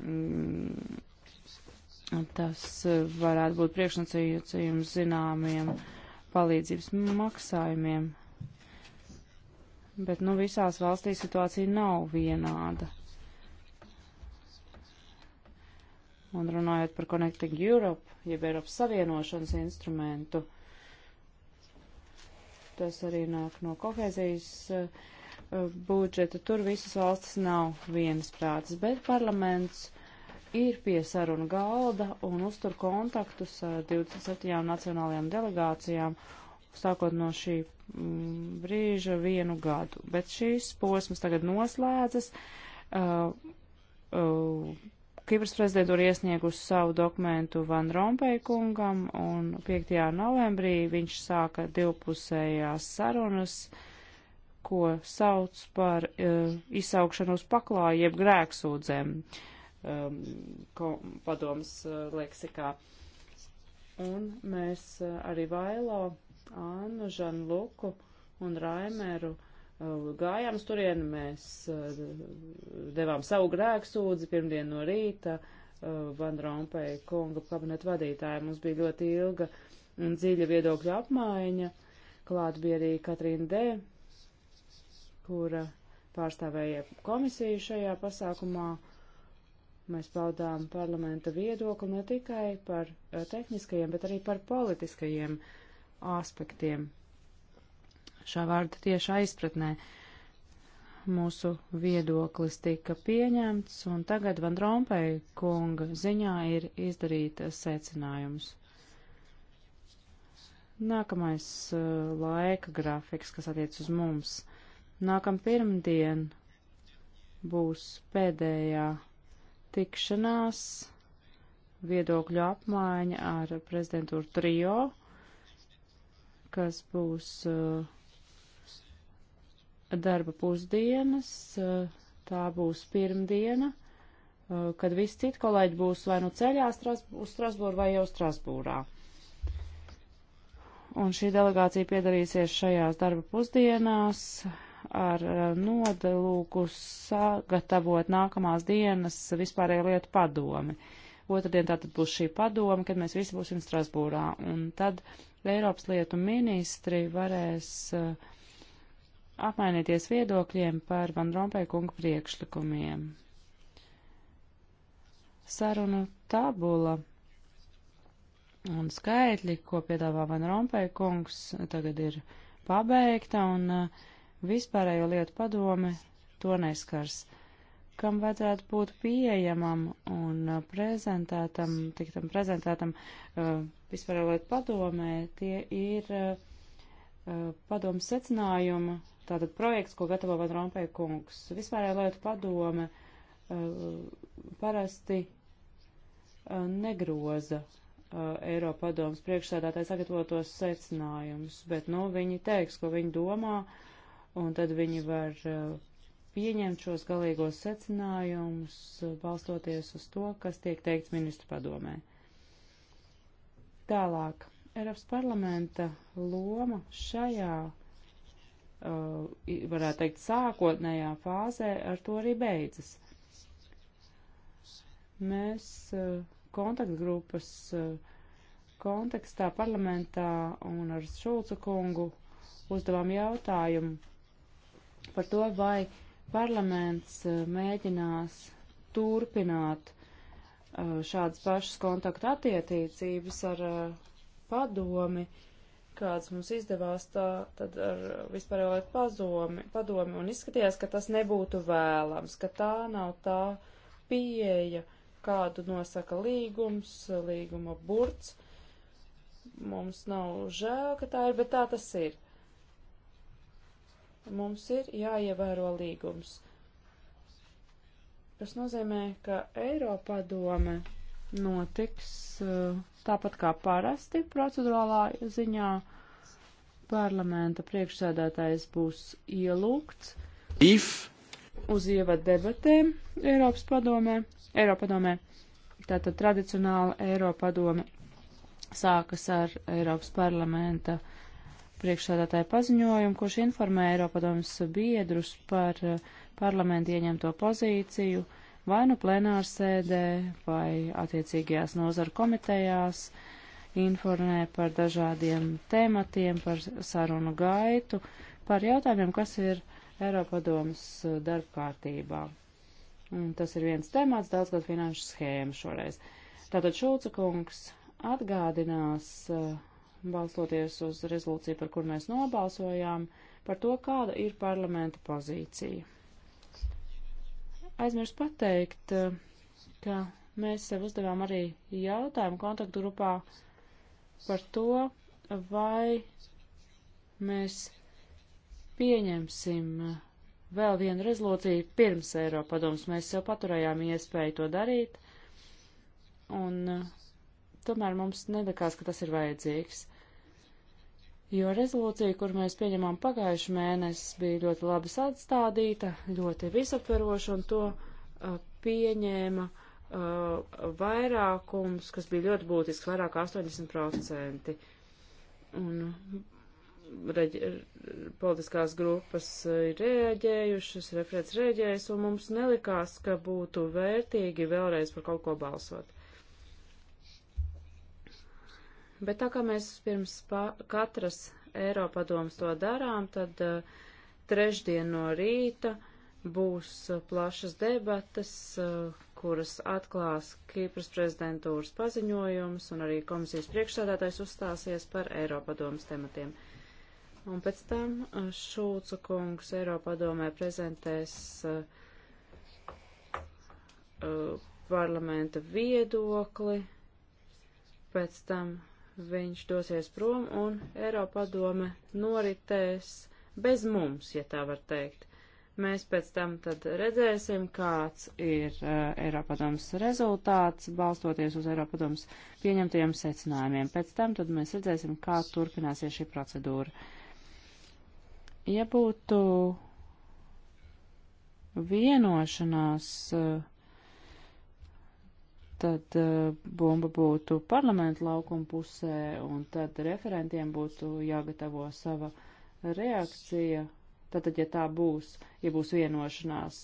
Mm, tas eh, varētu būt priekšnosacījums zināmiem palīdzības maksājumiem bet nu visās valstīs situācija nav vienāda. Un runājot par Connecting Europe, jeb Eiropas Savienošanas instrumentu, tas arī nāk no kohēzijas uh, budžeta. Tur visas valstis nav vienas prātas, bet parlaments ir pie saruna galda un uztur kontaktus ar 27 nacionālajām delegācijām sākot no šī mm, brīža vienu gadu. Bet šīs posmas tagad noslēdzas. Uh, uh, Kipras prezidentūra iesniegusi savu dokumentu Van Rompēj kungam, un 5. novembrī viņš sāka divpusējās sarunas, ko sauc par uh, izsaukšanu uz paklāju jeb grēksūdzēm um, padoms uh, leksikā. Un mēs uh, arī vailo Annu, Žanu Luku un Raimēru uh, gājām uz turieni, mēs uh, devām savu grēku sūdzi pirmdien no rīta uh, Van Rompēja kunga kabinetu vadītāju. Mums bija ļoti ilga un dziļa viedokļa apmaiņa. Klāt bija arī Katrīna D., kura pārstāvēja komisiju šajā pasākumā. Mēs paudām parlamenta viedokli ne tikai par tehniskajiem, bet arī par politiskajiem uh, aspektiem šā vārda tieši aizpratnē. Mūsu viedoklis tika pieņemts, un tagad Van Rompēja kunga ziņā ir izdarīta secinājums. Nākamais uh, laika grafiks, kas attiec uz mums. Nākam pirmdien būs pēdējā tikšanās viedokļu apmaiņa ar prezidentūru trio kas būs uh, darba pusdienas. Uh, tā būs pirmdiena, uh, kad visi citi kolēģi būs vai nu ceļā uz Strasbūru vai jau Strasbūrā. Un šī delegācija piedalīsies šajās darba pusdienās ar nodalūku sagatavot nākamās dienas vispārējo lietu padomi. Otradien tātad būs šī padoma, kad mēs visi būsim Strasbūrā. Un tad uh, Eiropas lietu ministri varēs eh, apmainīties viedokļiem par Van Rompēja kunga priekšlikumiem. Sarunu tabula un skaitļi, ko piedāvā Van Rompēja kungs, tagad ir pabeigta un eh, vispārējo lietu padome to neskars kam vajadzētu būt pieejamam un eh, prezentētam, tiktam prezentētam uh, vispārējai padomē, tie ir eh, padomas secinājuma, tātad projekts, ko gatavo Van Rompē kungs. Vispārējā lietu padome eh, parasti eh, negroza Eiropa padomas priekšsēdātāji sagatavotos secinājumus, bet, nu, viņi teiks, ko viņi domā, un tad viņi var pieņemt šos galīgos secinājumus, balstoties uz to, kas tiek teikts ministru padomē. Tālāk, Eiropas parlamenta loma šajā, uh, varētu teikt, sākotnējā fāzē ar to arī beidzas. Mēs uh, kontaktgrupas uh, kontekstā parlamentā un ar Šulcu kungu uzdevām jautājumu par to, vai parlaments mēģinās turpināt Uh, šādas pašas kontaktu attiecības ar uh, padomi, kāds mums izdevās, tā, tad ar uh, vispārējo padomi, padomi un izskatījās, ka tas nebūtu vēlams, ka tā nav tā pieeja, kādu nosaka līgums, līguma burts. Mums nav žēl, ka tā ir, bet tā tas ir. Mums ir jāievēro līgums. Tas nozīmē, ka Eiropā doma notiks uh, tāpat kā parasti procedurālā ziņā. Parlamenta priekšsēdētājs būs ielūgts If. uz ievadu debatēm Eiropas padomē, Eiropadomē. Tātad tradicionāli Eiropadome sākas ar Eiropas parlamenta priekšsēdētāja paziņojumu, kurš informē Eiropadomas biedrus par uh, parlamentu ieņemto pozīciju vai nu plenārsēdē vai attiecīgajās nozaru komitejās, informē par dažādiem tematiem, par sarunu gaitu, par jautājumiem, kas ir Eiropadomas uh, darba kārtībā. Un tas ir viens temats, daudzgad finanšu schēma šoreiz. Tātad Šulca kungs atgādinās, uh, balstoties uz rezolūciju, par kur mēs nobalsojām, par to, kāda ir parlamenta pozīcija aizmirst pateikt, eh, ka mēs sev uzdevām arī jautājumu kontaktgrupā par to, vai mēs pieņemsim eh, vēl vienu rezolūciju pirms Eiropadoms. Mēs jau paturējām iespēju to darīt, un eh, tomēr mums nelikās, ka tas ir vajadzīgs jo rezolūcija, kur mēs pieņemām pagājušu mēnesi, bija ļoti labi atstādīta, ļoti visaptveroša, un to uh, pieņēma uh, vairākums, kas bija ļoti būtisks, vairāk 80%. Un reģi, politiskās grupas uh, ir rēģējušas, referēts rēģējis, un mums nelikās, ka būtu vērtīgi vēlreiz par kaut ko balsot. Bet tā kā mēs pirms katras Eiropadomas to darām, tad uh, trešdien no rīta būs uh, plašas debatas, uh, eh, kuras atklās Kīpras prezidentūras paziņojums un arī komisijas priekšsādātājs uzstāsies par Eiropadomas tematiem. Un pēc tam Šulca kungs Eiropadomē prezentēs parlamenta viedokli, pēc tam viņš dosies prom un Eiropadome noritēs bez mums, ja tā var teikt. Mēs pēc tam tad redzēsim, kāds ir uh, Eiropadoms rezultāts, balstoties uz Eiropadoms pieņemtajiem secinājumiem. Pēc tam tad mēs redzēsim, kā turpināsies šī procedūra. Ja būtu vienošanās uh, tad uh, eh, bomba būtu parlamentu laukuma pusē, un tad referentiem būtu jāgatavo sava reakcija. Tātad, ja tā būs, ja būs vienošanās.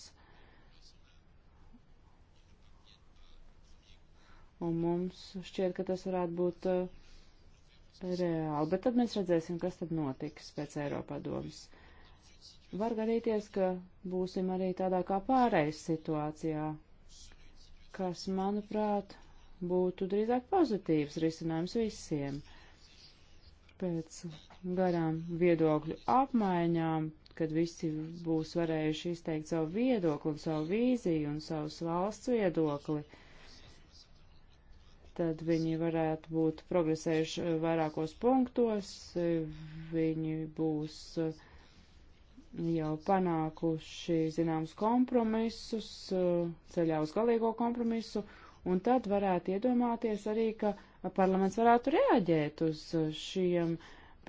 Un mums šķiet, ka tas varētu būt uh, reāli, bet tad mēs redzēsim, kas tad notiks pēc Eiropā domas. Var gadīties, ka būsim arī tādā kā pārējais situācijā, kas, manuprāt, būtu drīzāk pozitīvs risinājums visiem. Pēc garām viedokļu apmaiņām, kad visi būs varējuši izteikt savu viedokli un savu vīziju un savus valsts viedokli, tad viņi varētu būt progresējuši vairākos punktos, viņi būs uh, jau panākuši zināmus kompromisus, eh, ceļā uz galīgo kompromisu, un tad varētu iedomāties arī, ka parlaments varētu reaģēt uz šiem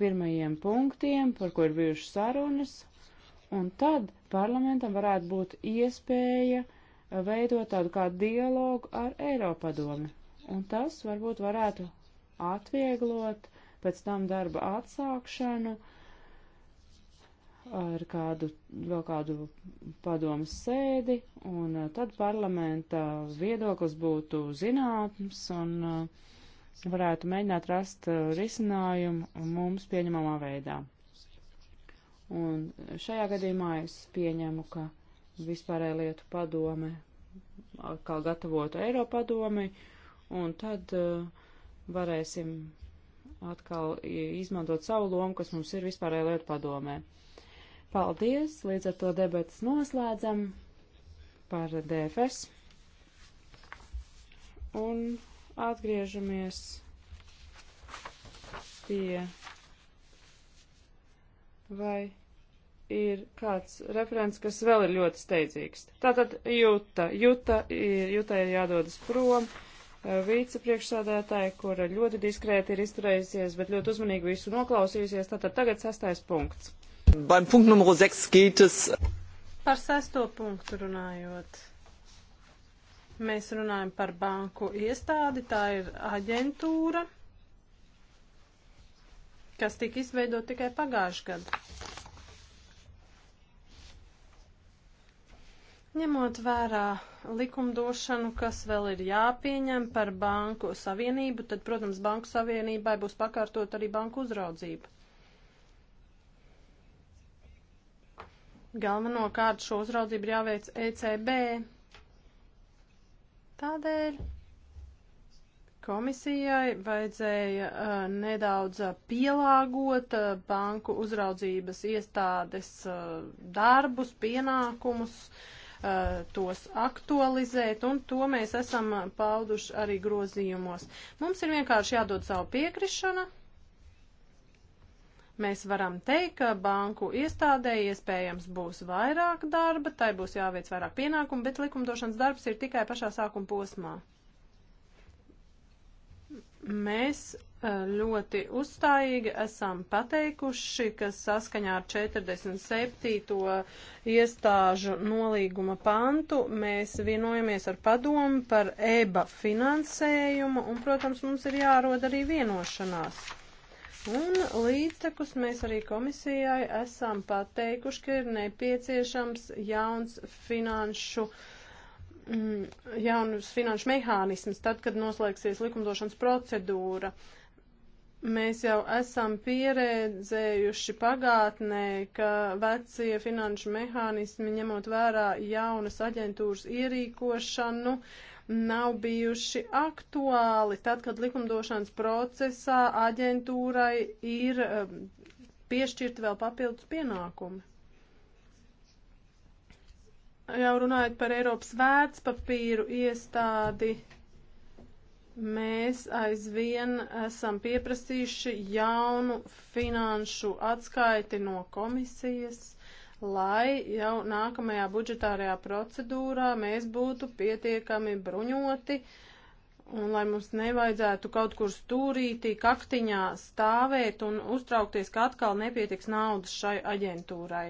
pirmajiem punktiem, par ko ir bijušas sarunas, un tad parlamentam varētu būt iespēja veidot tādu kā dialogu ar Eiropadomi. Un tas varbūt varētu atvieglot pēc tam darba atsākšanu uh, ar kādu, vēl kādu padomas sēdi, un eh, tad parlamenta viedoklis būtu zināms un eh, varētu mēģināt rast eh, risinājumu mums pieņemamā veidā. Un šajā gadījumā es pieņemu, ka vispārēja lietu padome atkal gatavotu Eiropadomi, un tad uh, varēsim atkal izmantot savu lomu, kas mums ir vispārēja lietu padomē. Paldies! Līdz ar to debatas noslēdzam par DFS. Un atgriežamies pie. Vai ir kāds referents, kas vēl ir ļoti steidzīgs? Tātad Juta. Juta ir, Juta ir jādodas prom. Vicepriekšsādētāja, kura ļoti diskrēti ir izturējusies, bet ļoti uzmanīgi visu noklausījusies. Tātad tagad sastais punkts. Beim Punkt Nummer 6 geht es. Par sesto punktu runājot. Mēs runājam par banku iestādi, tā ir aģentūra, kas tika izveidot tikai pagājuši gadu. Ņemot vērā likumdošanu, kas vēl ir jāpieņem par banku savienību, tad, protams, banku savienībai būs pakārtot arī banku uzraudzību. Galvenokārt šo uzraudzību ir jāveic ECB. Tādēļ komisijai vajadzēja uh, nedaudz uh, pielāgot uh, banku uzraudzības iestādes uh, darbus, pienākumus, uh, tos aktualizēt, un to mēs esam uh, pauduši arī grozījumos. Mums ir vienkārši jādod savu piekrišanu, Mēs varam teikt, ka banku iestādē iespējams būs vairāk darba, tai būs jāveic vairāk pienākumu, bet likumdošanas darbs ir tikai pašā sākuma posmā. Mēs eh, ļoti uzstājīgi esam pateikuši, ka saskaņā ar 47. iestāžu nolīguma pantu mēs vienojamies ar padomu par EBA finansējumu un, protams, mums ir jāroda arī vienošanās. Un līdztekus mēs arī komisijai esam pateikuši, ka ir nepieciešams jauns finanšu, mm, jauns finanšu mehānisms, tad, kad noslēgsies likumdošanas procedūra. Mēs jau esam pieredzējuši pagātnē, ka vecie finanšu mehānismi, ņemot vērā jaunas aģentūras ierīkošanu, uh, nav bijuši aktuāli, tad, kad likumdošanas procesā aģentūrai ir um, piešķirti vēl papildus pienākumi jau runājot par Eiropas vērtspapīru iestādi, mēs aizvien esam pieprasījuši jaunu finanšu atskaiti no komisijas lai jau nākamajā budžetārajā procedūrā mēs būtu pietiekami bruņoti un lai mums nevajadzētu kaut kur stūrītī kaktiņā stāvēt un uztraukties, ka atkal nepietiks naudas šai aģentūrai.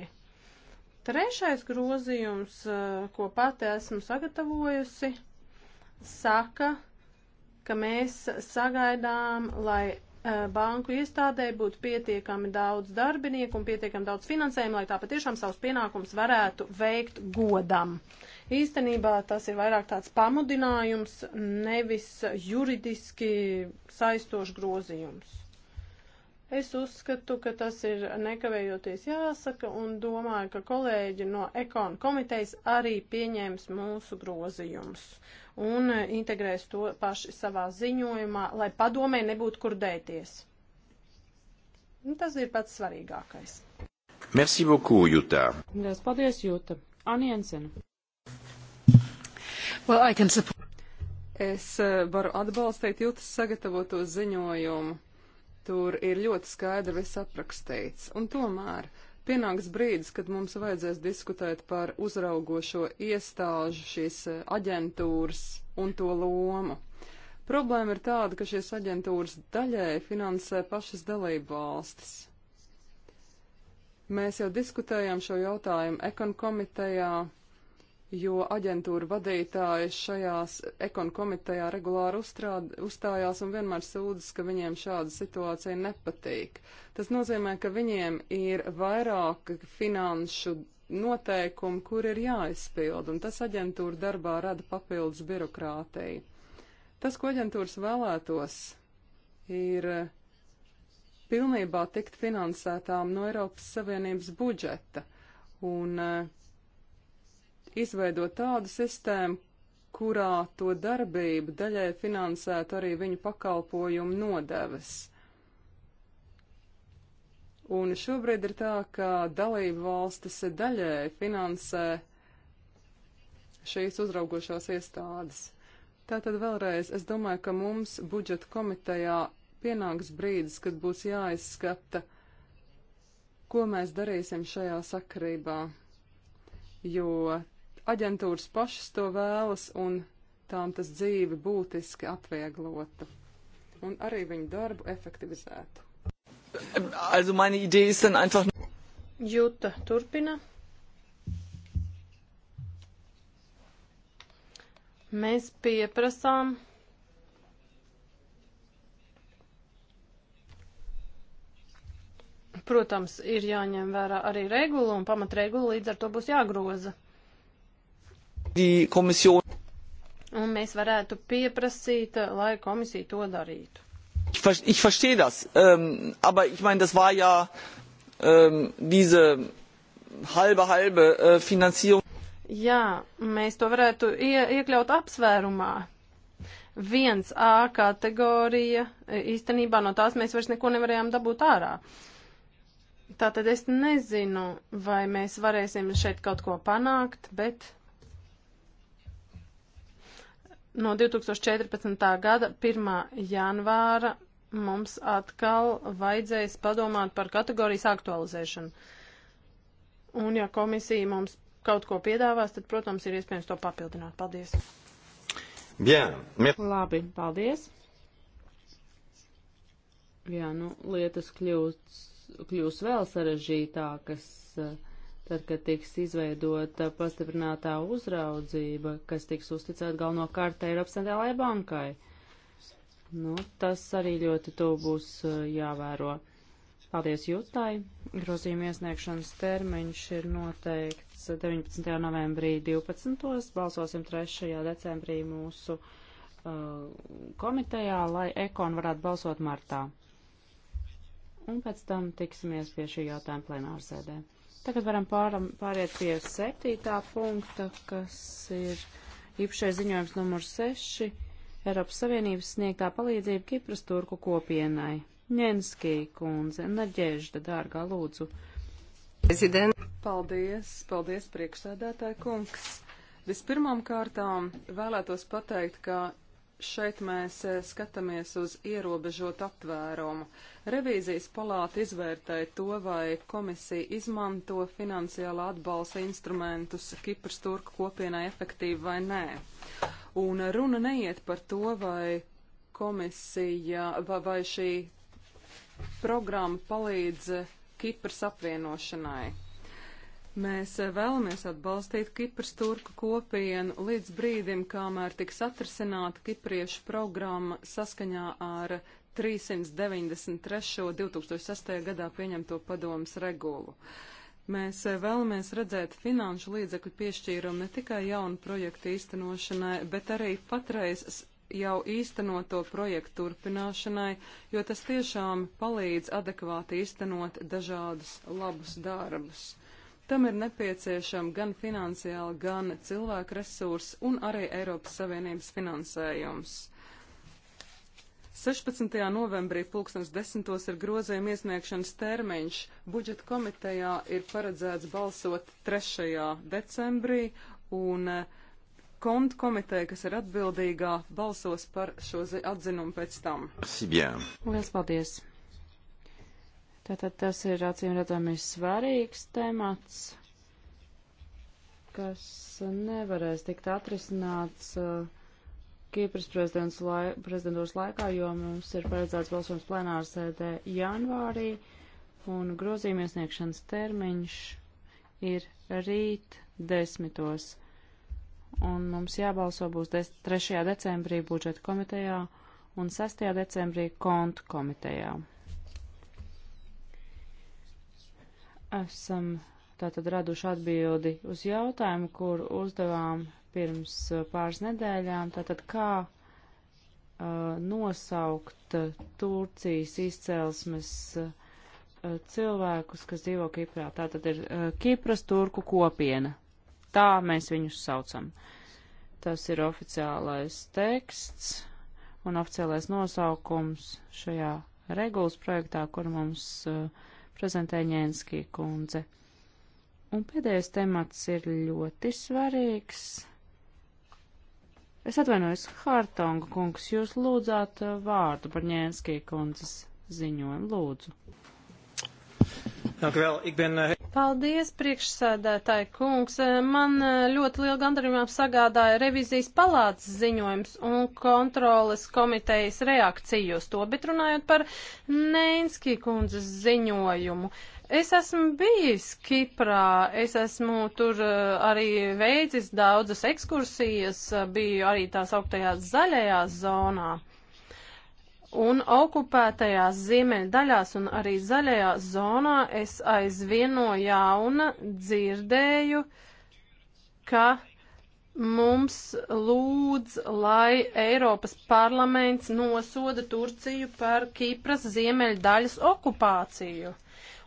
Trešais grozījums, eh, ko pati esmu sagatavojusi, saka, ka mēs sagaidām, lai Eh, banku iestādē būtu pietiekami daudz darbinieku un pietiekami daudz finansējumu, lai tā patiešām savus pienākumus varētu veikt godam. Īstenībā tas ir vairāk tāds pamudinājums, nevis juridiski saistošs grozījums. Es uzskatu, ka tas ir nekavējoties jāsaka un domāju, ka kolēģi no ekonu komitejas arī pieņēms mūsu grozījumus un e, integrēs to paši savā ziņojumā, lai padomē nebūtu kur dēties. Un nu, tas ir pats svarīgākais. Merci beaucoup, Jūtā. Lielas paldies, Jūta. Aniensen. Well, I can support. Es e, varu atbalstīt Jūtas sagatavoto ziņojumu Tur ir ļoti skaidri viss aprakstīts. Un tomēr pienāks brīdis, kad mums vajadzēs diskutēt par uzraugošo iestāžu šīs e, aģentūras un to lomu. Problēma ir tāda, ka šīs aģentūras daļēji finansē pašas dalību valstis. Mēs jau diskutējām šo jautājumu ekonomitejā, jo aģentūra vadītāji šajās ekonu komitejā regulāri uzstrād, uzstājās un vienmēr sūdzas, ka viņiem šāda situācija nepatīk. Tas nozīmē, ka viņiem ir vairāk finanšu noteikumu, kur ir jāizpild, un tas aģentūra darbā rada papildus birokrātiju. Tas, ko aģentūras vēlētos, ir pilnībā tikt finansētām no Eiropas Savienības budžeta. Un uh, izveidot tādu sistēmu, kurā to darbību daļai finansētu arī viņu pakalpojumu nodevas. Un šobrīd ir tā, ka dalību valstis daļai finansē šīs uzraugošās iestādes. Tātad vēlreiz es domāju, ka mums budžeta komitejā pienāks brīdis, kad būs jāizskata, ko mēs darīsim šajā sakarībā, jo aģentūras pašas to vēlas un tām tas dzīvi būtiski atvieglotu un arī viņu darbu efektivizētu. Also meine Idee ist dann einfach. Jutta turpina. Mēs pieprasām. Protams, ir jāņem vērā arī regula un pamatregula, līdz ar to būs jāgroza. Un mēs varētu pieprasīt, eh, lai komisija to darītu. Ich, ver ich verstehe das, ähm, aber ich meine, das war ja ähm, diese halbe halbe äh, Finanzierung. Jā, mēs to varētu ie iekļaut apsvērumā. 1A kategorija, e, īstenībā no tās mēs vairs neko nevarējām dabūt ārā. Tātad es nezinu, vai mēs varēsim šeit kaut ko panākt, bet no 2014. gada 1. janvāra mums atkal vajadzēs padomāt par kategorijas aktualizēšanu. Un ja komisija mums kaut ko piedāvās, tad, protams, ir iespējams to papildināt. Paldies! Bien. Labi, paldies! Jā, nu, lietas kļūst, kļūst vēl sarežģītākas. Uh, tad, kad tiks izveidota pastiprinātā uzraudzība, kas tiks uzticēta galvenokārt Eiropas centrālajai bankai. Nu, tas arī ļoti to būs uh, jāvēro. Paldies Jūtai. Grozījuma iesniegšanas termiņš ir noteikts 19. novembrī 12. Balsosim 3. decembrī mūsu uh, komitejā, lai ekon varētu balsot martā. Un pēc tam tiksimies pie šī jautājuma plenārsēdē. Tagad varam pāram, pāriet pie septītā punkta, kas ir īpašais ziņojums numur 6 - Eiropas Savienības sniegtā palīdzība Kipras turku kopienai. Ņenskī kundze, Naģēžda, dārgā lūdzu. Prezident. Paldies, paldies priekšsēdētāja kungs. Vispirmām kārtām vēlētos pateikt, ka šeit mēs e, skatāmies uz ierobežotu aptvērumu. Revīzijas palāta izvērtēja to, vai komisija izmanto finansiālā atbalsta instrumentus Kipras turku kopienai efektīvi vai nē. Un runa neiet par to, vai komisija vai, vai šī programma palīdz Kipras apvienošanai. Mēs eh, vēlamies atbalstīt Kipras turku kopienu līdz brīdim, kamēr tiks atrasināta Kipriešu programma saskaņā ar 393. 2006. gadā pieņemto padomas regulu. Mēs eh, vēlamies redzēt finanšu līdzekļu piešķīrumu ne tikai jaunu projektu īstenošanai, bet arī patreiz jau īstenoto projektu turpināšanai, jo tas tiešām palīdz adekvāti īstenot dažādus labus darbus. Tam ir nepieciešama gan finansiāla, gan cilvēka resursa un arī Eiropas Savienības finansējums. 16. novembrī 2010. ir grozējuma iesniegšanas termiņš. Budžeta komitejā ir paredzēts balsot 3. decembrī un eh, kontu komiteja, kas ir atbildīgā, balsos par šo atzinumu pēc tam. Lielas paldies! Tātad tas ir acīm redzami svarīgs temats, kas nevarēs tikt atrisināts uh, Kīpras lai, prezidentūras laikā, jo mums ir paredzēts balsojums plenāras sēdē janvārī, un grozījuma iesniegšanas termiņš ir rīt desmitos. Un mums jābalso būs 3. decembrī budžeta komitejā un 6. decembrī kontu komitejā. Esam tātad raduši atbildi uz jautājumu, kur uzdevām pirms uh, pāris nedēļām, tātad kā uh, nosaukt uh, Turcijas izcelsmes uh, uh, cilvēkus, kas dzīvo Kiprā. Tātad ir uh, Kipras turku kopiena. Tā mēs viņus saucam. Tas ir oficiālais teksts un oficiālais nosaukums šajā regulas projektā, kur mums uh, prezentē Ņēnskī kundze. Un pēdējais temats ir ļoti svarīgs. Es atvainojos, Hārtonga kungs, jūs lūdzāt uh, vārdu par Ņēnskī kundzes ziņojumu. Lūdzu. Dank u wel. Ik ben uh, Paldies, priekšsēdētāji kungs. Man e, ļoti lielu gandarījumu sagādāja revizijas palātas ziņojums un kontroles komitejas reakcija uz to, bet runājot par Neinskī kundzes ziņojumu. Es esmu bijis Kiprā, es esmu tur e, arī veicis daudzas ekskursijas, biju arī tās augtajās zaļajās zonās. Un okupētajās ziemeļdaļās un arī zaļajā zonā es aizvien no jauna dzirdēju, ka mums lūdz, lai Eiropas parlaments nosoda Turciju par Kipras ziemeļdaļas okupāciju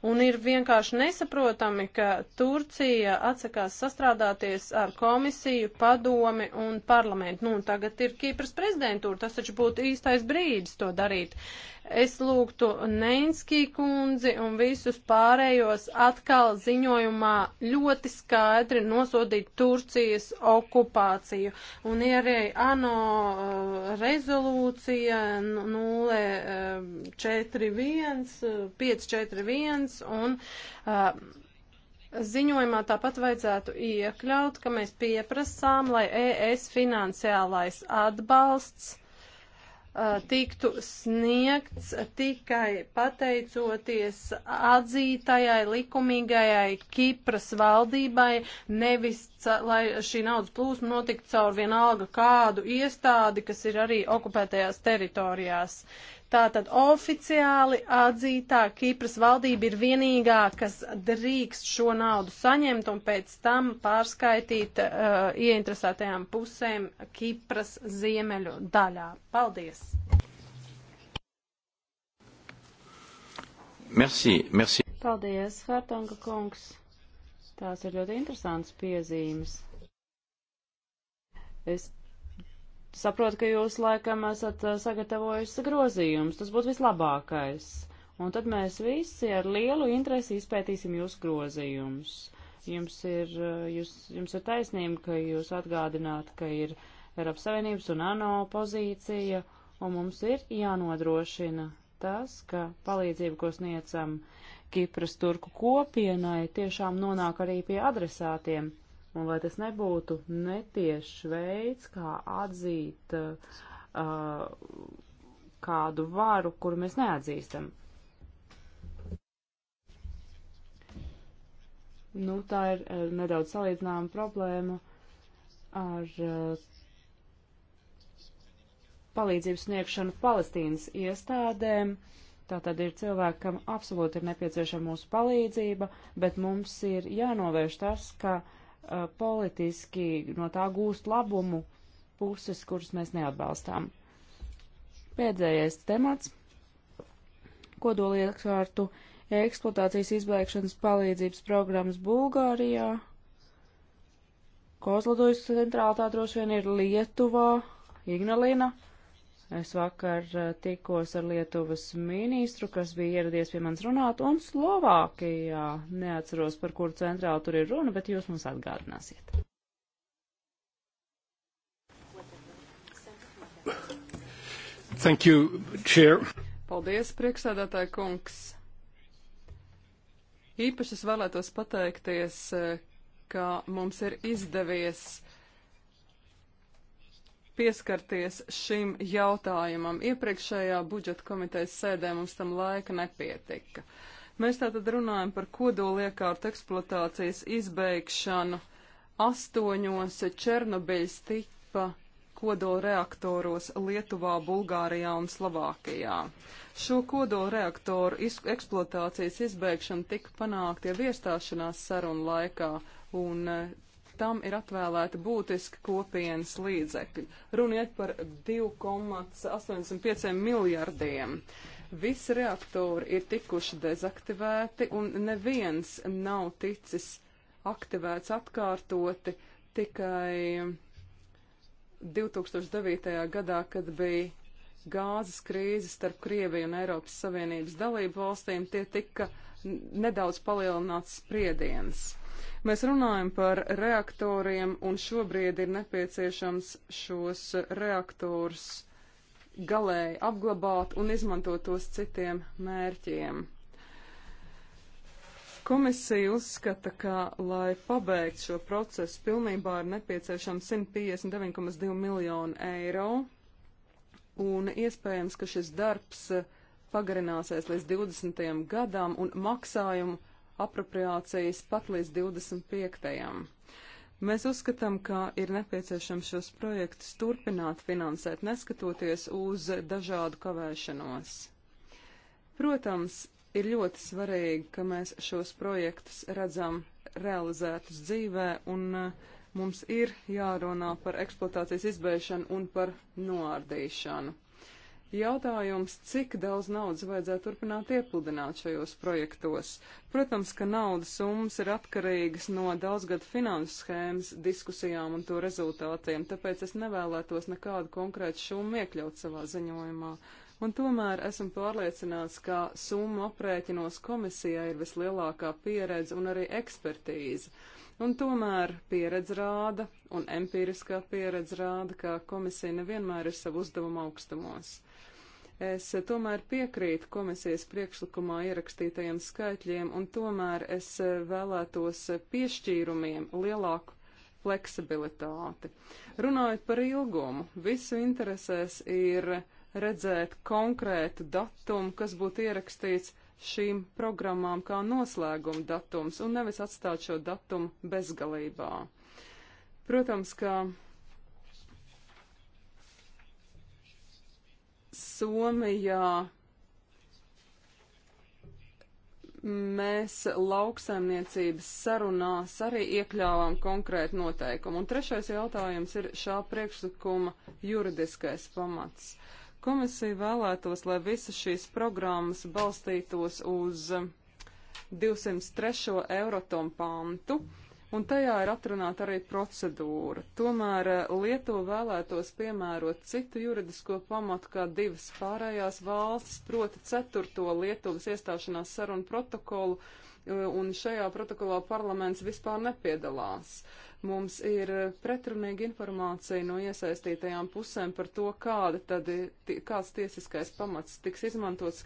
un ir vienkārši nesaprotami, ka Turcija atsakās sastrādāties ar komisiju, padomi un parlamentu. Nu, un tagad ir Kīpras prezidentūra, tas taču būtu īstais brīdis to darīt. Es lūgtu Neinskī kundzi un visus pārējos atkal ziņojumā ļoti skaidri nosodīt Turcijas okupāciju. Un ir arī ANO eh, rezolūcija 041541 nu, viens un. Uh, Ziņojumā tāpat vajadzētu iekļaut, ka mēs pieprasām, lai ES finansiālais atbalsts uh, tiktu sniegts tikai pateicoties atzītajai likumīgajai Kipras valdībai, nevis, lai šī naudas plūsma notiktu caur vienalga kādu iestādi, kas ir arī okupētajās teritorijās. Tātad oficiāli atzītā Kipras valdība ir vienīgā, kas drīkst šo naudu saņemt un pēc tam pārskaitīt uh, ieinteresētajām pusēm Kipras ziemeļu daļā. Paldies! Merci, merci. Paldies, Hartonga kungs. Tās ir ļoti interesantas piezīmes. Es Saprotu, ka jūs laikam esat sagatavojis grozījumus, tas būtu vislabākais. Un tad mēs visi ar lielu interesi izpētīsim jūsu grozījumus. Jums ir, jūs, jums ir taisnība, ka jūs atgādināt, ka ir Eiropas Savienības un ANO pozīcija, un mums ir jānodrošina tas, ka palīdzību, ko sniedzam Kipras turku kopienai, tiešām nonāk arī pie adresātiem. Un vai tas nebūtu netiešs veids, kā atzīt uh, kādu varu, kuru mēs neatzīstam? Nu, tā ir uh, nedaudz salīdzināma problēma ar uh, palīdzības sniegšanu Palestīnas iestādēm. Tātad ir cilvēki, kam absolūti ir nepieciešama mūsu palīdzība, bet mums ir jānovērš tas, ka uh, uh, politiski no tā gūst labumu puses, kuras mēs neatbalstām. Pēdējais temats - kodoliekārtu eksploatācijas izbēgšanas palīdzības programmas Bulgārijā. Kozlodojas centrālā tā droši vien ir Lietuvā, Ignalina. Uh, Es vakar eh, tikos ar Lietuvas ministru, kas bija ieradies pie manis runāt, un Slovākijā neatceros, par kuru centrālu tur ir runa, bet jūs mums atgādināsiet. Thank you, chair. Paldies, priekšsēdētāji kungs. Īpaši es vēlētos pateikties, eh, ka mums ir izdevies pieskarties šim jautājumam. Iepriekšējā budžeta komitejas sēdē mums tam laika nepietika. Mēs tātad runājam par kodoliekārtu eksploatācijas izbeigšanu astoņos Černobiļas tipa kodolreaktoros Lietuvā, Bulgārijā un Slovākijā. Šo kodolreaktoru iz eksploatācijas izbeigšana tika panākt jau iestāšanās sarunu laikā, un eh, tam ir atvēlēti būtiski kopienas līdzekļi. Runiet par 2,85 miljardiem. Visi reaktori ir tikuši dezaktivēti un neviens nav ticis aktivēts atkārtoti tikai 2009. gadā, kad bija gāzes krīze starp Krieviju un Eiropas Savienības dalību valstīm, tie tika nedaudz palielināts spriediens. Mēs runājam par reaktoriem, un šobrīd ir nepieciešams šos reaktors galēji apglabāt un izmantot tos citiem mērķiem. Komisija uzskata, ka, lai pabeigtu šo procesu, pilnībā ir nepieciešams 159,2 miljonu eiro, un iespējams, ka šis darbs pagarināsies līdz 20. gadam, un maksājumu apropriācijas pat līdz 25. Mēs uzskatām, ka ir nepieciešams šos projektus turpināt finansēt, neskatoties uz dažādu kavēšanos. Protams, ir ļoti svarīgi, ka mēs šos projektus redzam realizētus dzīvē un uh, mums ir jārunā par eksploatācijas izbēšanu un par noārdīšanu. Jautājums, cik daudz naudas vajadzētu turpināt iepludināt šajos projektos? Protams, ka naudas summas ir atkarīgas no daudzgad finanšu schēmas diskusijām un to rezultātiem, tāpēc es nevēlētos nekādu konkrētu šumu iekļaut savā ziņojumā. Un tomēr esmu pārliecināts, ka summa aprēķinos komisijai ir vislielākā pieredze un arī ekspertīze. Un tomēr pieredze rāda, un empiriskā pieredze rāda, ka komisija nevienmēr ir savu uzdevumu augstumos. Es tomēr piekrītu komisijas priekšlikumā ierakstītajiem skaitļiem, un tomēr es eh, vēlētos piešķīrumiem lielāku fleksibilitāti. Runājot par ilgumu, visu interesēs ir redzēt konkrētu datumu, kas būtu ierakstīts šīm programmām kā noslēguma datums, un nevis atstāt šo datumu bezgalībā. Protams, ka Somijā mēs lauksaimniecības sarunās arī iekļāvām konkrētu noteikumu. Un trešais jautājums ir šā priekšlikuma juridiskais pamats. Komisija vēlētos, lai visas šīs programmas balstītos uz 203. eurotom pantu, un tajā ir atrunāta arī procedūra. Tomēr eh, Lietuva vēlētos piemērot citu juridisko pamatu kā divas pārējās valstis, proti ceturto Lietuvas iestāšanās sarunu protokolu, eh, un šajā protokolā parlaments vispār nepiedalās. Mums ir eh, pretrunīga informācija no iesaistītajām pusēm par to, kāda tad, kāds tiesiskais pamats tiks izmantots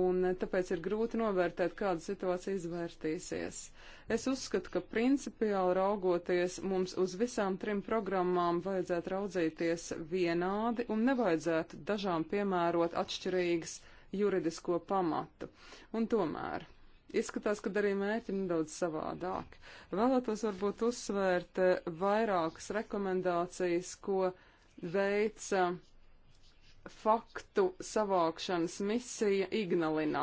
un tāpēc ir grūti novērtēt, kāda situācija izvērtīsies. Es uzskatu, ka principiāli raugoties mums uz visām trim programmām vajadzētu raudzīties vienādi un nevajadzētu dažām piemērot atšķirīgas juridisko pamatu. Un tomēr. Izskatās, ka arī mērķi nedaudz savādāk. Vēlētos varbūt uzsvērt eh, vairākas rekomendācijas, ko veica uh, faktu savākšanas misija Ignalinā.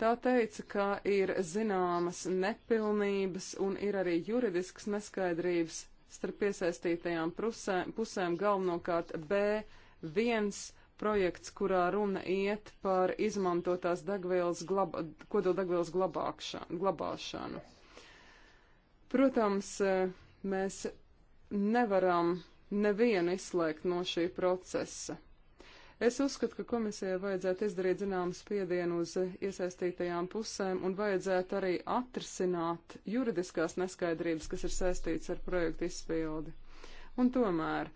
Tā teica, ka ir zināmas nepilnības un ir arī juridisks neskaidrības starp piesaistītajām pusēm, pusēm galvenokārt B1 projekts, kurā runa iet par izmantotās degvielas glaba, kododegvielas glabāšanu. Protams, e, mēs nevaram nevienu izslēgt no šī procesa. Es uzskatu, ka komisijai vajadzētu izdarīt zināmu spiedienu uz iesaistītajām pusēm un vajadzētu arī atrisināt juridiskās neskaidrības, kas ir saistīts ar projektu izpildi. Un tomēr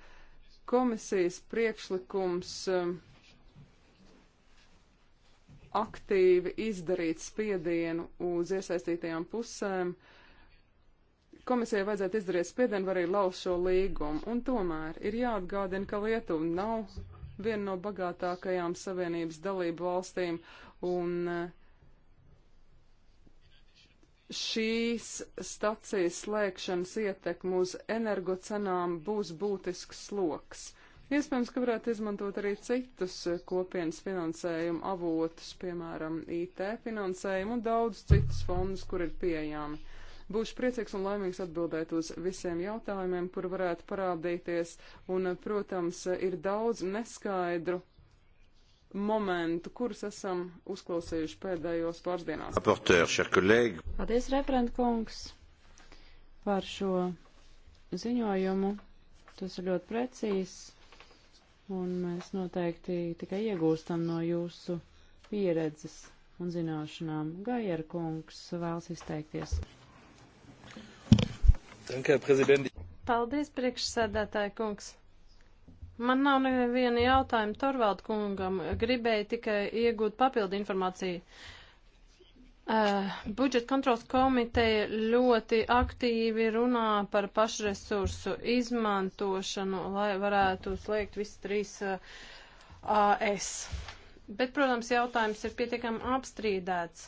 komisijas priekšlikums um, aktīvi izdarīt spiedienu uz iesaistītajām pusēm. Komisijai vajadzētu izdarīt spiedienu, var arī lauz šo līgumu. Un tomēr ir jāatgādina, ka Lietuva nav viena no bagātākajām Savienības dalību valstīm, un eh, šīs stacijas slēgšanas ietekmu uz energocenām būs būtisks sloks. Iespējams, ka varētu izmantot arī citus eh, kopienas finansējumu avotus, piemēram, IT finansējumu un daudz citus fondus, kur ir pieejami. Būšu priecīgs un laimīgs atbildēt uz visiem jautājumiem, kur varētu parādīties, un, protams, ir daudz neskaidru momentu, kurus esam uzklausījuši pēdējos pāris dienās. Paldies, referentkungs, par šo ziņojumu. Tas ir ļoti precīzs. Un mēs noteikti tikai iegūstam no jūsu pieredzes un zināšanām. Gajer kungs vēlas izteikties. Danke, prezidenti. Paldies, priekšsēdētāji kungs. Man nav neviena jautājuma Torvaldu kungam. Gribēju tikai iegūt papildu informāciju. Uh, budžeta kontrols komiteja ļoti aktīvi runā par pašresursu izmantošanu, lai varētu slēgt visas trīs uh, eh, AS. Bet, protams, jautājums ir pietiekami apstrīdēts.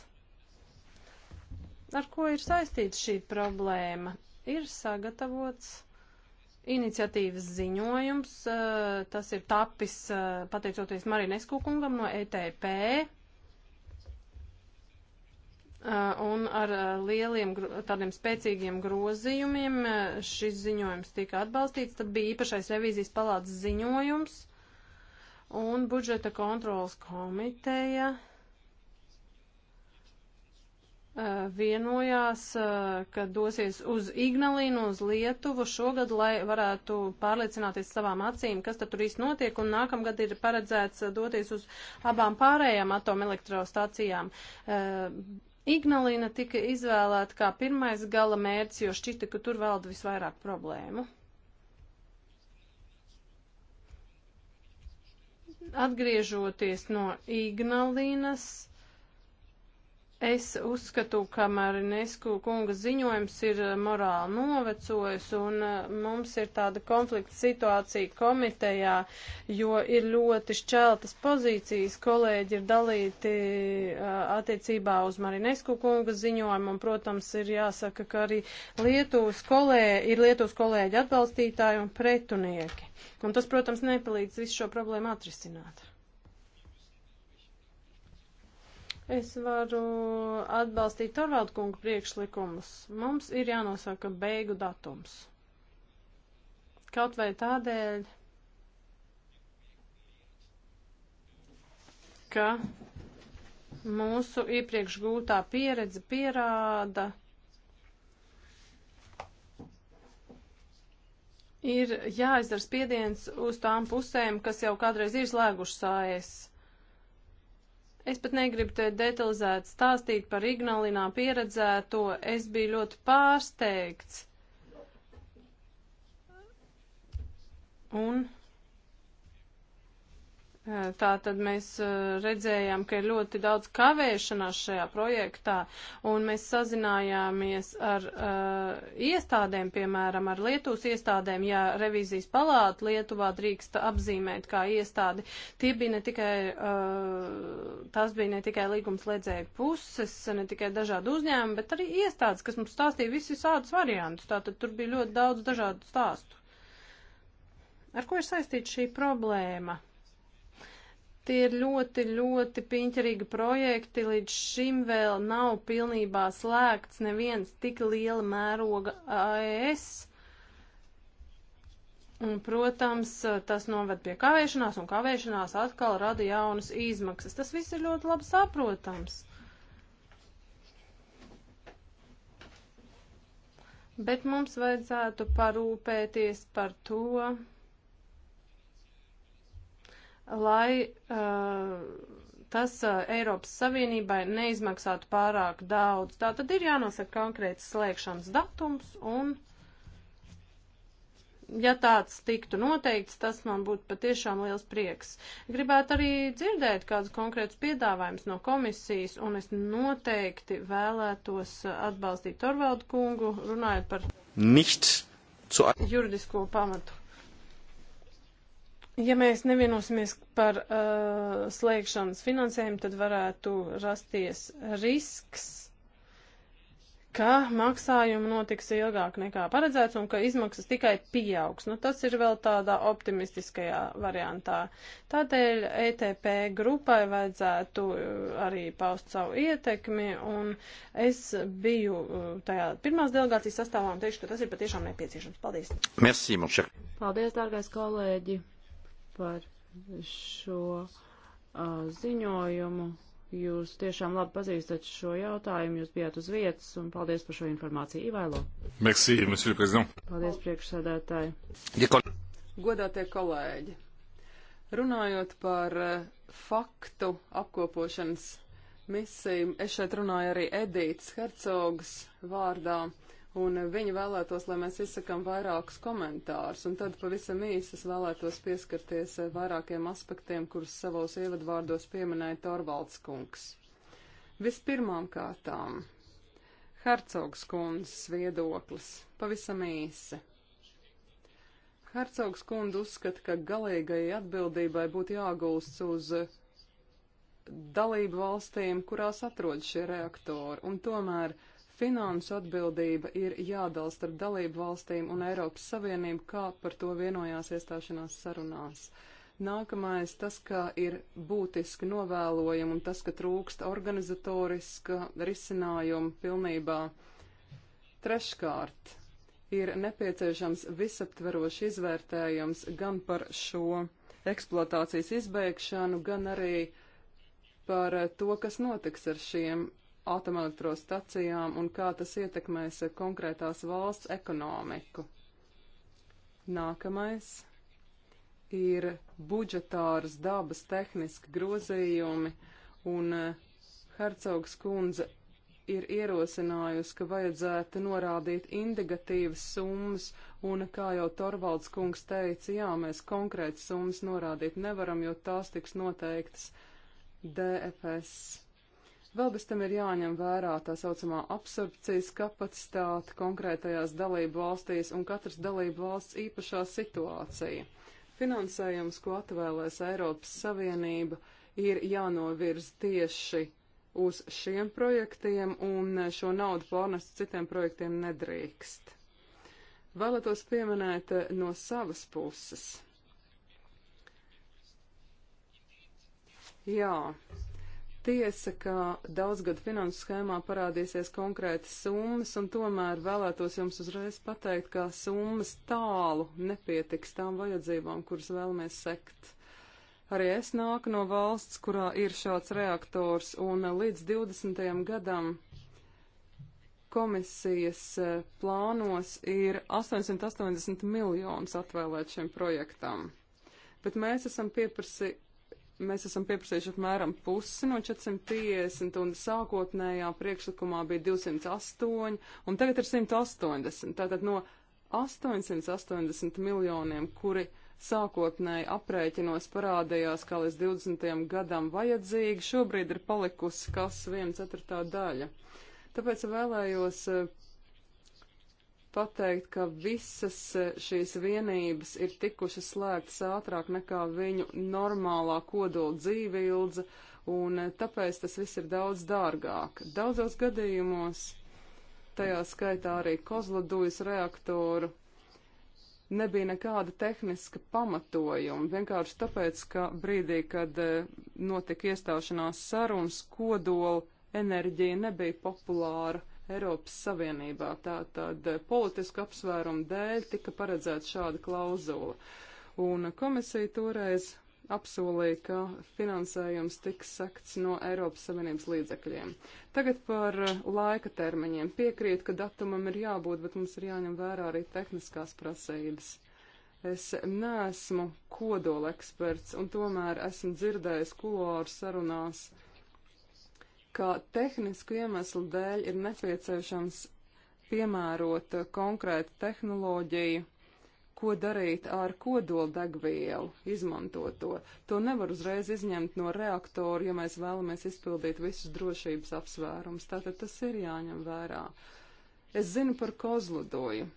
Ar ko ir saistīta šī problēma? ir sagatavots iniciatīvas ziņojums. Eh, tas ir tapis eh, pateicoties Marinesku kungam no ETP. Eh, un ar lieliem, tādiem spēcīgiem grozījumiem šis ziņojums tika atbalstīts. Tad bija īpašais revīzijas palātas ziņojums un budžeta kontrolas komiteja. Uh, Eh, vienojās, eh, ka dosies uz Ignalīnu, uz Lietuvu šogad, lai varētu pārliecināties savām acīm, kas tad tur īsti notiek, un nākamgad ir paredzēts eh, doties uz abām pārējām atomelektrostacijām. Ignalīna tika izvēlēta kā pirmais gala mērķis, jo šķita, ka tur valda visvairāk problēmu. Atgriežoties no Ignalīnas, Es uzskatu, ka Marinesku kunga ziņojums ir eh, morāli novecojis un eh, mums ir tāda konflikta situācija komitejā, jo ir ļoti šķeltas pozīcijas. Kolēģi ir dalīti eh, attiecībā uz Marinesku kunga ziņojumu un, protams, ir jāsaka, ka arī Lietuvas kolēģi, ir Lietuvas kolēģi atbalstītāji un pretunieki. Un tas, protams, nepalīdz visu šo problēmu atrisināt. Es varu atbalstīt Torvaldu kungu priekšlikumus. Mums ir jānosaka beigu datums. Kaut vai tādēļ, ka mūsu iepriekš gūtā pieredze pierāda, ir jāizdara spiediens uz tām pusēm, kas jau kādreiz ir slēgušas ASV Es pat negribu te detalizēt stāstīt par Ignalinā pieredzēto. Es biju ļoti pārsteigts. Un Tā tad mēs uh, redzējām, ka ir ļoti daudz kavēšanās šajā projektā, un mēs sazinājāmies ar uh, iestādēm, piemēram, ar Lietuvas iestādēm, ja revīzijas palāta Lietuvā drīksta apzīmēt kā iestādi. Tie bija ne tikai, uh, tas bija ne tikai līgums ledzēju puses, ne tikai dažādi uzņēmumi, bet arī iestādes, kas mums stāstīja visus tādus variantus. Tātad tur bija ļoti daudz dažādu stāstu. Ar ko ir saistīta šī problēma? Tie ir ļoti, ļoti piņķerīgi projekti. Līdz šim vēl nav pilnībā slēgts neviens tik liela mēroga AES. Un, protams, tas noved pie kavēšanās, un kavēšanās atkal rada jaunas izmaksas. Tas viss ir ļoti labi saprotams. Bet mums vajadzētu parūpēties par to, lai uh, tas uh, Eiropas Savienībai neizmaksātu pārāk daudz. Tā tad ir jānosaka konkrēts slēgšanas datums un, ja tāds tiktu noteikts, tas man būtu patiešām liels prieks. Gribētu arī dzirdēt kādus konkrētus piedāvājumus no komisijas un es noteikti vēlētos atbalstīt Torvaldu kungu runājot par. Nicht. Zu... Juridisko pamatu. Ja mēs nevienosimies par uh, slēgšanas finansējumu, tad varētu rasties risks, ka maksājumi notiks ilgāk nekā paredzēts un ka izmaksas tikai pieaugs. Nu, tas ir vēl tādā optimistiskajā variantā. Tādēļ ETP grupai vajadzētu uh, arī paust savu ietekmi un es biju uh, tajā pirmās delegācijas sastāvā un teikšu, ka tas ir patiešām nepieciešams. Paldies! Merci, Paldies, dārgais kolēģi! par šo uh, ziņojumu. Jūs tiešām labi pazīstat šo jautājumu, jūs bijāt uz vietas un paldies par šo informāciju. Ivailo. Merci, monsieur le président. Paldies, priekšsēdētāji. Godātie kolēģi, runājot par faktu apkopošanas misiju, es šeit runāju arī Edītas Hercogas vārdā un viņi vēlētos, lai mēs izsakam vairākus komentārus, un tad pavisam īsi es vēlētos pieskarties eh, vairākiem aspektiem, kurus savos ievadvārdos pieminēja Torvalds kungs. Vispirmām kārtām Hercogs kundzes viedoklis pavisam īsi. Hercogs kundze uzskata, ka galīgajai atbildībai būtu jāgulsts uz dalību valstīm, kurās atrodas šie reaktori, un tomēr Finansu atbildība ir jādala starp dalību valstīm un Eiropas Savienību, kā par to vienojās iestāšanās sarunās. Nākamais tas, ka ir būtiski novēlojumi un tas, ka trūkst organizatoriska risinājuma pilnībā. Treškārt, ir nepieciešams visaptverošs izvērtējums gan par šo eksploatācijas izbeigšanu, gan arī par to, kas notiks ar šiem atomelektrostacijām un kā tas ietekmēs konkrētās valsts ekonomiku. Nākamais ir budžetāras dabas tehniski grozījumi, un eh, Hercogs kundze ir ierosinājusi, ka vajadzētu norādīt indikatīvas summas, un, kā jau Torvalds kungs teica, jā, mēs konkrētas summas norādīt nevaram, jo tās tiks noteiktas DFS Vēl bez tam ir jāņem vērā tā saucamā absorpcijas kapacitāte konkrētajās dalību valstīs un katras dalību valsts īpašā situācija. Finansējums, ko atvēlēs Eiropas Savienība, ir jānovirz tieši uz šiem projektiem un šo naudu pārnest citiem projektiem nedrīkst. Vēlētos pieminēt no savas puses. Jā, Tiesa, ka daudzgad finansu schēmā parādīsies konkrētas summas, un tomēr vēlētos jums uzreiz pateikt, ka summas tālu nepietiks tām vajadzībām, kuras vēlamies sekt. Arī es nāku no valsts, kurā ir šāds reaktors, un līdz 20. gadam komisijas e, plānos ir 880 miljonus atvēlēt šim projektam. Bet mēs esam pieprasi, mēs esam pieprasījuši apmēram pusi no 450, un sākotnējā priekšlikumā bija 208, un tagad ir 180. Tātad no 880 miljoniem, kuri sākotnēji aprēķinos parādījās, kā līdz 20. gadam vajadzīgi, šobrīd ir palikusi kas 1 ceturtā daļa. Tāpēc vēlējos eh, pateikt, ka visas e, šīs vienības ir tikušas slēgtas ātrāk nekā viņu normālā kodola dzīve ilga, un e, tāpēc tas viss ir daudz dārgāk. Daudzos gadījumos, tajā skaitā arī kozlodujas reaktoru, nebija nekāda tehniska pamatojuma, vienkārši tāpēc, ka brīdī, kad e, notika iestāšanās sarunas, kodola enerģija nebija populāra Eiropas Savienībā. Tātad eh, politisku apsvērumu dēļ tika paredzēta šāda klauzula. Un komisija toreiz apsolīja, ka finansējums tiks sekts no Eiropas Savienības līdzekļiem. Tagad par eh, laika termiņiem. Piekrīt, ka datumam ir jābūt, bet mums ir jāņem vērā arī tehniskās prasības. Es neesmu kodola eksperts, un tomēr esmu dzirdējis kuloāru sarunās uh, ka tehnisku iemeslu dēļ ir nepieciešams piemērot konkrētu tehnoloģiju, ko darīt ar kodoldegvielu, izmantot to. To nevar uzreiz izņemt no reaktora, ja mēs vēlamies izpildīt visus drošības apsvērums. Tātad tas ir jāņem vērā. Es zinu par kozludoju.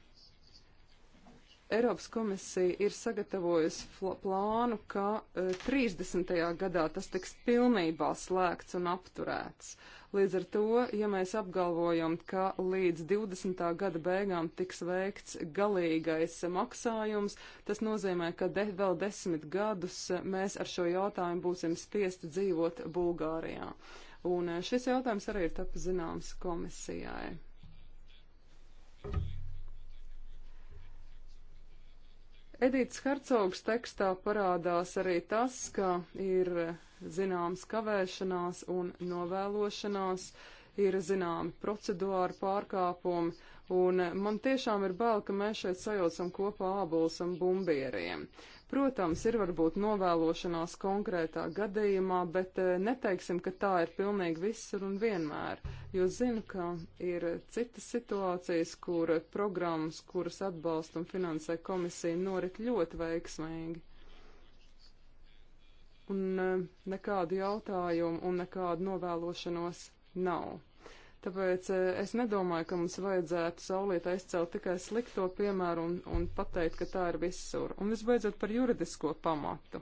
Eiropas komisija ir sagatavojusi plānu, ka uh, e, 30. gadā tas tiks pilnībā slēgts un apturēts. Līdz ar to, ja mēs apgalvojam, ka līdz 20. gada beigām tiks veikts galīgais maksājums, tas nozīmē, ka de vēl desmit gadus mēs ar šo jautājumu būsim spiesti dzīvot Bulgārijā. Un e, šis jautājums arī ir tapis zināms komisijai. Thank you. Edītas Hercogs tekstā parādās arī tas, ka ir zināms kavēšanās un novēlošanās, ir zināmi procedūru pārkāpumi, un man tiešām ir bail, ka mēs šeit sajaucam kopā ābols un bumbieriem. Uh, Protams, ir varbūt novēlošanās konkrētā gadījumā, bet eh, neteiksim, ka tā ir pilnīgi visur un vienmēr, jo zinu, ka ir citas situācijas, kur programmas, kuras atbalsta un finansē komisija, norit ļoti veiksmīgi. Un eh, nekādu jautājumu un nekādu novēlošanos nav. Tāpēc eh, es nedomāju, ka mums vajadzētu saulīt aizcelt tikai slikto piemēru un, un pateikt, ka tā ir visur. Un visbeidzot par juridisko pamatu.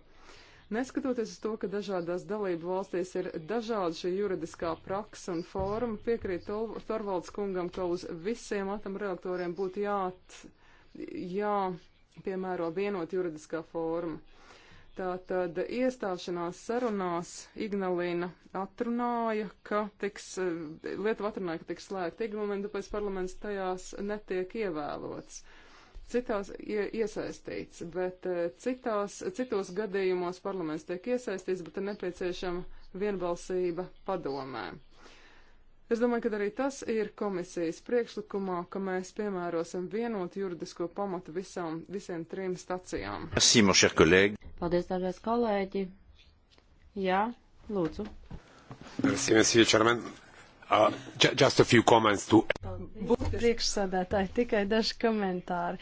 Neskatoties uz to, ka dažādās dalību valstīs ir dažāda šī juridiskā praksa un forma, piekrīt Torvalds kungam, ka uz visiem atomreaktoriem būtu jāt, jā, piemēro vienot juridiskā forma. Tātad iestāšanās sarunās Ignalina atrunāja, ka tiks, Lietuva atrunāja, ka tiks slēgta Ignalina, tāpēc parlaments tajās netiek ievēlots. Citās ie, iesaistīts, bet eh, citās, citos gadījumos parlaments tiek iesaistīts, bet ir nepieciešama vienbalsība padomē. Es domāju, ka arī tas ir komisijas priekšlikumā, ka mēs piemērosim vienotu juridisko pamatu visam, visiem trim stacijām. Paldies, dārgais kolēģi. Jā, lūdzu. Merci, merci, chairman. Uh, just a few comments to... Būtu priekšsēdētāji tikai daži komentāri.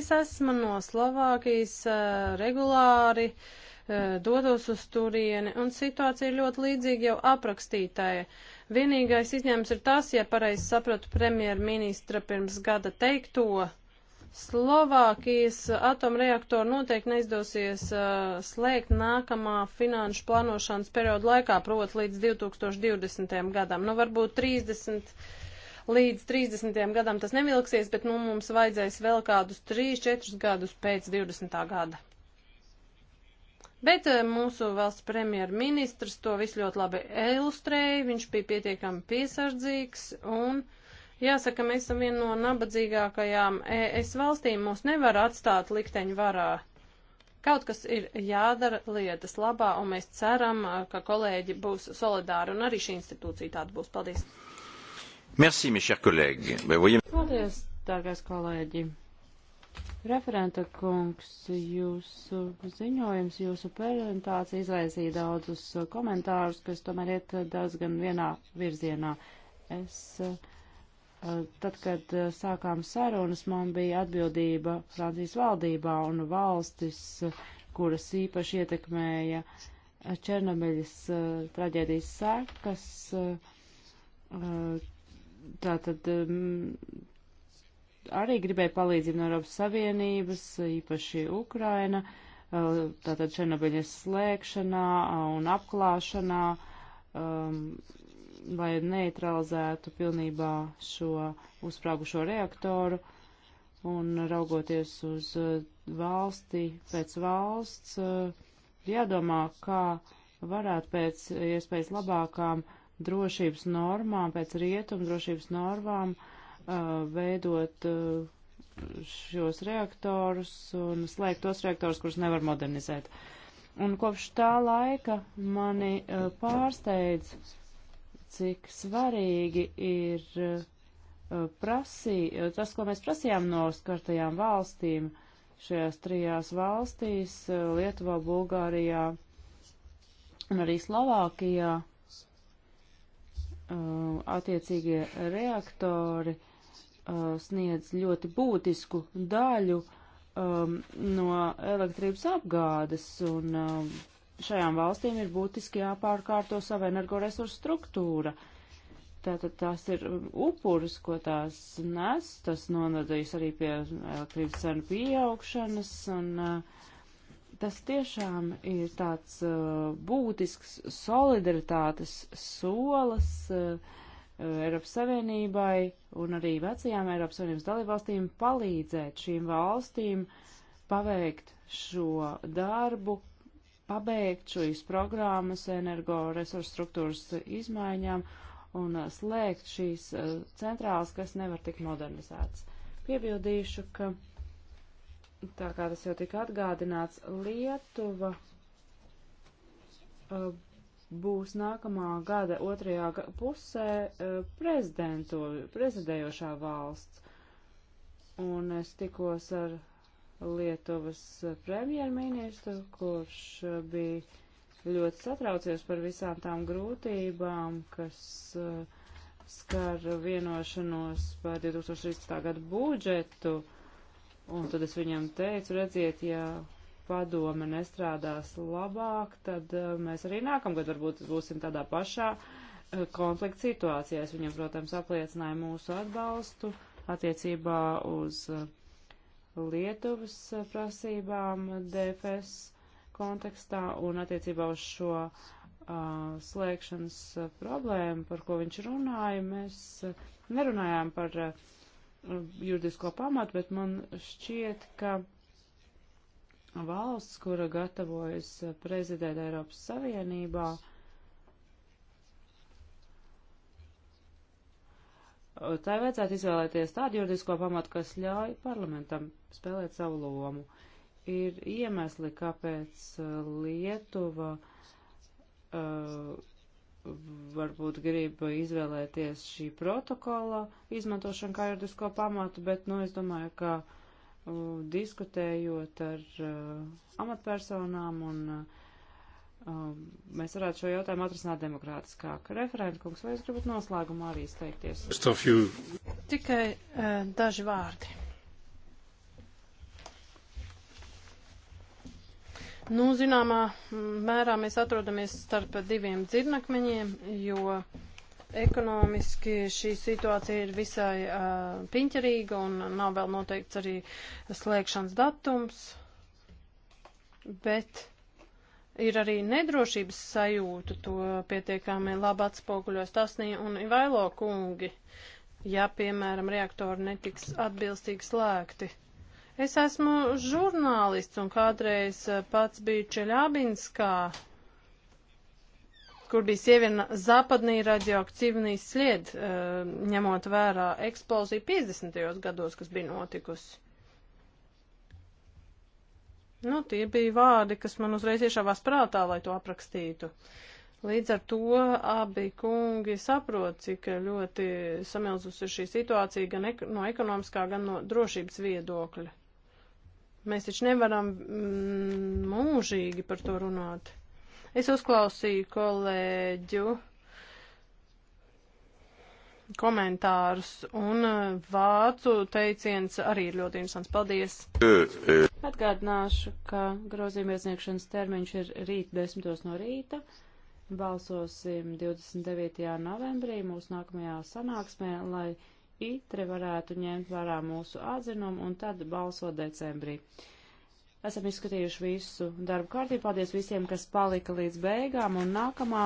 Es esmu no Slovākijas uh, regulāri. Uh, dodos uz turieni, un situācija ir ļoti līdzīga jau aprakstītāja. Uh, Vienīgais izņēmums ir tas, ja pareizi sapratu premjerministra pirms gada teikto, Slovākijas atomreaktoru noteikti neizdosies uh, slēgt nākamā finanšu plānošanas perioda laikā, proti līdz 2020. gadam. Nu, varbūt 30 līdz 30. gadam tas nevilksies, bet nu, mums vajadzēs vēl kādus 3-4 gadus pēc 20. gada. Bet eh, mūsu valsts premjerministrs to visu ļoti labi ilustrēja, viņš bija pietiekami piesardzīgs un. Jāsaka, mēs esam viena no nabadzīgākajām ES valstīm, mūs nevar atstāt likteņu varā. Kaut kas ir jādara lietas labā, un mēs ceram, eh, ka kolēģi būs solidāri, un arī šī institūcija tāda būs. Paldies! Merci, mes chers collègues. Ben, voyez... Paldies, dārgais kolēģi! Referenta kungs, jūsu ziņojums, jūsu prezentācija izraisīja daudzus uh, komentārus, kas tomēr iet uh, daudz gan vienā virzienā. Es, uh, tad, kad sākām sarunas, man bija atbildība Francijas valdībā un valstis, kuras īpaši ietekmēja Černobeļas traģēdijas sekas. Tātad um, arī gribēja palīdzību no Eiropas Savienības, īpaši Ukraina, eh, tātad Černobiļas slēgšanā eh, un apklāšanā, um, lai neutralizētu pilnībā šo uzsprāgušo reaktoru. Un raugoties uz eh, valsti pēc valsts, jādomā, kā varētu pēc iespējas labākām drošības normām, pēc rietumu drošības normām uh, Uh, veidot uh, šos reaktorus un slēgt tos reaktorus, kurus nevar modernizēt. Un kopš tā laika mani uh, pārsteidz, cik svarīgi ir prasī, tas, ko mēs prasījām no skartajām valstīm šajās trijās valstīs - Lietuvā, Bulgārijā un arī Slovākijā - attiecīgie reaktori uh, Uh, sniedz ļoti būtisku daļu um, no elektrības apgādes, un um, šajām valstīm ir būtiski jāpārkārto sava energoresursu struktūra. Tātad tās ir upuris, ko tās nes, tas nonadīs arī pie elektrības cenu pieaugšanas, un uh, tas tiešām ir tāds uh, būtisks solidaritātes solas, uh, Eiropas Savienībai un arī vecajām Eiropas Savienības dalībvalstīm palīdzēt šīm valstīm paveikt šo darbu, pabeigt šīs programmas energoresursu struktūras izmaiņām un uh, slēgt šīs uh, centrālas, kas nevar tikt modernizētas. Piebildīšu, ka tā kā tas jau tika atgādināts, Lietuva uh, būs nākamā gada otrajā pusē eh, prezidējošā valsts. Un es tikos ar Lietuvas eh, premjerministru, kurš eh, bija ļoti satraucies par visām tām grūtībām, kas skar vienošanos par 2013. gadu budžetu. Un tad es viņam teicu, redziet, ja padome nestrādās labāk, tad eh, mēs arī nākamgad varbūt būsim tādā pašā eh, konflikta situācijā. Es viņam, protams, apliecināju mūsu atbalstu attiecībā uz eh, Lietuvas prasībām DFS kontekstā un attiecībā uz šo uh, slēgšanas problēmu, par ko viņš runāja. Mēs nerunājām par uh, juridisko pamatu, bet man šķiet, ka valsts, kura gatavojas prezidēt Eiropas Savienībā, tai vajadzētu izvēlēties tādu juridisko pamatu, kas ļauj parlamentam spēlēt savu lomu. Ir iemesli, kāpēc uh, Lietuva uh, varbūt grib izvēlēties šī protokola izmantošanu kā juridisko pamatu, bet, nu, es domāju, ka uh, diskutējot ar uh, amatpersonām un uh, um, mēs varētu šo jautājumu atrisināt demokrātiskāk. Referenta kungs, vai jūs gribat noslēgumā arī izteikties? Tikai uh, daži vārdi. Nu, zināmā mērā mēs atrodamies starp diviem dzirnakmeņiem, jo uh, Ekonomiski šī situācija ir visai uh, piņķerīga un nav vēl noteikts arī slēgšanas datums, bet ir arī nedrošības sajūta, to pietiekami labi atspoguļos Tasnī un Ivailo kungi, ja, piemēram, reaktori netiks atbilstīgi slēgti. Es esmu žurnālists un kādreiz pats biju Čeļābinskā, kur bija sieviena zapadnī radioaktīvnī slied, eh, ņemot vērā eksploziju 50. gados, kas bija notikusi. Nu, tie bija vārdi, kas man uzreiz iešāvās prātā, lai to aprakstītu. Līdz ar to abi kungi saprot, cik ļoti samilzusi ir šī situācija gan ek no ekonomiskā, gan no drošības viedokļa. Mēs taču nevaram mm, mūžīgi par to runāt. Es uzklausīju kolēģu komentārus, un uh, vācu teiciens arī ir ļoti interesants. Paldies! Atgādināšu, ka grozījuma iesniegšanas termiņš ir rīt 10 no rīta. Balsosim 29. novembrī mūsu nākamajā sanāksmē, lai ITRE varētu ņemt vērā mūsu atzinumu un tad balso decembrī. Esam izskatījuši visu darbu kārtību. Paldies visiem, kas palika līdz beigām, un nākamā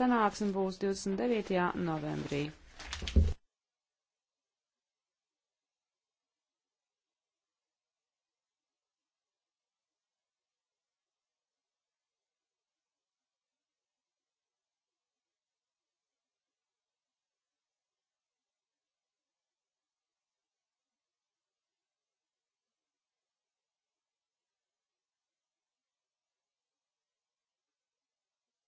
sanāksme būs 29. novembrī.